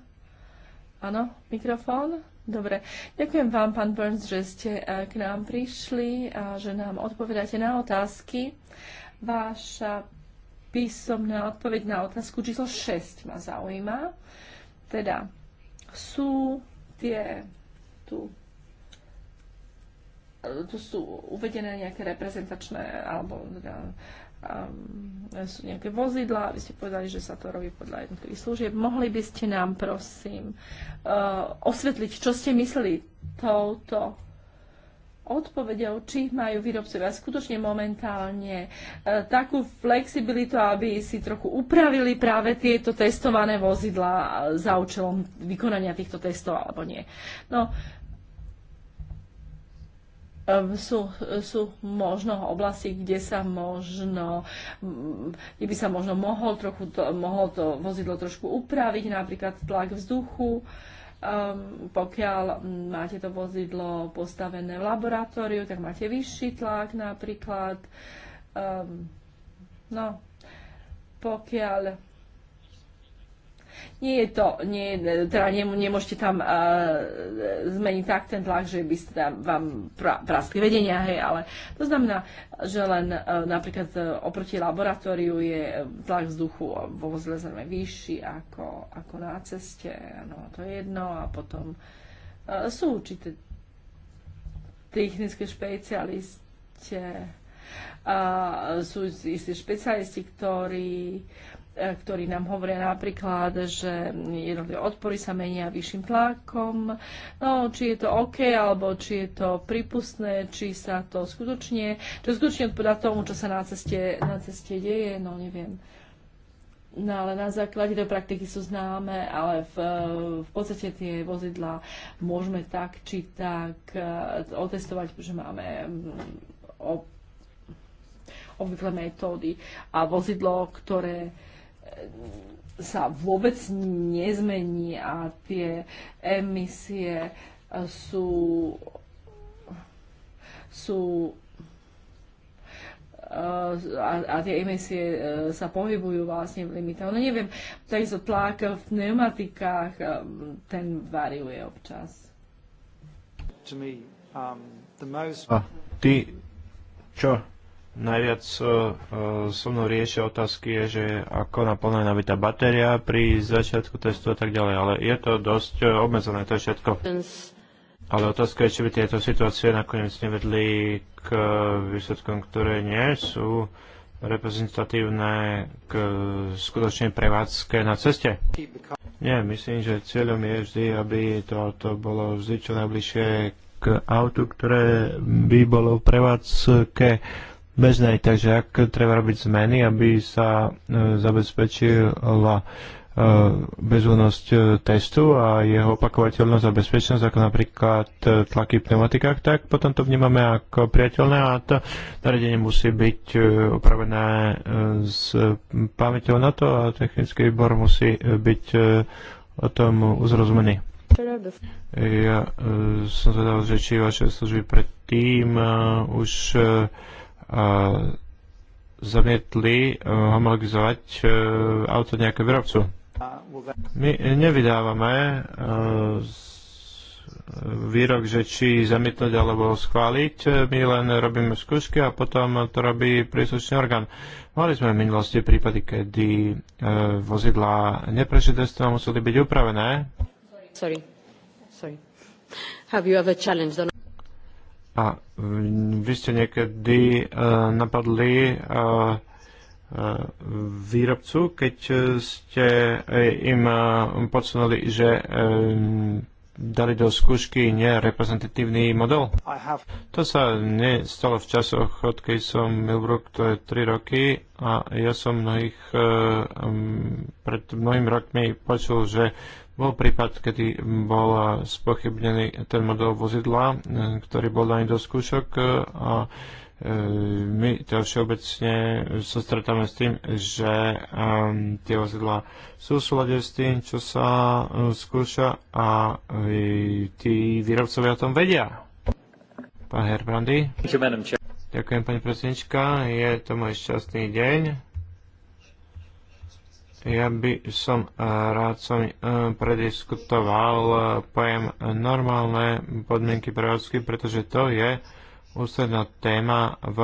A: Áno, mikrofón. Dobre, ďakujem vám, pán Burns, že ste eh, k nám prišli a že nám odpovedáte na otázky. Váša písomná odpoveď na otázku číslo 6 ma zaujíma. Teda sú tie tu tu sú uvedené nejaké reprezentačné alebo teda, um, sú nejaké vozidla, vy ste povedali, že sa to robí podľa jednotlivých služieb. Mohli by ste nám, prosím, uh, osvetliť, čo ste mysleli touto odpovedou, či majú výrobcovia skutočne momentálne e, takú flexibilitu, aby si trochu upravili práve tieto testované vozidla za účelom vykonania týchto testov alebo nie. No, sú, sú možno oblasti, kde sa možno, mm, kde by sa možno mohol, trochu to, mohol to vozidlo trošku upraviť, napríklad tlak vzduchu, Um, pokiaľ máte to vozidlo postavené v laboratóriu, tak máte vyšší tlak napríklad. Um, no, pokiaľ nie je to, nie, teda nemôžete tam uh, zmeniť tak ten tlak, že by ste tam vám pra, praskli vedenia, hej, ale to znamená, že len uh, napríklad uh, oproti laboratóriu je tlak vzduchu vo vozle zrejme vyšší ako, ako na ceste, no to je jedno a potom uh, sú určité technické špecialiste, uh, sú istí špecialisti, ktorí uh, E, ktorí nám hovoria napríklad, že jednotlivé odpory sa menia vyšším tlakom, no, či je to OK, alebo či je to prípustné, či sa to skutočne, čo skutočne odpovedá tomu, čo sa na ceste, na ceste deje, no neviem. No ale na základe tej praktiky sú známe, ale v, v podstate tie vozidla môžeme tak či tak e, otestovať, že máme mm, ob, obvykle metódy a vozidlo, ktoré sa vôbec nezmení a tie emisie sú sú eh, a, a tie emisie eh, sa pohybujú vlastne v limite. No neviem, takisto tlak v pneumatikách, eh, ten variuje občas. Um,
E: a
C: ty, čo najviac eh, eh, so mnou riešia otázky je, že ako naplná nabitá batéria pri začiatku testu a tak ďalej, ale je to dosť eh, obmedzené, to je všetko. Ale otázka je, či by tieto situácie nakoniec nevedli k výsledkom, ktoré nie sú reprezentatívne k skutočnej prevádzke na ceste? Nie, myslím, že cieľom je vždy, aby to, auto bolo vždy čo najbližšie k autu, ktoré by bolo v prevádzke bežnej. Takže ak treba robiť zmeny, aby sa e, zabezpečila e, bezúnosť e, testu a jeho opakovateľnosť a bezpečnosť, ako napríklad tlaky v pneumatikách, tak potom to vnímame ako priateľné a to nariadenie musí byť upravené s pamäťou na to a technický výbor musí byť o tom uzrozumený. Ja som zvedal, že či vaše služby predtým už zamietli e, homologizovať e, auto nejakého výrobcu. My nevydávame e, výrok, že či zamietnúť alebo schváliť. My len robíme skúšky a potom to robí príslušný orgán. Mali sme v minulosti prípady, kedy vozidla neprešli testom a museli byť upravené.
E: Sorry. Sorry. Have you ever challenged
C: a mm, vy ste niekedy uh, napadli uh, výrobcu, keď ste im podsunuli, že dali do skúšky nereprezentatívny model? To sa nestalo v časoch, odkedy som Milbrook, to je 3 roky a ja som mnohých, pred mnohými rokmi počul, že bol prípad, kedy bol spochybnený ten model vozidla, e, ktorý bol daný do skúšok e, a e, my to všeobecne sa stretáme s tým, že um, tie vozidla sú v súlade s tým, čo sa um, skúša a um, tí výrobcovia o tom vedia. Pán Herbrandy. Ďakujem, pani predsednička. Je to môj šťastný deň ja by som e, rád som e, prediskutoval e, pojem normálne podmienky prevádzky, pretože to je ústredná téma v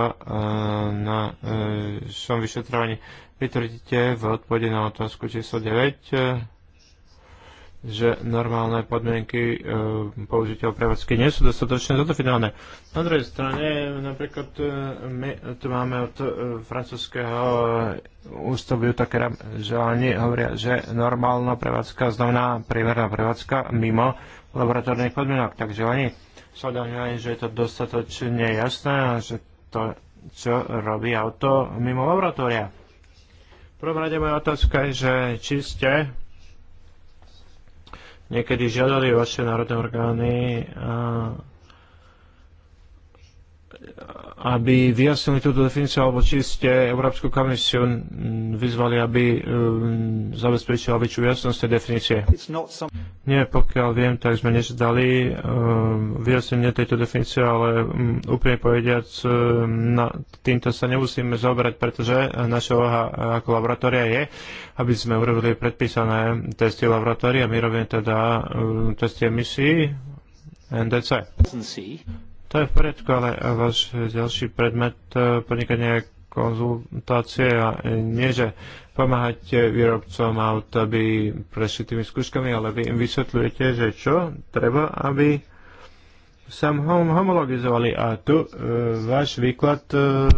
C: našom vyšetrovaní. Vytvrdíte v odpovede na otázku číslo 9, že normálne podmienky e, použiteľ prevádzky nie sú dostatočne zadefinované. Na druhej strane, napríklad e, my tu máme od e, francúzského e, ústavu také, že oni hovoria, že normálna prevádzka znamená priemerná prevádzka mimo laboratórnych podmienok. Takže oni sa domnívajú, že je to dostatočne jasné a že to, čo robí auto mimo laboratória. V prvom rade moja otázka je, že či ste niekedy žiadali vaše národné orgány aby vyjasnili túto definíciu, alebo či ste Európsku komisiu vyzvali, aby um, zabezpečila väčšiu jasnosť tej definície. Some... Nie, pokiaľ viem, tak sme nezdali um, vyjasnenie tejto definície, ale um, úplne povediac, um, na, týmto sa nemusíme zaoberať, pretože naša úloha uh, ako laboratória je, aby sme urobili predpísané testy laboratória, my robíme teda um, testy emisí NDC. To je v poriadku, ale váš ďalší predmet e, podnikania je konzultácie a e, nie, že pomáhate výrobcom aut, aby prešli tými skúškami, ale vy im vysvetľujete, že čo treba, aby sa hom- homologizovali. A tu e, váš výklad e,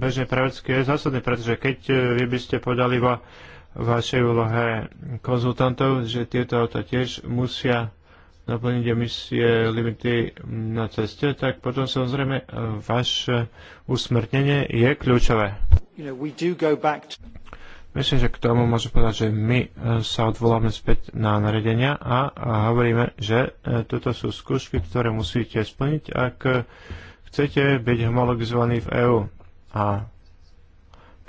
C: bežnej prevedzky je zásadný, pretože keď e, vy by ste podali vo vašej úlohe konzultantov, že tieto auta tiež musia naplniť emisie limity na ceste, tak potom samozrejme e, vaše usmrtnenie je kľúčové.
E: You know, to...
C: Myslím, že k tomu môžem povedať, že my e, sa odvoláme späť na naredenia a, a hovoríme, že e, toto sú skúšky, ktoré musíte splniť, ak chcete byť homologizovaní v EÚ. A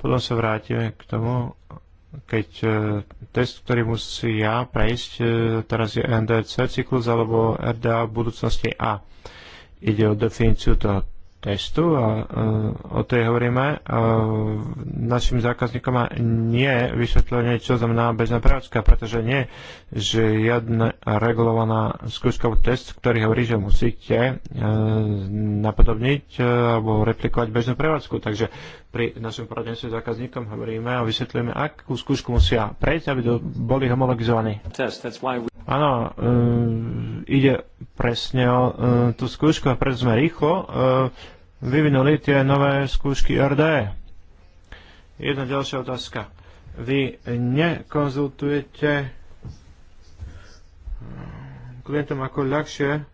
C: potom sa vrátime k tomu, keď e, test, ktorý musí ja prejsť, e, teraz je NDC cyklus alebo RDA v budúcnosti A. Ide o definíciu toho testu a e, o tej hovoríme e, našim zákazníkom a nie vysvetlenie, čo znamená bežná prevádzka, pretože nie že žiadna regulovaná skúška test, ktorý hovorí, že musíte e, napodobniť alebo replikovať bežnú prevádzku. Takže pri našom poradenstve s zákazníkom hovoríme a vysvetľujeme, akú skúšku musia prejsť, aby boli homologizovaní. Áno, ide presne uh, tú skúšku a preto sme rýchlo uh, vyvinuli tie nové skúšky RDE. Jedna ďalšia otázka. Vy nekonzultujete e, klientom ako ľahšie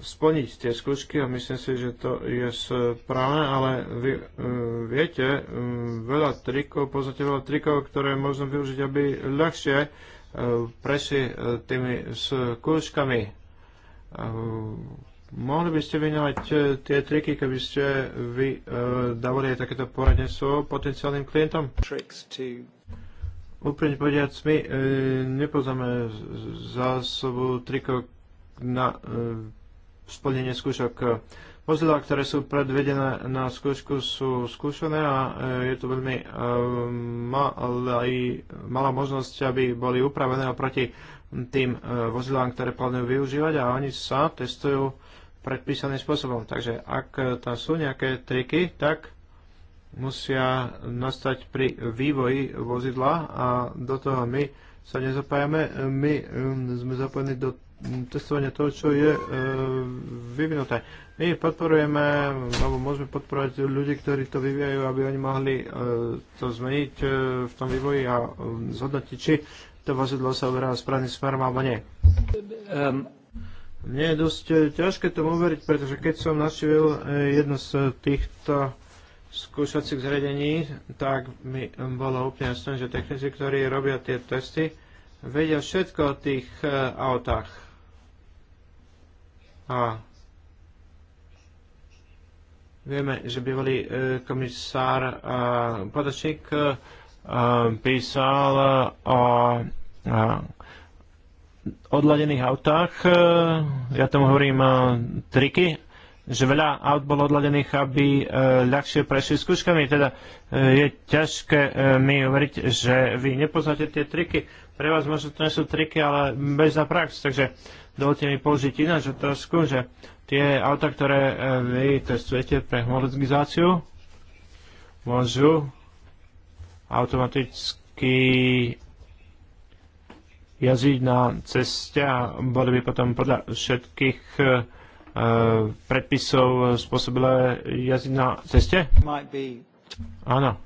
C: splniť tie skúšky a myslím si, že to je správne, ale vy uh, viete, um, veľa trikov, poznáte veľa trikov, ktoré možno využiť, aby ľahšie uh, prešli e, tými skúškami. E, mohli by ste vynovať e, tie triky, keby ste vy dávali takéto poradenstvo potenciálnym klientom? Úprimne povediac, my nepoznáme zásobu trikov na splnenie skúšok. Vozidlá, ktoré sú predvedené na skúšku, sú skúšané a e, je tu veľmi e, malá možnosť, aby boli upravené oproti tým e, vozidlám, ktoré plánujú využívať a oni sa testujú predpísaným spôsobom. Takže ak tam sú nejaké triky, tak musia nastať pri vývoji vozidla a do toho my sa nezapájame. My sme zapojení do testovania toho, čo je e, vyvinuté. My podporujeme, alebo môžeme podporovať ľudí, ktorí to vyvíjajú, aby oni mohli e, to zmeniť e, v tom vývoji a e, zhodnotiť, či to vozidlo sa uberá správnym smerom alebo nie. Um. Mne je dosť e, ťažké tomu uveriť, pretože keď som našiel e, jedno z týchto skúšacích zredení, tak mi bolo úplne jasné, že technici, ktorí robia tie testy, vedia všetko o tých e, autách. A vieme, že bývalý e, komisár e, Podačík e, písal o odladených autách, ja tomu hovorím triky, že veľa aut bolo odladených, aby ľahšie prešli skúškami. Teda je ťažké mi uveriť, že vy nepoznáte tie triky. Pre vás možno to nie sú triky, ale bez na prax. Takže dovolte mi položiť ináč otázku, že tie auta, ktoré e, vy testujete pre homologizáciu, môžu automaticky jazdiť na ceste a boli by potom podľa všetkých e, predpisov spôsobilé jazdiť na ceste? Áno.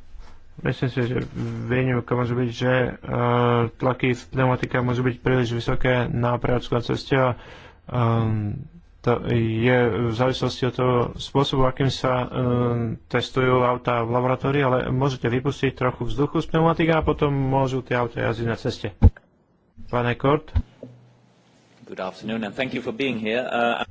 E: Myslím si, že
C: výnimka môže byť, že uh, tlaky v pneumatikách môžu byť príliš vysoké na prevádzku na ceste a um, to je v závislosti od toho spôsobu, akým sa um, testujú auta v laboratórii, ale môžete vypustiť trochu vzduchu z pneumatika a potom môžu tie auta jazdiť na ceste. Pane Kort.
D: Good afternoon and thank you for being here. Uh,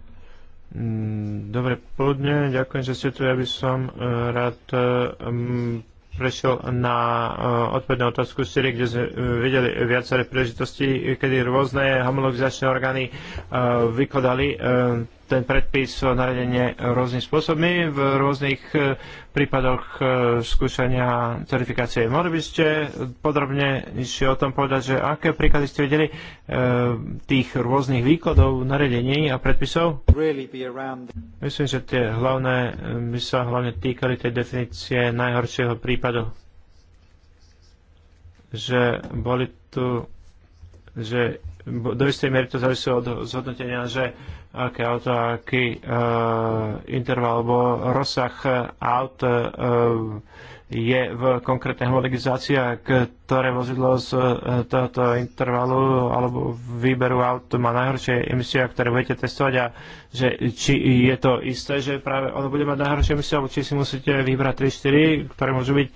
C: mm, Dobre poludne, ďakujem, že ste tu. Ja by som e, rád e, prešiel na eh, odpovednú otázku Syrie, kde sme eh, videli viaceré príležitosti, kedy rôzne homologizačné orgány eh, vykladali ten predpis o naredenie rôznym spôsobmi v rôznych e, prípadoch e, skúšania certifikácie. Mohli by ste podrobne o tom povedať, že aké príklady ste videli e, tých rôznych výkladov, naredení a predpisov? Myslím, že tie hlavné by sa hlavne týkali tej definície najhoršieho prípadu. Že boli tu že do istej miery to závisí od zhodnotenia, že aké auto, aký uh, interval alebo rozsah aut uh, je v konkrétnej homologizácii a ktoré vozidlo z e, tohoto intervalu alebo výberu aut má najhoršie emisie, ktoré budete testovať a že či je to isté, že práve ono bude mať najhoršie emisie, alebo či si musíte vybrať 3-4, ktoré môžu byť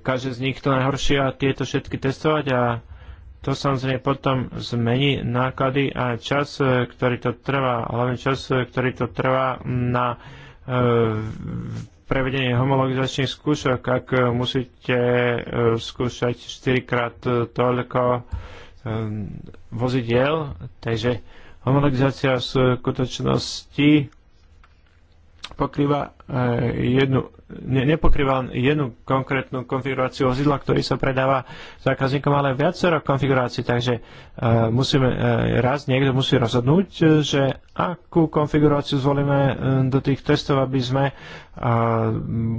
C: každé z nich to najhoršie a tieto všetky testovať a to samozrejme potom zmení náklady a čas, e, ktorý to trvá, hlavne čas, e, ktorý to trvá na e, prevedenie homologizačných skúšok, ak musíte skúšať 4 krát toľko vozidiel, takže homologizácia v skutočnosti pokrýva eh, jednu, ne, nepokrýva jednu konkrétnu konfiguráciu vozidla, ktorý sa predáva zákazníkom, ale viacero konfigurácií, takže eh, musíme, eh, raz niekto musí rozhodnúť, že akú konfiguráciu zvolíme do tých testov, aby sme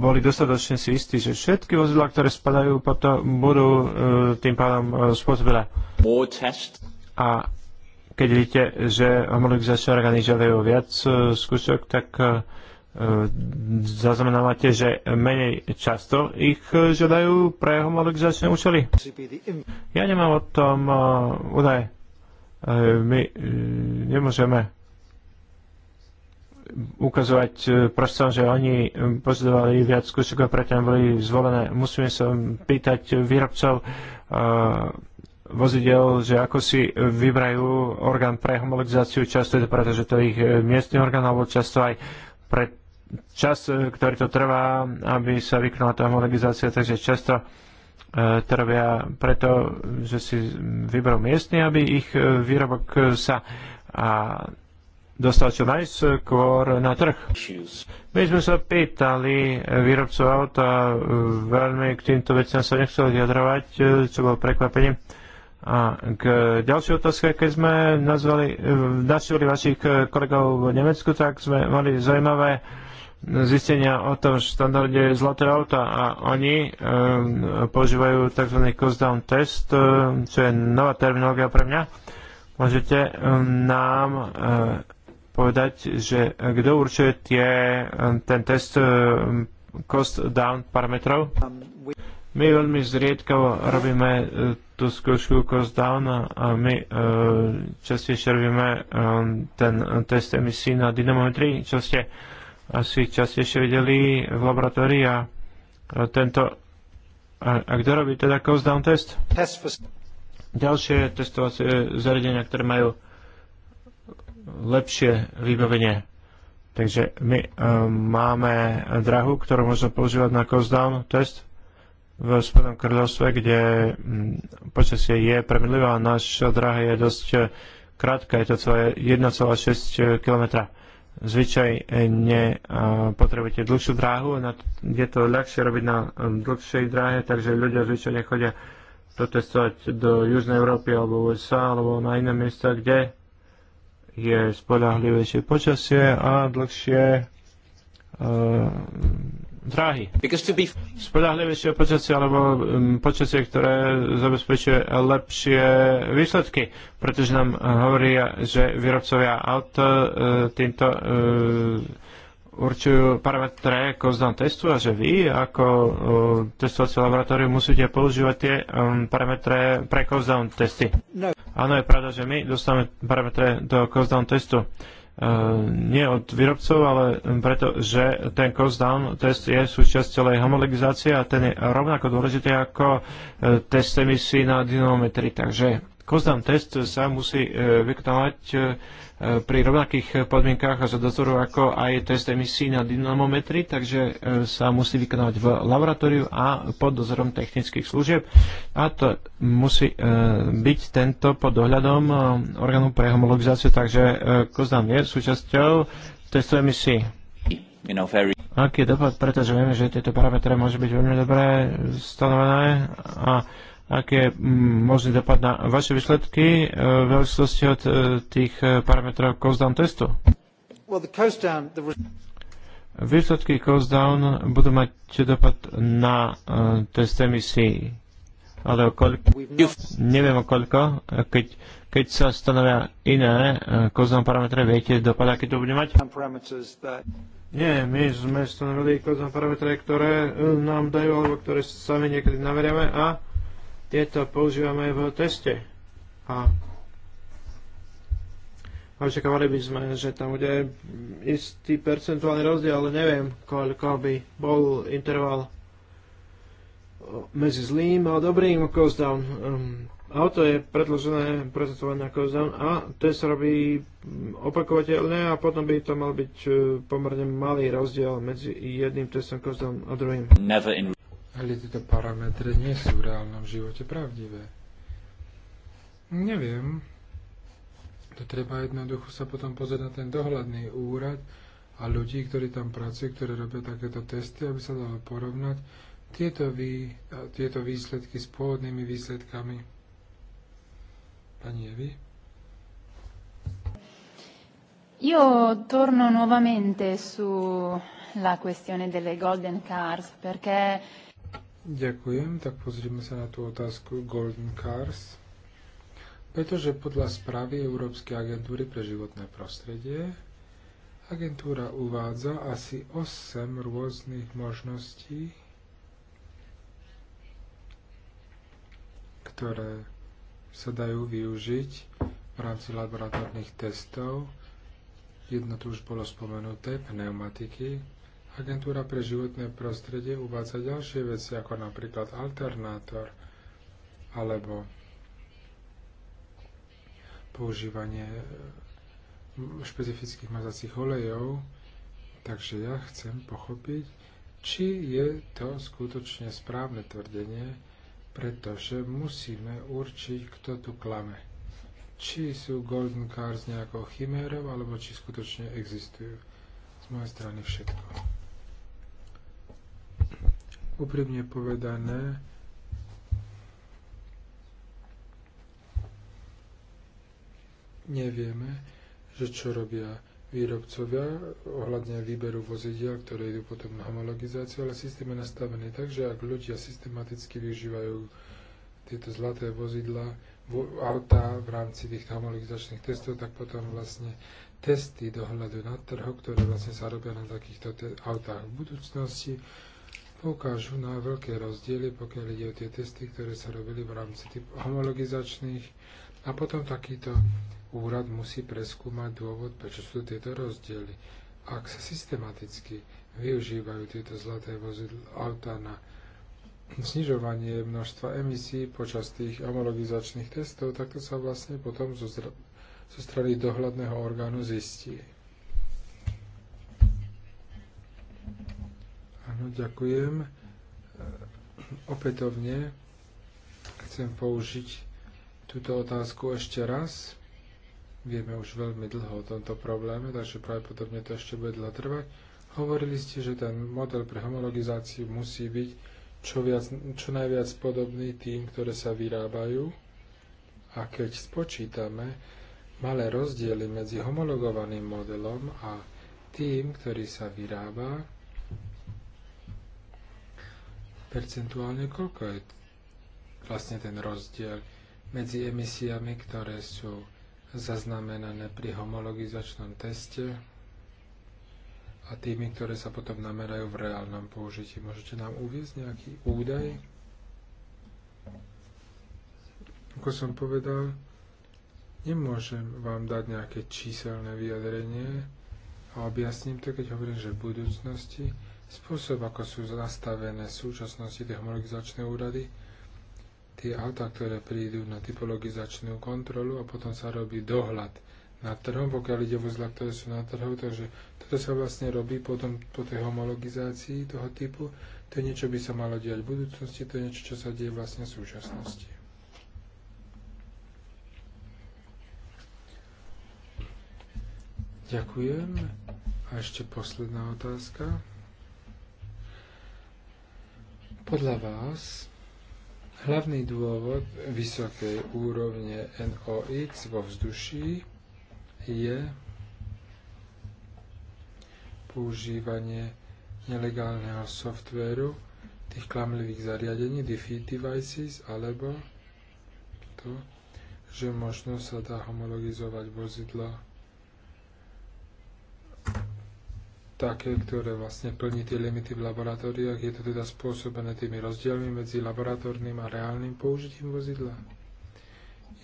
C: boli dostatočne si istí, že všetky vozidla, ktoré spadajú potom, budú tým pádom spôsobile. A keď vidíte, že homologizačné orgány želajú viac skúšok, tak E, zaznamenávate, že menej často ich žiadajú pre homologizačné účely? Ja nemám o tom e, údaj. E, my nemôžeme ukazovať prostom, že oni požadovali viac skúšok a preto boli zvolené. Musíme sa pýtať výrobcov vozidel, že ako si vyberajú orgán pre homologizáciu, často je to preto, že to je ich miestny orgán, alebo často aj pre, čas, e, ktorý to trvá, aby sa vykonala tá homologizácia, takže často e, trvia preto, že si vyberú miestne, aby ich e, výrobok sa a dostal čo najskôr na trh. My sme sa pýtali výrobcov auta, veľmi k týmto veciam sa nechcel vyjadrovať, čo bolo prekvapením. A k ďalšej otázke, keď sme nazvali, našli vašich kolegov v Nemecku, tak sme mali zaujímavé zistenia o tom štandarde zlaté auta a oni um, používajú tzv. cost down test, um, čo je nová terminológia pre mňa. Môžete um, nám uh, povedať, že kto určuje tie, um, ten test um, cost down parametrov? My veľmi zriedkavo robíme e, tú skúšku cost down a my e, častejšie robíme ten test emisí na dynamometrii, čo ste asi častejšie videli v laboratórii a tento... A, a kto robí teda cost down test? Ďalšie testovacie zariadenia, ktoré majú lepšie vybavenie. Takže my um, máme drahu, ktorú môžeme používať na cost down test v Spodnom kráľovstve, kde počasie je premenlivé a naša drah je dosť e, krátka, je to 1,6 e, km zvyčajne eh, potrebujete dlhšiu dráhu, je to ľahšie robiť na eh, dlhšej dráhe, takže ľudia zvyčajne chodia protestovať do Južnej Európy alebo USA alebo na iné miesta, kde je spolahlivejšie počasie a dlhšie eh, dráhy. Spolahlivejšie počasie alebo um, počasie, ktoré zabezpečuje lepšie výsledky, pretože nám uh, hovoria, že výrobcovia aut uh, týmto uh, určujú parametre znam testu a že vy ako testovacie laboratórium musíte používať tie um, parametre pre cost testy. No. Áno, je pravda, že my dostávame parametre do cost testu E, nie od výrobcov, ale preto, že ten cost down test je súčasť celej homologizácie a ten je rovnako dôležitý ako e, test emisí na dynamometri. Takže cost down test sa musí e, vykonávať E, pri rovnakých podmienkách a za dozoru ako aj test emisí na dynamometri, takže e, sa musí vykonávať v laboratóriu a pod dozorom technických služieb a to musí e, byť tento pod dohľadom orgánu pre homologizáciu, takže Kozdan je súčasťou testu emisí. You know, very... Aký je dopad, pretože vieme, že tieto parametre môžu byť veľmi dobré stanovené a aké je mm, dopad na vaše výsledky e, v závislosti od e, tých e, parametrov cost down testu? Výsledky cost down budú mať dopad na test emisí ale o neviem o koľko, keď, keď sa stanovia iné cost down parametre, viete dopad, aký to bude mať? Nie, my sme stanovili koznom parametre, ktoré nám dajú, alebo ktoré sami niekedy naveriame a tieto používame aj v teste. A očakávali by sme, že tam bude istý percentuálny rozdiel, ale neviem, koľko by bol interval medzi zlým a dobrým cost-down. Ehm, auto je predložené, prezentované ako cost-down a test sa robí opakovateľne a potom by to mal byť eh, pomerne malý rozdiel medzi jedným testom cost-down
B: a druhým ale tieto parametre nie sú v reálnom živote pravdivé. Neviem. To treba jednoducho sa potom pozrieť na ten dohľadný úrad a ľudí, ktorí tam pracujú, ktorí robia takéto testy, aby sa dalo porovnať tieto, vý, tieto výsledky s pôvodnými výsledkami. Pani Evi?
A: Io torno nuovamente sulla questione delle golden cars perché
B: Ďakujem, tak pozrime sa na tú otázku Golden Cars. Pretože podľa správy Európskej agentúry pre životné prostredie agentúra uvádza asi 8 rôznych možností, ktoré sa dajú využiť v rámci laboratórnych testov. Jedno tu už bolo spomenuté, pneumatiky, Agentúra pre životné prostredie uvádza ďalšie veci, ako napríklad alternátor alebo používanie e, špecifických mazacích olejov. Takže ja chcem pochopiť, či je to skutočne správne tvrdenie, pretože musíme určiť, kto tu klame. Či sú Golden Cars nejakou chimérou, alebo či skutočne existujú. Z mojej strany všetko. Úprimne povedané, nevieme, že čo robia výrobcovia ohľadne výberu vozidiel, ktoré idú potom na homologizáciu, ale systém je nastavený tak, že ak ľudia systematicky využívajú tieto zlaté vozidla, autá v rámci tých homologizačných testov, tak potom vlastne testy dohľadu na trhu, ktoré vlastne sa robia na takýchto autách v budúcnosti, poukážu na veľké rozdiely, pokiaľ ide o tie testy, ktoré sa robili v rámci typ homologizačných. A potom takýto úrad musí preskúmať dôvod, prečo sú tieto rozdiely. Ak sa systematicky využívajú tieto zlaté vozidla auta na znižovanie množstva emisí počas tých homologizačných testov, tak to sa vlastne potom zo, zo strany dohľadného orgánu zistí. Áno, ďakujem. Opätovne chcem použiť túto otázku ešte raz. Vieme už veľmi dlho o tomto probléme, takže pravdepodobne to ešte bude dlho trvať. Hovorili ste, že ten model pre homologizáciu musí byť čo, viac, čo najviac podobný tým, ktoré sa vyrábajú. A keď spočítame malé rozdiely medzi homologovaným modelom a tým, ktorý sa vyrába, percentuálne koľko je vlastne ten rozdiel medzi emisiami, ktoré sú zaznamenané pri homologizačnom teste a tými, ktoré sa potom namerajú v reálnom použití. Môžete nám uviezť nejaký údaj? Ako som povedal, nemôžem vám dať nejaké číselné vyjadrenie a objasním to, keď hovorím, že v budúcnosti Spôsob, ako sú nastavené v súčasnosti technologizačné úrady, tie auta, ktoré prídu na typologizačnú kontrolu a potom sa robí dohľad nad trhom, pokiaľ ide vozla, ktoré sú na trhu, takže toto sa vlastne robí potom po tej homologizácii toho typu. To je niečo, by sa malo diať v budúcnosti, to je niečo, čo sa deje vlastne v súčasnosti. Ďakujem. A ešte posledná otázka. Podľa vás hlavný dôvod vysokej úrovne NOx vo vzduší je používanie nelegálneho softvéru tých klamlivých zariadení, defeat devices, alebo to, že možno sa dá homologizovať vozidla také, ktoré vlastne plní tie limity v laboratóriách. Je to teda spôsobené tými rozdielmi medzi laboratórnym a reálnym použitím vozidla?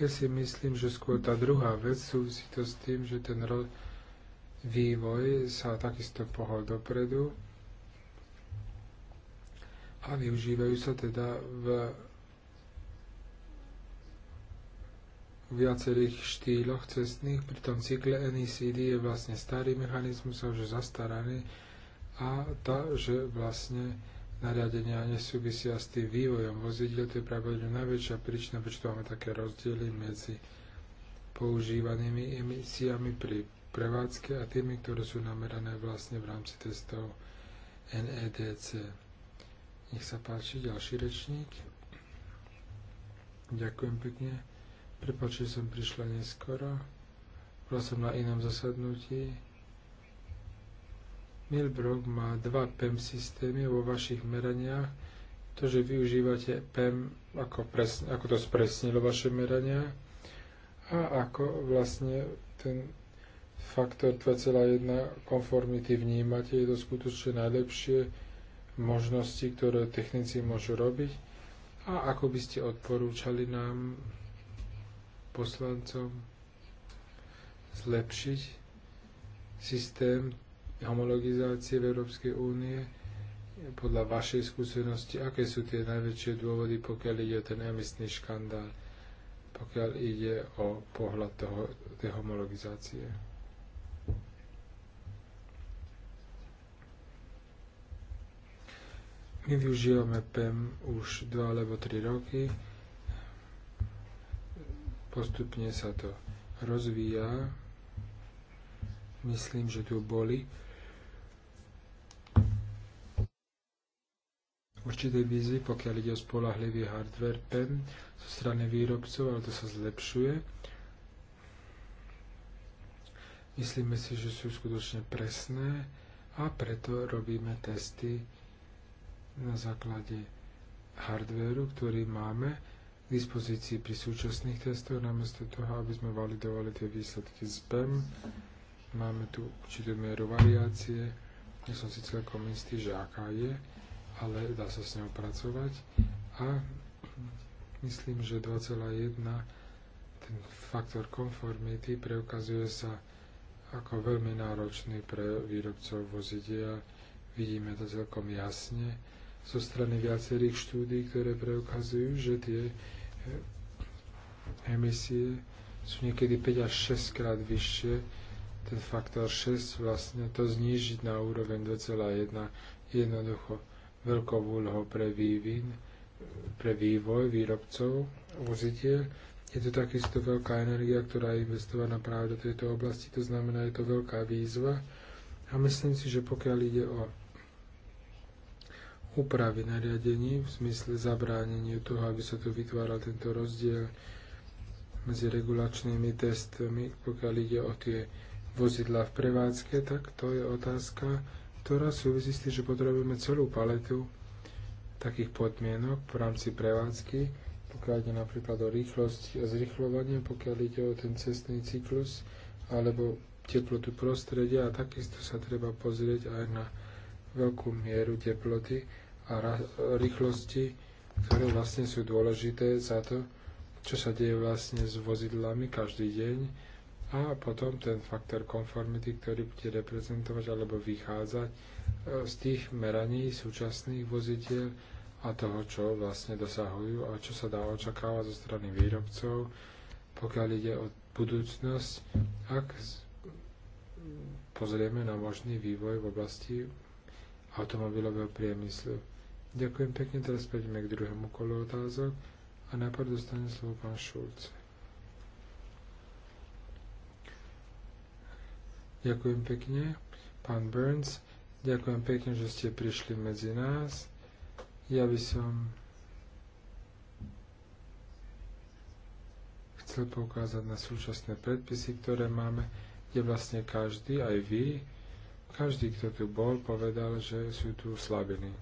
B: Ja si myslím, že skôr tá druhá vec súvisí to s tým, že ten vývoj sa takisto pohol dopredu a využívajú sa teda v viacerých štýloch cestných. Pri tom cykle NECD je vlastne starý mechanizmus a už zastaraný a tá, že vlastne nariadenia nesúvisia s tým vývojom vozidiel, to je pravdepodobne najväčšia príčina, prečo máme také rozdiely medzi používanými emisiami pri prevádzke a tými, ktoré sú namerané vlastne v rámci testov NEDC. Nech sa páči, ďalší rečník. Ďakujem pekne. Prepačte, som prišla neskoro. Bola som na inom zasadnutí. Milbrook má dva PEM systémy vo vašich meraniach. To, že využívate PEM, ako, presne, ako to spresnilo vaše merania a ako vlastne ten faktor 2,1 konformity vnímate, je to skutočne najlepšie možnosti, ktoré technici môžu robiť a ako by ste odporúčali nám poslancom zlepšiť systém homologizácie v Európskej únie podľa vašej skúsenosti, aké sú tie najväčšie dôvody, pokiaľ ide o ten emisný škandál, pokiaľ ide o pohľad toho, tej homologizácie? My využívame PEM už 2 alebo 3 roky. Postupne sa to rozvíja. Myslím, že tu boli určité výzvy, pokiaľ ide o spolahlivý hardware pen zo strany výrobcov, ale to sa zlepšuje. Myslíme si, že sú skutočne presné a preto robíme testy na základe hardwareu, ktorý máme dispozícii pri súčasných testoch, namiesto toho, aby sme validovali tie výsledky z BEM. Máme tu určitú mieru variácie, nie som si celkom istý, že aká je, ale dá sa s ňou pracovať. A myslím, že 2,1 ten faktor konformity preukazuje sa ako veľmi náročný pre výrobcov vozidia. Vidíme to celkom jasne zo strany viacerých štúdí, ktoré preukazujú, že tie emisie sú niekedy 5 až 6 krát vyššie. Ten faktor 6 vlastne to znížiť na úroveň 2,1 jednoducho veľkou úlohou pre vývin, pre vývoj výrobcov vozidiel. Je to takisto veľká energia, ktorá je investovaná práve do tejto oblasti, to znamená, je to veľká výzva. A myslím si, že pokiaľ ide o úpravy nariadení v zmysle zabránenia toho, aby sa tu vytváral tento rozdiel medzi regulačnými testami, pokiaľ ide o tie vozidlá v prevádzke, tak to je otázka, ktorá súvisí s tým, že potrebujeme celú paletu takých podmienok v rámci prevádzky, pokiaľ ide napríklad o rýchlosť a zrychľovanie, pokiaľ ide o ten cestný cyklus, alebo teplotu prostredia a takisto sa treba pozrieť aj na veľkú mieru teploty, a rýchlosti, ktoré vlastne sú dôležité za to, čo sa deje vlastne s vozidlami každý deň a potom ten faktor konformity, ktorý bude reprezentovať alebo vychádzať e, z tých meraní súčasných vozidiel a toho, čo vlastne dosahujú a čo sa dá očakávať zo strany výrobcov, pokiaľ ide o budúcnosť, ak pozrieme na možný vývoj v oblasti automobilového priemyslu. Ďakujem pekne, teraz prejdeme k druhému kolu otázok a najprv dostane slovo pán Šulc. Ďakujem pekne, pán Burns. Ďakujem pekne, že ste prišli medzi nás. Ja by som chcel poukázať na súčasné predpisy, ktoré máme, kde vlastne každý, aj vy, každý, kto tu bol, povedal, že sú tu slabiny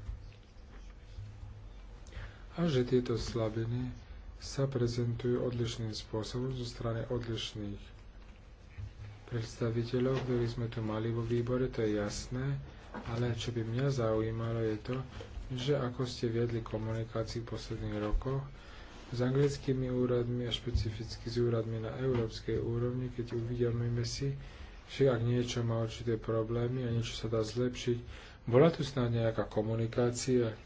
B: a že tieto slabiny sa prezentujú odlišným spôsobom zo strany odlišných predstaviteľov, ktorí sme tu mali vo výbore, to je jasné, ale čo by mňa zaujímalo je to, že ako ste viedli komunikáciu v posledných rokoch s anglickými úradmi a špecificky s úradmi na európskej úrovni, keď uvidíme si, že ak niečo má určité problémy a niečo sa dá zlepšiť, bola tu snad nejaká komunikácia?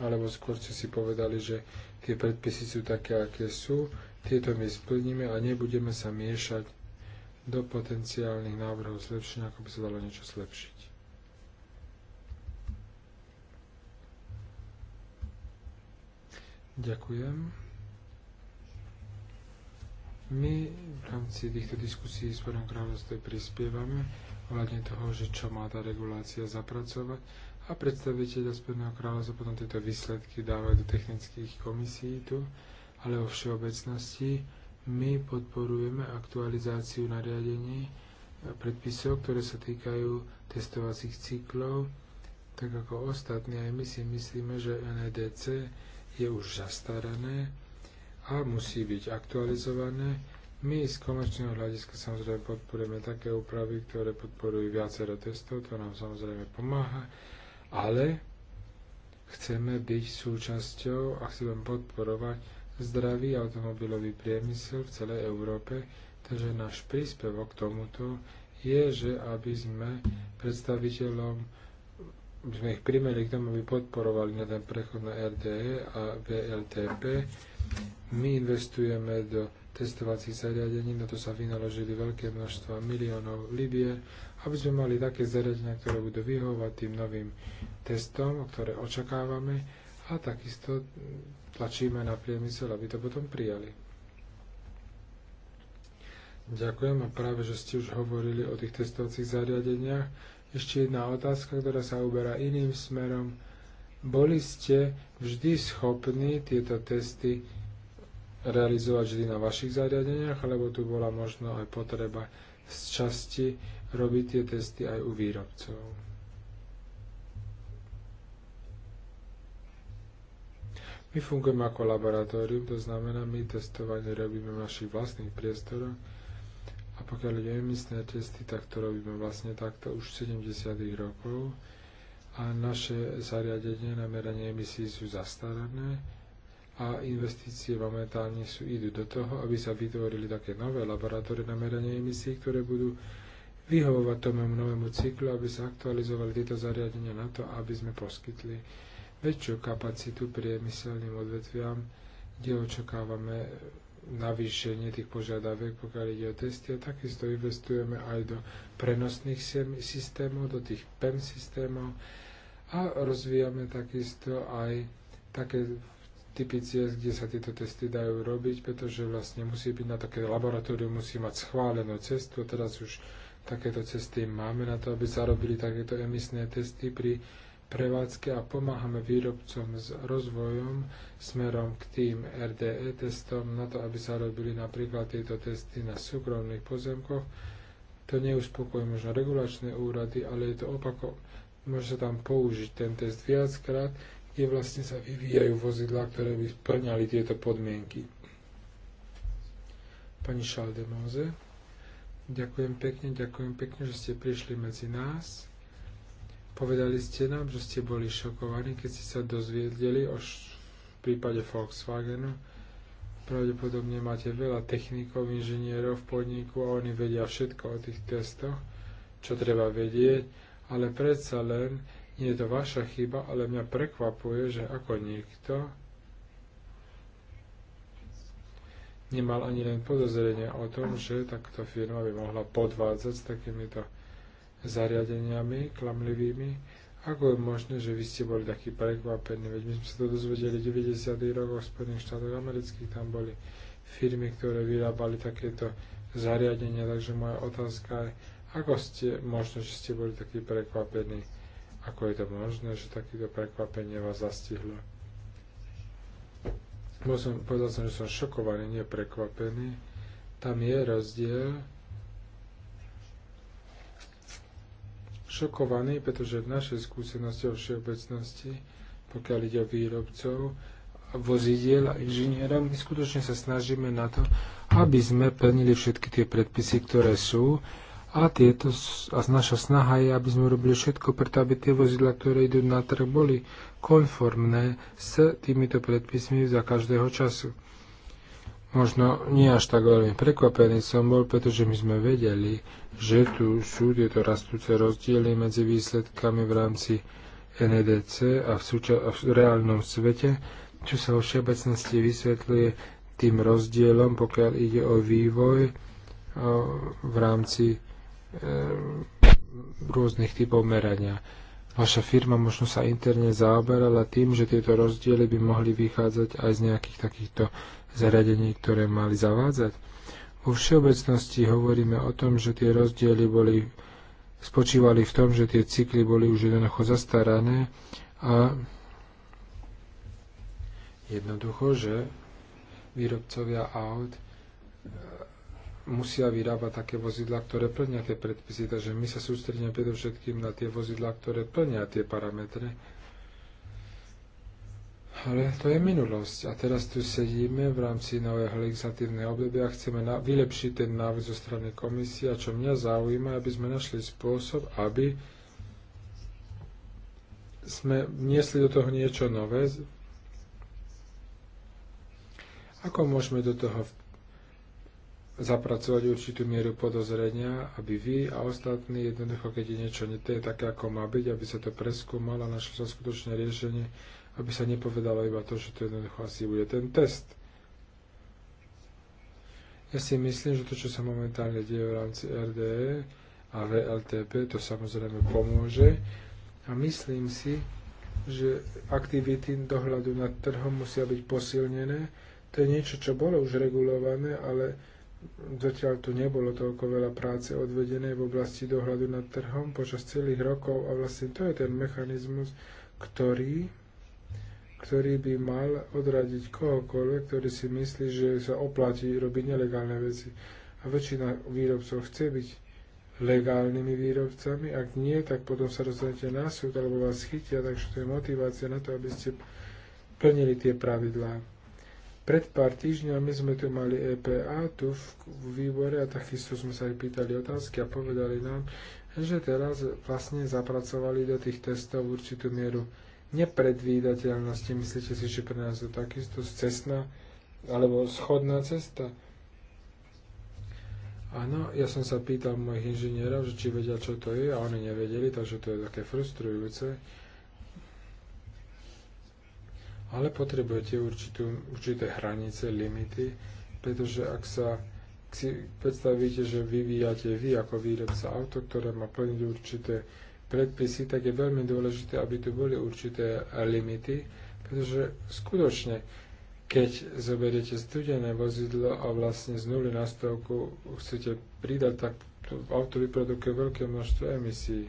B: alebo skôr ste si povedali, že tie predpisy sú také, aké sú, tieto my splníme a nebudeme sa miešať do potenciálnych návrhov zlepšenia, ako by sa dalo niečo zlepšiť. Ďakujem. My v rámci týchto diskusí s Spojenom kráľovstvom prispievame ohľadne toho, že čo má tá regulácia zapracovať a predstaviteľa Spodného kráľovstva potom tieto výsledky dávajú do technických komisí tu, ale vo všeobecnosti my podporujeme aktualizáciu nariadení predpisov, ktoré sa týkajú testovacích cyklov, tak ako ostatní aj my si myslíme, že NEDC je už zastarané a musí byť aktualizované. My z komerčného hľadiska samozrejme podporujeme také úpravy, ktoré podporujú viacero testov, to nám samozrejme pomáha ale chceme byť súčasťou a chceme podporovať zdravý automobilový priemysel v celej Európe, takže náš príspevok k tomuto je, že aby sme predstaviteľom aby sme ich primeli k tomu, aby podporovali na ten prechod na RDE a VLTP. My investujeme do testovacích zariadení, na to sa vynaložili veľké množstva miliónov v Libie aby sme mali také zariadenia, ktoré budú vyhovovať tým novým testom, ktoré očakávame a takisto tlačíme na priemysel, aby to potom prijali. Ďakujem a práve, že ste už hovorili o tých testovacích zariadeniach. Ešte jedna otázka, ktorá sa uberá iným smerom. Boli ste vždy schopní tieto testy realizovať vždy na vašich zariadeniach, alebo tu bola možno aj potreba z časti robí tie testy aj u výrobcov. My fungujeme ako laboratórium, to znamená, my testovanie robíme v našich vlastných priestoroch a pokiaľ ide emisné testy, tak to robíme vlastne takto už v 70. rokov a naše zariadenie na meranie emisí sú zastarané a investície momentálne sú, idú do toho, aby sa vytvorili také nové laboratóre na meranie emisí, ktoré budú vyhovovať tomu novému cyklu, aby sa aktualizovali tieto zariadenia na to, aby sme poskytli väčšiu kapacitu priemyselným odvetviam, kde očakávame navýšenie tých požiadaviek, pokiaľ ide o testy a takisto investujeme aj do prenosných systémov, do tých PEM systémov a rozvíjame takisto aj také typy kde sa tieto testy dajú robiť, pretože vlastne musí byť na také laboratóriu, musí mať schválenú cestu. Teraz už takéto cesty máme na to, aby sa robili takéto emisné testy pri prevádzke a pomáhame výrobcom s rozvojom smerom k tým RDE testom na to, aby sa robili napríklad tieto testy na súkromných pozemkoch. To neuspokojí možno regulačné úrady, ale je to opako, môže sa tam použiť ten test viackrát, je vlastne sa vyvíjajú vozidlá, ktoré by splňali tieto podmienky. Pani Šaldemóze, ďakujem pekne, ďakujem pekne, že ste prišli medzi nás. Povedali ste nám, že ste boli šokovaní, keď ste sa dozviedeli o prípade Volkswagenu. Pravdepodobne máte veľa technikov, inžinierov v podniku a oni vedia všetko o tých testoch, čo treba vedieť, ale predsa len nie je to vaša chyba, ale mňa prekvapuje, že ako niekto nemal ani len podozrenie o tom, že takto firma by mohla podvádzať s takýmito zariadeniami klamlivými. Ako je možné, že vy ste boli takí prekvapení? Veď my sme sa to dozvedeli v 90. rokoch v Spojených štátoch amerických, tam boli firmy, ktoré vyrábali takéto zariadenia, takže moja otázka je, ako ste, možno, že ste boli takí prekvapení? Ako je to možné, že takéto prekvapenie vás zastihlo? som, povedal som, že som šokovaný, nie prekvapený. Tam je rozdiel. Šokovaný, pretože v našej skúsenosti o všeobecnosti, pokiaľ ide o výrobcov, vozidiel a inžinierov, my skutočne sa snažíme na to, aby sme plnili všetky tie predpisy, ktoré sú a, tieto, a naša snaha je, aby sme robili všetko preto, aby tie vozidla, ktoré idú na trh, boli konformné s týmito predpismi za každého času. Možno nie až tak veľmi prekvapený som bol, pretože my sme vedeli, že tu sú tieto rastúce rozdiely medzi výsledkami v rámci NEDC a v, súča- a v reálnom svete, čo sa vo všeobecnosti vysvetľuje tým rozdielom, pokiaľ ide o vývoj v rámci E, rôznych typov merania. Vaša firma možno sa interne zaoberala tým, že tieto rozdiely by mohli vychádzať aj z nejakých takýchto zariadení, ktoré mali zavádzať. Vo všeobecnosti hovoríme o tom, že tie rozdiely boli, spočívali v tom, že tie cykly boli už jednoducho zastarané a jednoducho, že výrobcovia aut musia vyrábať také vozidla, ktoré plnia tie predpisy. Takže my sa sústredíme predovšetkým na tie vozidla, ktoré plnia tie parametre. Ale to je minulosť. A teraz tu sedíme v rámci nového legislatívneho obdobia a chceme na- vylepšiť ten návrh zo strany komisie. A čo mňa zaujíma, aby sme našli spôsob, aby sme vniesli do toho niečo nové. Ako môžeme do toho zapracovať určitú mieru podozrenia, aby vy a ostatní jednoducho, keď je niečo nie je také, ako má byť, aby sa to preskúmalo a našlo sa skutočné riešenie, aby sa nepovedalo iba to, že to jednoducho asi bude ten test. Ja si myslím, že to, čo sa momentálne deje v rámci RDE a VLTP, to samozrejme pomôže. A myslím si, že aktivity dohľadu nad trhom musia byť posilnené. To je niečo, čo bolo už regulované, ale zatiaľ tu nebolo toľko veľa práce odvedené v oblasti dohľadu nad trhom počas celých rokov a vlastne to je ten mechanizmus, ktorý, ktorý by mal odradiť kohokoľvek, ktorý si myslí, že sa oplatí robiť nelegálne veci. A väčšina výrobcov chce byť legálnymi výrobcami, ak nie, tak potom sa rozhodnete na súd alebo vás chytia, takže to je motivácia na to, aby ste plnili tie pravidlá pred pár týždňami sme tu mali EPA tu v výbore a takisto sme sa ich pýtali otázky a povedali nám, že teraz vlastne zapracovali do tých testov určitú mieru nepredvídateľnosti. Myslíte si, že pre nás je takisto cestná alebo schodná cesta? Áno, ja som sa pýtal mojich inžinierov, že či vedia, čo to je a oni nevedeli, takže to je také frustrujúce ale potrebujete určitú, určité hranice, limity, pretože ak sa ak si predstavíte, že vyvíjate vy ako výrobca auto, ktoré má plniť určité predpisy, tak je veľmi dôležité, aby tu boli určité limity, pretože skutočne, keď zoberiete studené vozidlo a vlastne z nuly na stovku chcete pridať, tak to auto vyprodukuje veľké množstvo emisí.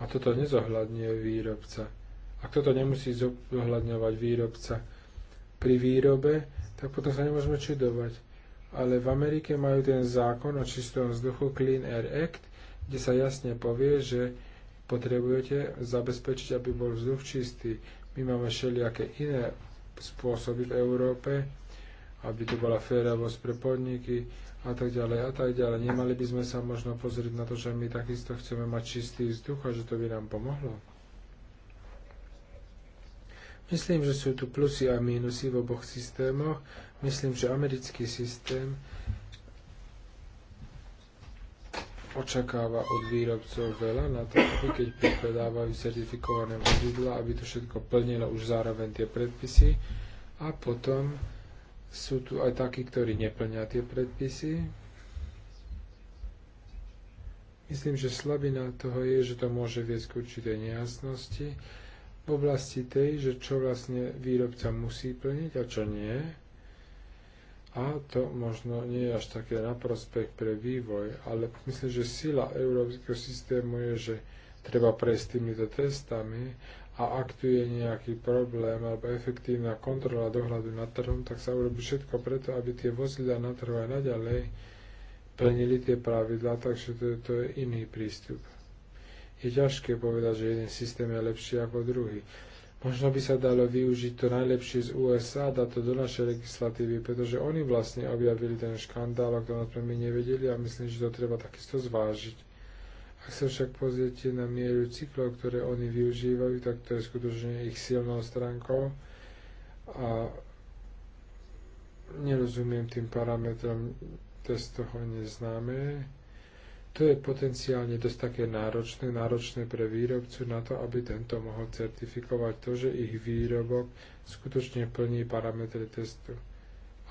B: A toto nezohľadňuje výrobca. Ak toto nemusí zohľadňovať výrobca pri výrobe, tak potom sa nemôžeme čudovať. Ale v Amerike majú ten zákon o čistom vzduchu Clean Air Act, kde sa jasne povie, že potrebujete zabezpečiť, aby bol vzduch čistý. My máme všelijaké iné spôsoby v Európe, aby tu bola férovosť pre podniky, a tak ďalej a tak ďalej. Nemali by sme sa možno pozrieť na to, že my takisto chceme mať čistý vzduch a že to by nám pomohlo? Myslím, že sú tu plusy a mínusy v oboch systémoch. Myslím, že americký systém očakáva od výrobcov veľa na to, aby keď predávajú certifikované vozidla, aby to všetko plnilo už zároveň tie predpisy a potom sú tu aj takí, ktorí neplňajú tie predpisy. Myslím, že slabina toho je, že to môže viesť k určitej nejasnosti v oblasti tej, že čo vlastne výrobca musí plniť a čo nie. A to možno nie je až také na prospech pre vývoj, ale myslím, že sila európskeho systému je, že treba prejsť týmito testami a ak tu je nejaký problém alebo efektívna kontrola dohľadu nad trhom, tak sa urobí všetko preto, aby tie vozidla na trhu aj naďalej plnili tie pravidlá, takže to, to je iný prístup. Je ťažké povedať, že jeden systém je lepší ako druhý. Možno by sa dalo využiť to najlepšie z USA, dať to do našej legislatívy, pretože oni vlastne objavili ten škandál, o ktorom sme my nevedeli a myslím, že to treba takisto zvážiť. Ak sa však pozriete na mieru cyklov, ktoré oni využívajú, tak to je skutočne ich silnou stránkou a nerozumiem tým parametrom toho neznáme. To je potenciálne dosť také náročné, náročné pre výrobcu na to, aby tento mohol certifikovať to, že ich výrobok skutočne plní parametre testu.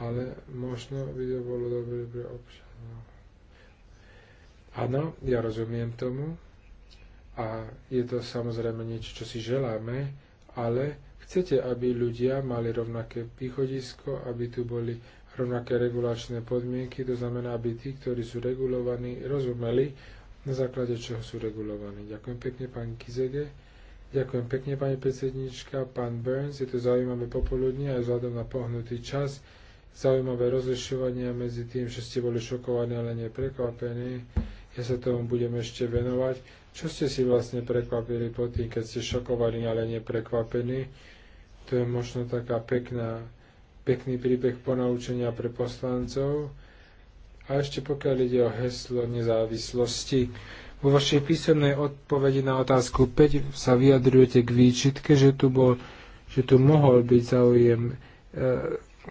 B: Ale možno by to bolo dobre pre občanov. Áno, ja rozumiem tomu a je to samozrejme niečo, čo si želáme, ale chcete, aby ľudia mali rovnaké východisko, aby tu boli rovnaké regulačné podmienky, to znamená, aby tí, ktorí sú regulovaní, rozumeli, na základe čoho sú regulovaní. Ďakujem pekne, pani Kizege. Ďakujem pekne, pani predsednička, pán Burns. Je to zaujímavé popoludne aj vzhľadom na pohnutý čas. Zaujímavé rozlišovanie medzi tým, že ste boli šokovaní, ale neprekvapení ja sa tomu budem ešte venovať. Čo ste si vlastne prekvapili po tým, keď ste šokovaní, ale neprekvapení? To je možno taká pekná, pekný príbeh ponaučenia pre poslancov. A ešte pokiaľ ide o heslo nezávislosti, vo vašej písomnej odpovedi na otázku 5 sa vyjadrujete k výčitke, že tu, bol, že tu mohol byť záujem e,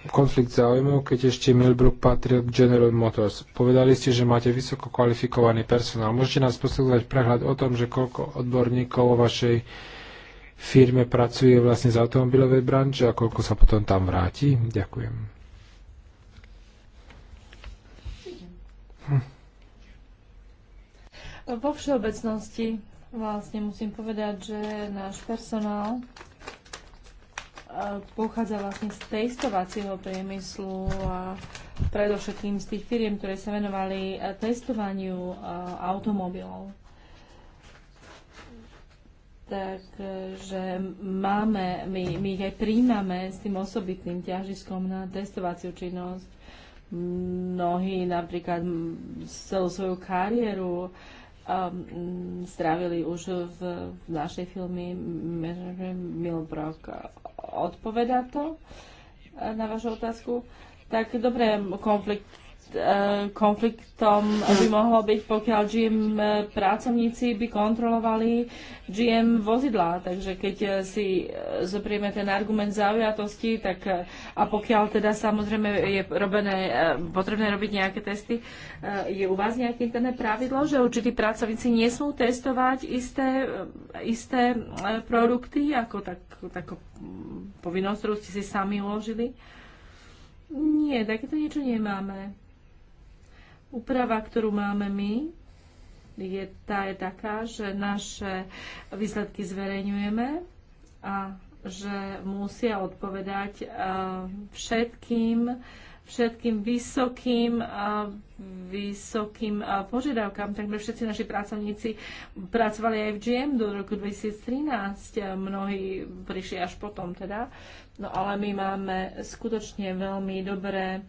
B: konflikt záujmov, keď ešte Milbrook patril k General Motors. Povedali ste, že máte vysoko kvalifikovaný personál. Môžete nás poskytovať prehľad o tom, že koľko odborníkov vo vašej firme pracuje vlastne z automobilovej branže a koľko sa potom tam vráti? Ďakujem.
A: Hm. Vo všeobecnosti vlastne musím povedať, že náš personál pochádza vlastne z testovacieho priemyslu a predovšetkým z tých firiem, ktoré sa venovali e, testovaniu e, automobilov. Takže máme, my, my ich aj príjmame s tým osobitným ťažiskom na testovaciu činnosť. Mnohí napríklad celú svoju kariéru uh, strávili mm, už v, v našej filmy Milbrok. Odpoveda to na vašu otázku? Tak dobre, konflikt E, konfliktom by hm. mohlo byť, pokiaľ GM e, pracovníci by kontrolovali GM vozidla. Takže keď e, si zoprieme ten argument zaujatosti, tak a pokiaľ teda samozrejme je robené, potrebné robiť nejaké testy, je u vás nejaké interné pravidlo, že určití pracovníci nesmú testovať isté, isté produkty, ako tak, takú povinnosť, ktorú ste si sami uložili? Nie, takéto niečo nemáme. Úprava, ktorú máme my, je, tá je taká, že naše výsledky zverejňujeme a že musia odpovedať eh, všetkým všetkým vysokým, eh, vysokým eh, požiadavkám. Takže všetci naši pracovníci pracovali aj v GM do roku 2013, mnohí prišli až potom teda. No ale my máme skutočne veľmi dobré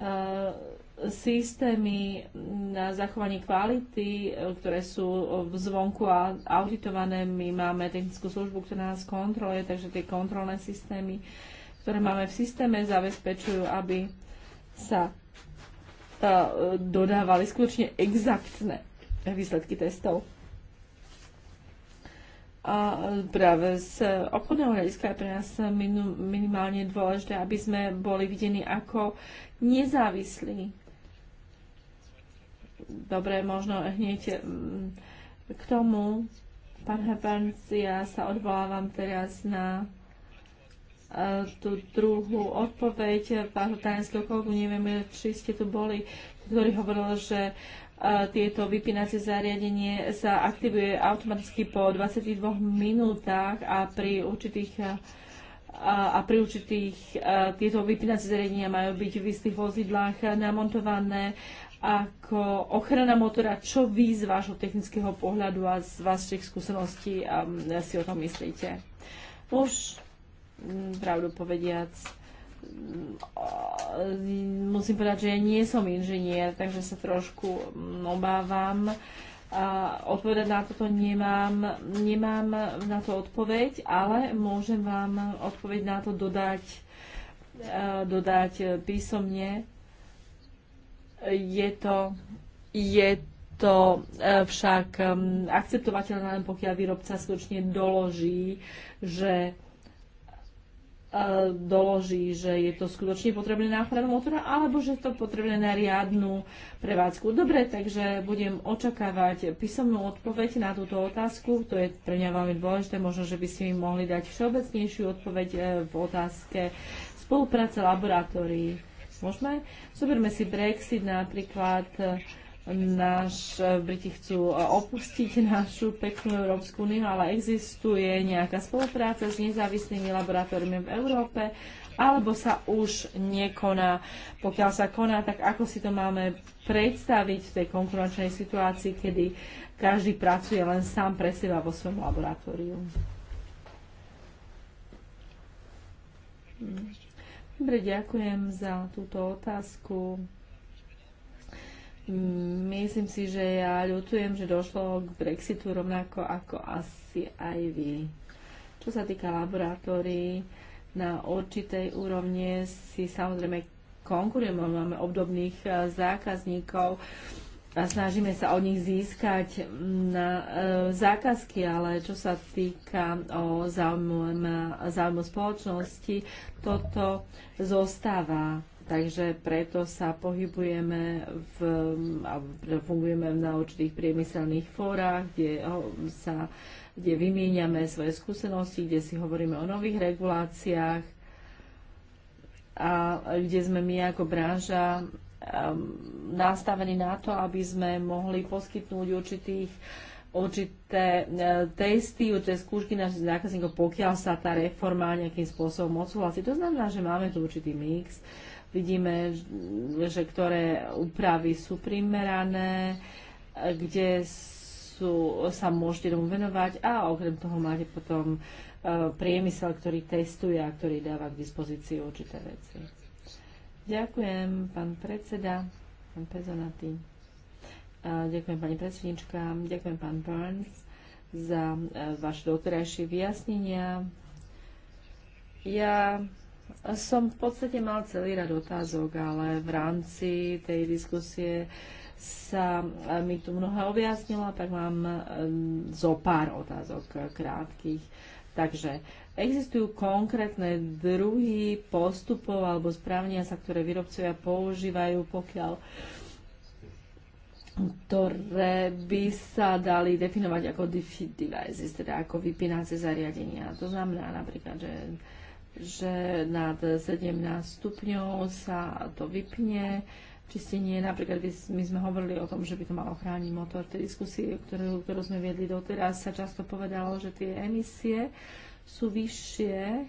A: uh, systémy na zachovanie kvality, ktoré sú v zvonku a auditované. My máme technickú službu, ktorá nás kontroluje, takže tie kontrolné systémy, ktoré máme v systéme, zabezpečujú, aby sa e, dodávali skutočne exaktné výsledky testov. A práve z obchodného hľadiska je pre nás minimálne dôležité, aby sme boli videní ako nezávislí Dobre, možno hneď mm, k tomu, pán Hepern, ja sa odvolávam teraz na e, tú druhú odpoveď pánu tajenského kolegu, neviem, e, či ste tu boli, ktorý hovoril, že e, tieto vypínacie zariadenie sa aktivuje automaticky po 22 minútach a pri určitých a, pri určitých tieto vypínacie zariadenia majú byť v istých vozidlách namontované ako ochrana motora, čo vy z vášho technického pohľadu a z vašich skúseností um, si o tom myslíte. Už, mm, pravdu povediac, mm, musím povedať, že ja nie som inžinier, takže sa trošku mm, obávam. A odpovedať na toto nemám, nemám na to odpoveď, ale môžem vám odpoveď na to dodať, e, dodať e, písomne je to, je to e, však akceptovateľné len pokiaľ výrobca skutočne doloží, že e, doloží, že je to skutočne potrebné na ochranu motora alebo že je to potrebné na riadnu prevádzku. Dobre, takže budem očakávať písomnú odpoveď na túto otázku. To je pre mňa veľmi dôležité. Možno, že by ste mi mohli dať všeobecnejšiu odpoveď e, v otázke spolupráce laboratórií Môžeme? Zoberme si Brexit napríklad. E, náš, e, Briti chcú e, opustiť našu peknú Európsku úniu, ale existuje nejaká spolupráca s nezávislými laboratóriami v Európe, alebo sa už nekoná. Pokiaľ sa koná, tak ako si to máme predstaviť v tej konkurenčnej situácii, kedy každý pracuje len sám pre seba vo svojom laboratóriu? Hm. Dobre, ďakujem za túto otázku. Myslím si, že ja ľutujem, že došlo k Brexitu rovnako ako asi aj vy. Čo sa týka laboratórií, na určitej úrovne si samozrejme konkurujeme, máme obdobných eh, zákazníkov a snažíme sa od nich získať na e, zákazky, ale čo sa týka o záujmu, spoločnosti, toto zostáva. Takže preto sa pohybujeme v, a fungujeme na určitých priemyselných fórach, kde sa kde vymieňame svoje skúsenosti, kde si hovoríme o nových reguláciách a kde sme my ako branža Um, nastavení na to, aby sme mohli poskytnúť určitých určité e, testy, určité skúšky našich zákazníkov, pokiaľ sa tá reforma nejakým spôsobom odsúhlasí. To znamená, že máme tu určitý mix. Vidíme, že ktoré úpravy sú primerané, kde sú, sa môžete tomu venovať a okrem toho máte potom e, priemysel, ktorý testuje a ktorý dáva k dispozícii určité veci. Ďakujem, pán predseda, pán pezonatý, Ďakujem, pani predsednička, ďakujem, pán Burns, za e, vaše doterajšie vyjasnenia. Ja som v podstate mal celý rad otázok, ale v rámci tej diskusie sa e, mi tu mnoho objasnilo, tak mám e, zo pár otázok krátkých. Takže Existujú konkrétne druhy postupov alebo správania sa, ktoré výrobcovia používajú, pokiaľ ktoré by sa dali definovať ako devices, teda ako vypínacie zariadenia. To znamená napríklad, že, že nad 17 stupňov sa to vypne, čistenie. Napríklad my sme hovorili o tom, že by to malo chrániť motor. V tej diskusii, ktorú, ktorú sme viedli doteraz, sa často povedalo, že tie emisie uh, sú vyššie,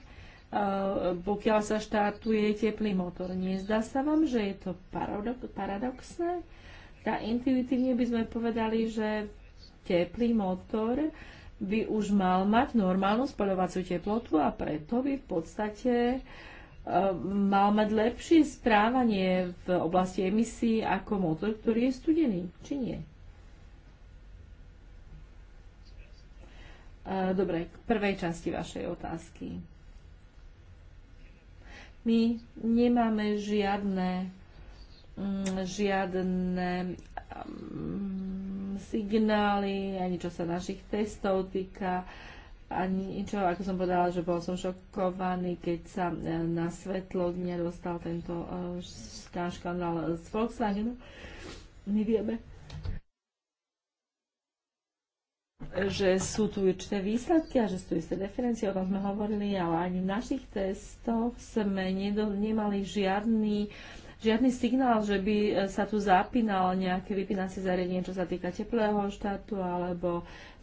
A: pokiaľ sa štartuje teplý motor. Nezdá sa vám, že je to paradoxné? Tá intuitívne by sme povedali, že teplý motor by už mal mať normálnu spaľovaciu teplotu a preto by v podstate mal mať lepšie správanie v oblasti emisí ako motor, ktorý je studený, či nie? Eh, dobre, k prvej časti vašej otázky. My nemáme žiadne, mm, žiadne mm, signály, ani čo sa našich testov týka, ani čo, ako som povedala, že bol som šokovaný, keď sa eh, na svetlo dňa dostal tento eh, škandál z Volkswagenu. My vieme, že sú tu určité výsledky a že sú tu isté referencie, o tom sme hovorili, ale ani v našich testoch sme nedo, nemali žiadny, žiadny signál, že by e, sa tu zapínalo nejaké vypínacie zariadenie, čo sa týka teplého štátu alebo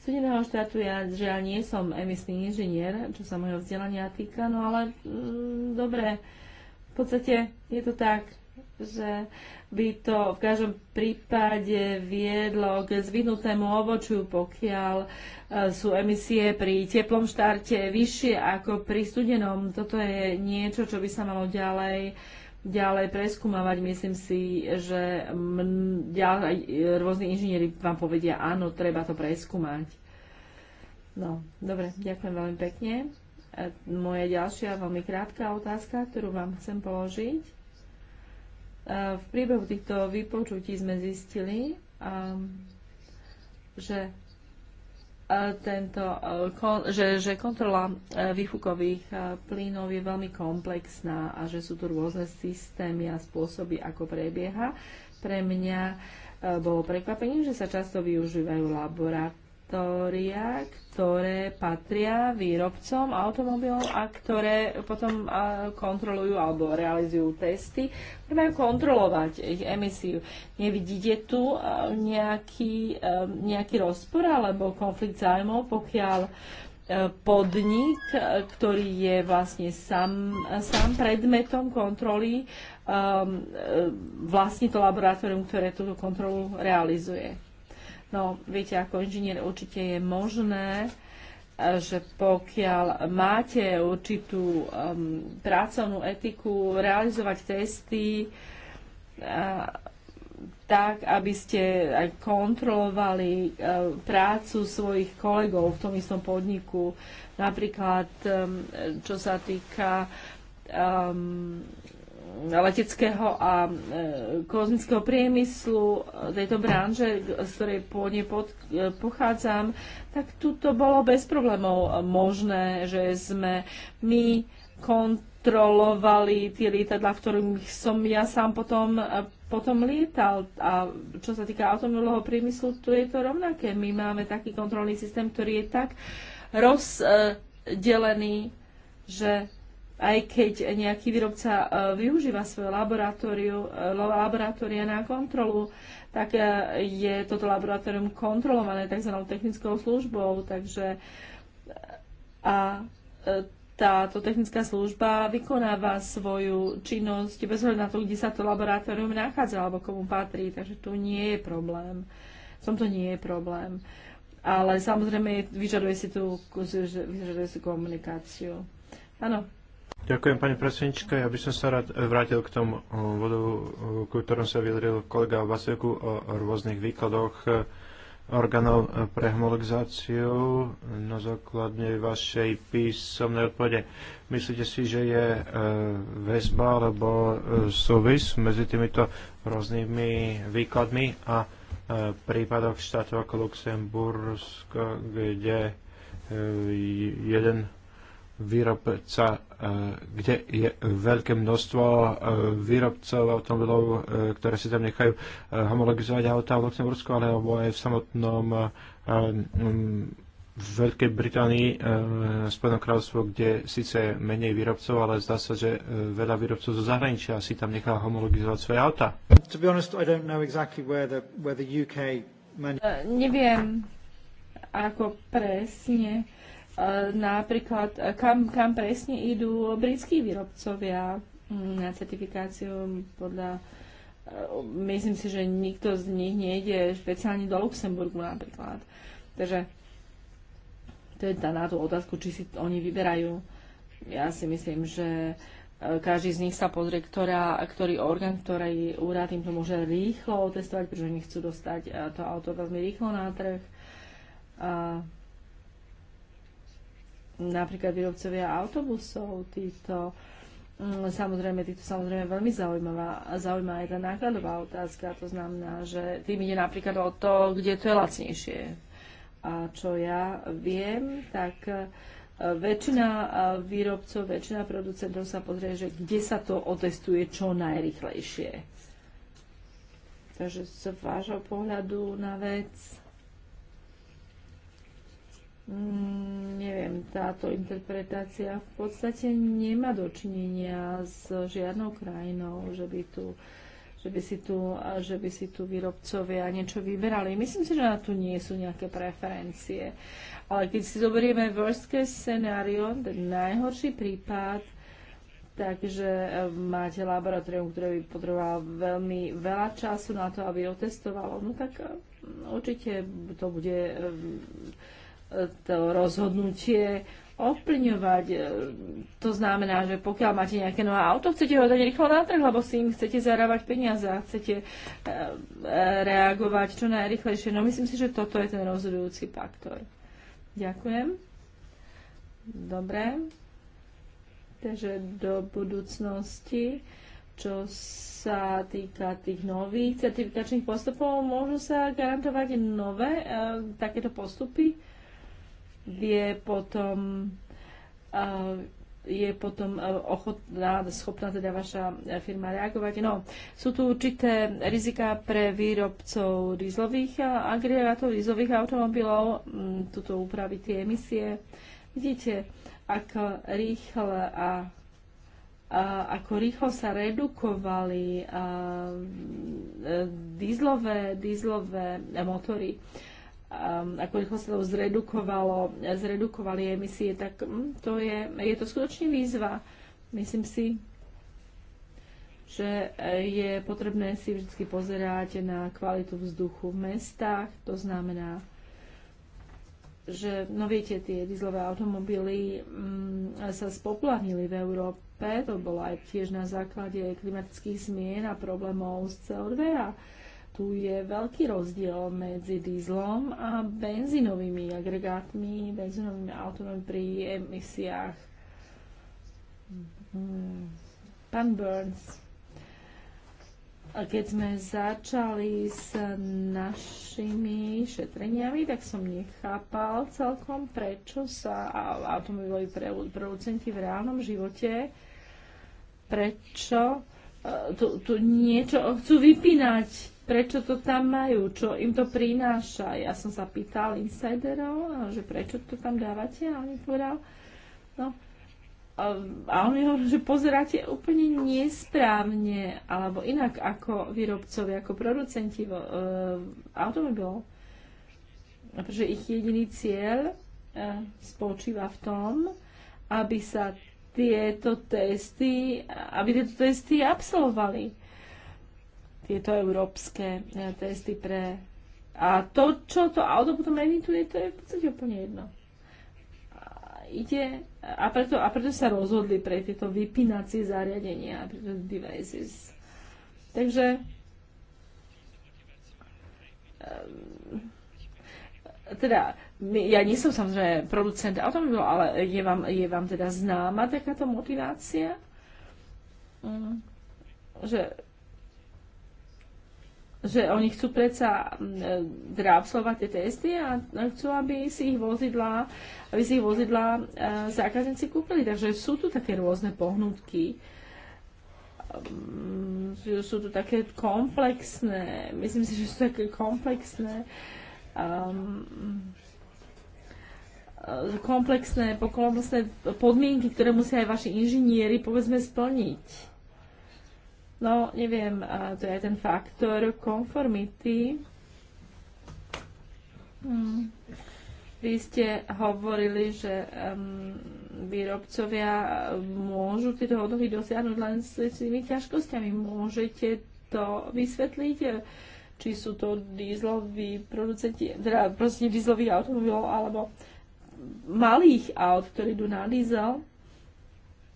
A: studeného štátu. Ja žiaľ nie som emisný inžinier, čo sa môjho vzdelania týka, no ale mm, dobre, v podstate je to tak, že by to v každom prípade viedlo k zvinutému ovočiu, pokiaľ e, sú emisie pri teplom štarte vyššie ako pri studenom. Toto je niečo, čo by sa malo ďalej ďalej preskúmavať. Myslím si, že ďalej, e, rôzni inžinieri vám povedia, áno, treba to preskúmať. No, dobre, ďakujem veľmi pekne. E, moja ďalšia veľmi krátka otázka, ktorú vám chcem položiť Eh, v priebehu týchto vypočutí sme zistili, ehm, že eh, tento, eh, že, že kontrola výfukových plynov je veľmi komplexná a že sú tu rôzne systémy a spôsoby, ako prebieha. Pre mňa bolo prekvapením, že sa často využívajú laborat laboratória, ktoré patria výrobcom automobilov a ktoré potom kontrolujú alebo realizujú testy, ktoré majú kontrolovať ich emisiu. Nevidíte tu nejaký, nejaký rozpor alebo konflikt zájmov, pokiaľ e, podnik, e, ktorý je vlastne sám, sám predmetom kontroly, vlastne to laboratórium, ktoré túto kontrolu realizuje. No, viete, ako inžinier určite je možné, eh, že pokiaľ máte určitú um, pracovnú etiku, realizovať testy a, eh, tak, aby ste aj kontrolovali a, eh, prácu svojich kolegov v tom istom podniku. Napríklad, um, čo sa týka um, leteckého a e, kozmického priemyslu, e, tejto branže, z ktorej po nej pochádzam, tak tu to bolo bez problémov možné, že sme my kontrolovali tie lietadla, v ktorých som ja sám potom, e, potom lietal. A čo sa týka automobilového priemyslu, tu je to rovnaké. My máme taký kontrolný systém, ktorý je tak rozdelený, že aj keď nejaký výrobca e, využíva svoje e, laboratória na kontrolu, tak e, je toto laboratórium kontrolované tzv. technickou službou, takže a táto technická služba vykonáva svoju činnosť bez ohľadu na to, kde sa to laboratórium nachádza alebo komu patrí, takže tu nie je problém. V to nie je problém. Ale samozrejme vyžaduje si tú vyžaduje si komunikáciu. Áno,
C: Ďakujem, pani predsednička. Ja by som sa rád vrátil k tomu vodu, eh, eh, ku ktorom sa vyjadril kolega Vasilku o rôznych výkladoch eh, orgánov pre homologizáciu na základne vašej písomnej odpovede. Myslíte si, že je väzba alebo súvis medzi týmito rôznymi výkladmi a prípadoch štátov ako Luxembursko, kde jeden výrobca, e, kde je veľké množstvo e, výrobcov automobilov, e, ktoré si tam nechajú homologizovať auta v Luxembursku, alebo aj v samotnom v Veľkej Británii, v Spojenom kráľovstvo, kde síce menej výrobcov, ale zdá sa, že veľa výrobcov zo
E: zahraničia si tam nechá homologizovať svoje auta.
A: Neviem, ako presne E, napríklad, e, kam, kam presne idú britskí výrobcovia mm, na certifikáciu podľa e, myslím si, že nikto z nich nejde špeciálne do Luxemburgu napríklad. Takže to je tá na tú otázku, či si oni vyberajú. Ja si myslím, že každý z nich sa pozrie, ktorá, ktorý orgán, ktorý úrad im to môže rýchlo otestovať, pretože oni chcú dostať to auto veľmi rýchlo na trh. A napríklad výrobcovia autobusov, títo mm, Samozrejme, títo samozrejme veľmi zaujímavá, zaujímavá je tá nákladová otázka. To znamená, že tým ide napríklad o to, kde to je lacnejšie. A čo ja viem, tak e, väčšina e, výrobcov, väčšina producentov sa pozrie, že kde sa to otestuje čo najrychlejšie. Takže z vášho pohľadu na vec, Mm, neviem, táto interpretácia v podstate nemá dočinenia s žiadnou krajinou, že by tu že by, si tu, že by si tu výrobcovia niečo vyberali. Myslím si, že na tu nie sú nejaké preferencie. Ale keď si zoberieme worst case scenario, ten najhorší prípad, takže eh, máte laboratórium, ktoré by potrebovalo veľmi veľa času na to, aby otestovalo, no tak eh, určite to bude eh, to rozhodnutie ovplyvňovať. E, to znamená, že pokiaľ máte nejaké nové auto, chcete ho dať rýchlo na trh, lebo si im chcete zarábať peniaze a chcete e, e, reagovať čo najrychlejšie. No myslím si, že toto je ten rozhodujúci faktor. Ďakujem. Dobre. Takže do budúcnosti, čo sa týka tých nových certifikačných postupov, môžu sa garantovať nové e, takéto postupy? je potom je potom ochotná, schopná teda vaša firma reagovať. No, sú tu určité rizika pre výrobcov rizlových agregátov, rizlových automobilov, mm, tuto upraviť tie emisie. Vidíte, ako rýchle a, a ako rýchlo sa redukovali a, e, dízlové motory. A, Um, ako rýchlo sa to zredukovalo, zredukovali emisie, tak mm, to je, je to skutočne výzva. Myslím si, že e, je potrebné si vždy pozerať na kvalitu vzduchu v mestách. To znamená, že, no viete, tie dizlové automobily mm, sa spoplavnili v Európe. To bolo aj tiež na základe klimatických zmien a problémov s CO2. A tu je veľký rozdiel medzi dízlom a benzínovými agregátmi, benzínovými autonómi pri emisiách. Pán Burns, keď sme začali s našimi šetreniami, tak som nechápal celkom, prečo sa automobiloví producenti v reálnom živote, prečo e, tu, tu niečo chcú vypínať prečo to tam majú, čo im to prináša. Ja som sa pýtal insiderov, že prečo to tam dávate a on mi povedal, no, a on mi hovoril, že pozeráte úplne nesprávne, alebo inak ako výrobcovi, ako producenti uh, automobilov. Pretože ich jediný cieľ uh, spočíva v tom, aby sa tieto testy, aby tieto testy absolvovali tieto európske e, testy pre... A to, čo to auto potom emituje, to je v podstate úplne jedno. ide, a preto, a preto sa rozhodli pre tieto vypínacie zariadenia, pre tieto devices. Takže ehm, teda, ja nie som samozrejme producent automobilov, ale je vám, je vám teda známa takáto motivácia? Mm. Že že oni chcú predsa e, drapslovať tie testy a chcú, aby si ich vozidla, aby si ich vozidla e, zákazníci kúpili. Takže sú tu také rôzne pohnutky, ehm, sú tu také komplexné, myslím si, že sú také komplexné um, komplexné, komplexné podmienky, ktoré musia aj vaši inžinieri, povedzme, splniť No, neviem, to je ten faktor konformity. Hmm. Vy ste hovorili, že um, výrobcovia môžu tieto hodnoty dosiahnuť len s tými ťažkosťami. Môžete to vysvetliť? Či sú to dízloví producenti, teda proste dízlových automobilov, alebo malých aut, ktorí idú na diesel?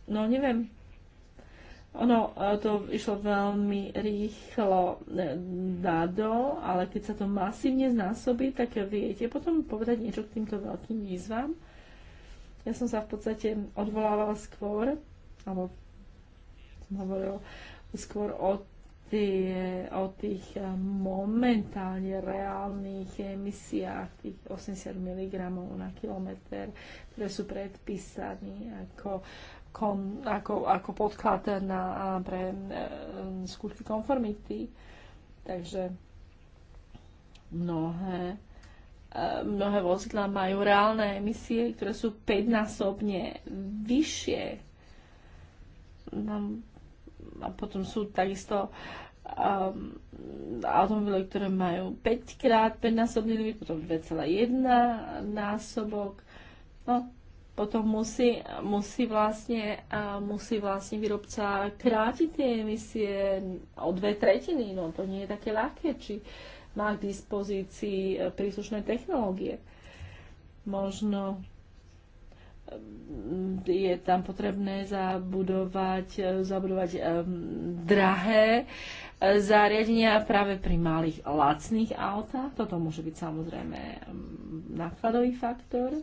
A: No neviem, ono e, to išlo veľmi rýchlo e, na do, ale keď sa to masívne znásobí, tak viete potom povedať niečo k týmto veľkým výzvam. Ja som sa v podstate odvolávala skôr, alebo som hovorila skôr o, tie, o tých e, momentálne reálnych emisiách, tých 80 mg na kilometr, ktoré sú predpísané ako uh, kon, ako, ako podklad na, pre e, skúšky konformity. Takže mnohé, e, mnohé vozidla majú reálne emisie, ktoré sú 5-násobne vyššie. A potom sú takisto um, automobily, ktoré majú 5 krát 5 násobný limit, potom 2,1 násobok. No, potom musí, musí, vlastne, musí vlastne výrobca krátiť tie emisie o dve tretiny. No to nie je také ľahké, či má k dispozícii e, príslušné technológie. Možno e, je tam potrebné zabudovať, e, zabudovať um, drahé zariadenia práve pri malých lacných autách. Toto môže byť samozrejme nákladový faktor.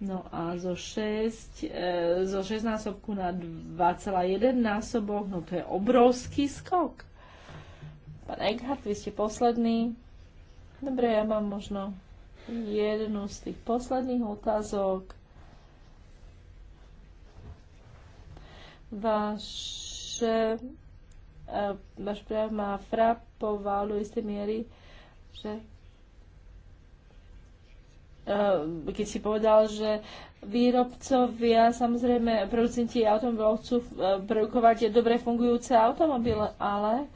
A: No a zo, 6, e, zo 6 násobku na 2,1 násobok, no to je obrovský skok. Pán Eckhart, vy ste posledný. Dobre, ja mám možno jednu z tých posledných otázok. Vaše, e, váš prejav ma frapoval do istej miery, že Eh, keď si povedal, že výrobcovia, samozrejme, producenti automobilov chcú eh, produkovať dobre fungujúce automobile, ale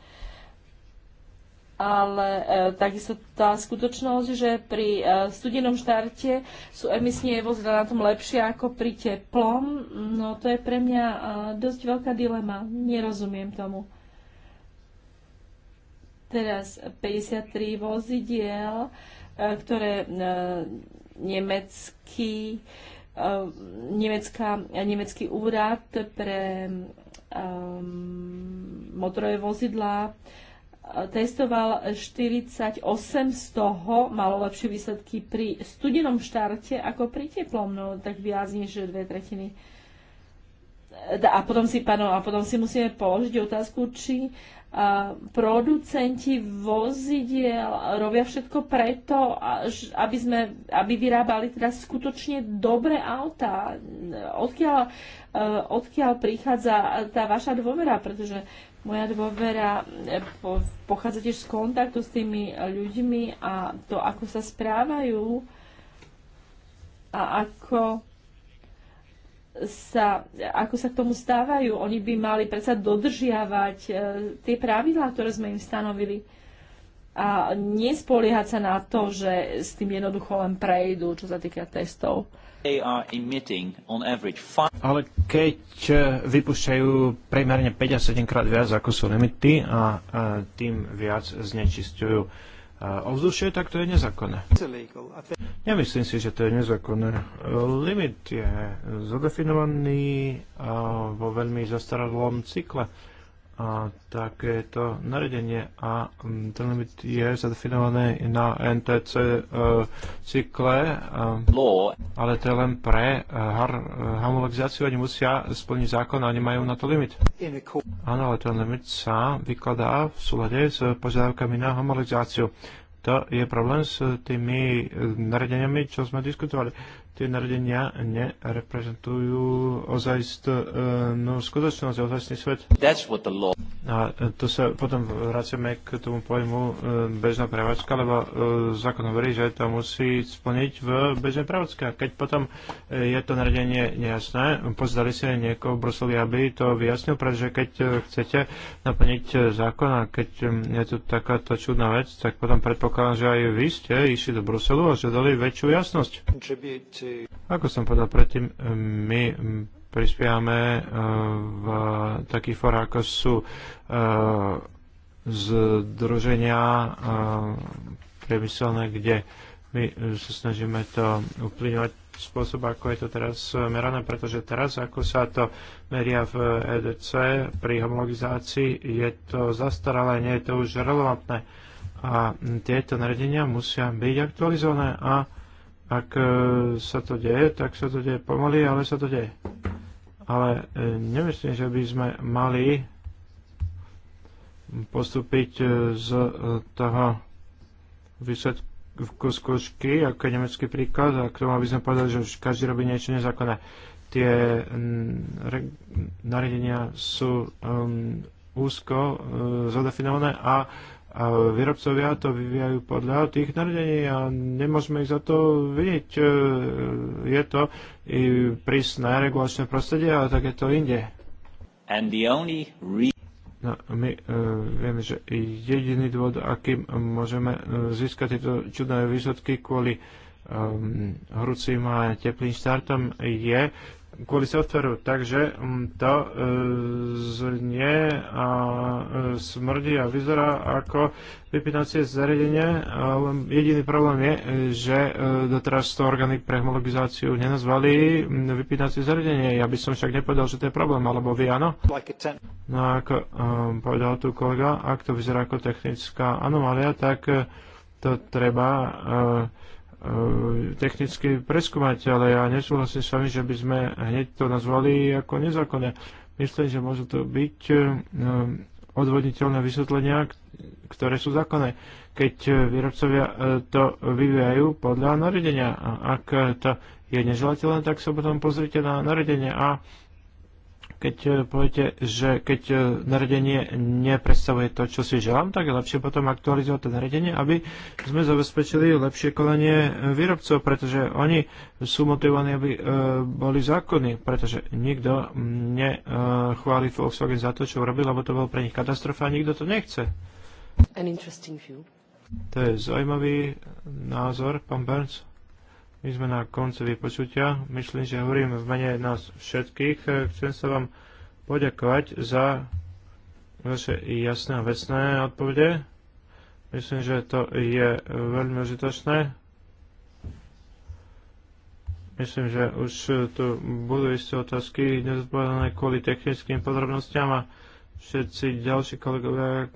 A: ale e, takisto tá skutočnosť, že pri e, studenom štarte sú emisie vozidla na tom lepšie ako pri teplom, no to je pre mňa e, dosť veľká dilema. Nerozumiem tomu. Teraz 53 vozidiel. E, E, ktoré e, nemecký, e, nemecká, nemecký úrad pre motorové vozidlá testoval 48, z toho malo lepšie výsledky pri studenom štarte ako pri teplom, no tak viac než dve tretiny. A potom si, pardon, a potom si musíme položiť otázku, či uh, producenti vozidiel robia všetko preto, aby, sme, aby vyrábali teda skutočne dobré autá. Odkiaľ, e, odkiaľ prichádza tá vaša dôvera, pretože moja dôvera e, pochádza tiež z kontaktu s tými ľuďmi a to, ako sa správajú a ako sa, ako sa k tomu stávajú. Oni by mali predsa dodržiavať e, tie pravidlá, ktoré sme im stanovili a nespoliehať sa na to, že s tým jednoducho len prejdú, čo sa týka testov.
C: Ale keď e, vypúšťajú primerne 5 a 7 krát viac, ako sú limity a, a e, tým viac znečisťujú ovzdušie, tak to je nezákonné. Nemyslím si, že to je nezákonné. Limit je zadefinovaný vo veľmi zastaralom cykle a takéto naredenie a mm, ten limit je zadefinovaný na NTC uh, e, cykle, e, ale to je len pre uh, e, homologizáciu, e, oni musia splniť zákon a nemajú na to limit. Áno, ale ten limit sa vykladá v súlade s požiadavkami na homologizáciu. To je problém s tými naredeniami, čo sme diskutovali tie narodenia nereprezentujú ozajstnú e, no, skutočnosť, ozajstný svet. A to sa potom vraceme k tomu pojmu e, bežná prevádzka, lebo e, zákon hovorí, že to musí splniť v bežnej prevádzke. A keď potom je to narodenie nejasné, pozdali sa niekoho v Bruseli, aby to vyjasnil, pretože keď chcete naplniť zákon a keď je to takáto čudná vec, tak potom predpokladám, že aj vy ste išli do Bruselu a žiadali väčšiu jasnosť.
E: Contribute
C: ako som povedal predtým, my prispievame eh, v takých forách, ako sú eh, združenia eh, priemyselné, kde my sa snažíme to uplyňovať spôsob, ako je to teraz merané, pretože teraz, ako sa to meria v EDC pri homologizácii, je to zastaralé, nie je to už relevantné. A tieto nariadenia musia byť aktualizované a ak e, sa to deje, tak sa to deje pomaly, ale sa to deje. Ale e, nemyslím, že by sme mali postúpiť e, z toho výsledku skúšky, ako je nemecký príklad, a k tomu, aby sme povedali, že už každý robí niečo nezákonné. Tie nariadenia sú um, úzko uh, zadefinované a uh, a výrobcovia to vyvíjajú podľa tých narodení a nemôžeme ich za to vidieť. E, je to i prísne regulačné prostredie a tak je to inde. No, my uh, vieme, že jediný dôvod, akým môžeme e, získať tieto čudné výsledky kvôli um, horúcim a teplým štartom je kvôli softveru. Takže mm, to e, znie a e, smrdí a vyzerá ako vypínacie zariadenie. Jediný problém je, že e, doteraz to orgány pre homologizáciu nenazvali mm, vypínacie zariadenie. Ja by som však nepovedal, že to je problém, alebo vy áno? No ako povedal tu kolega, ak to vyzerá ako technická anomália, tak to treba E, E, technicky preskúmať, ale ja nesúhlasím s vami, že by sme hneď to nazvali ako nezákonné. Myslím, že môžu to byť e, odvodniteľné vysvetlenia, ktoré sú zákonné, keď e, výrobcovia to vyvíjajú podľa nariadenia. A ak to je neželateľné, tak sa potom pozrite na nariadenie a keď eh, poviete, že keď eh, naredenie nepredstavuje to, čo si želám, tak je lepšie potom aktualizovať to naredenie, aby sme zabezpečili lepšie konanie eh, výrobcov, pretože oni sú motivovaní, aby boli zákonní, pretože nikto nechváli Volkswagen za to, čo urobil, lebo to bolo pre nich katastrofa a nikto to nechce.
E: An interesting view.
C: To je zaujímavý názor, pán Burns. My sme na konci vypočutia. Myslím, že hovorím v mene nás všetkých. Chcem sa vám poďakovať za vaše jasné a vecné odpovede. Myslím, že to je veľmi užitočné. Myslím, že už tu budú isté otázky nezodpovedané kvôli technickým podrobnostiam a všetci ďalší kolegovia,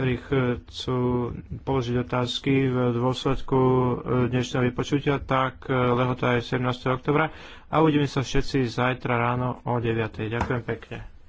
C: ktorí e, chcú položiť otázky v dôsledku e, dnešného vypočutia, tak e, lehota je 17. oktobra a uvidíme sa všetci zajtra ráno o 9. Ďakujem pekne.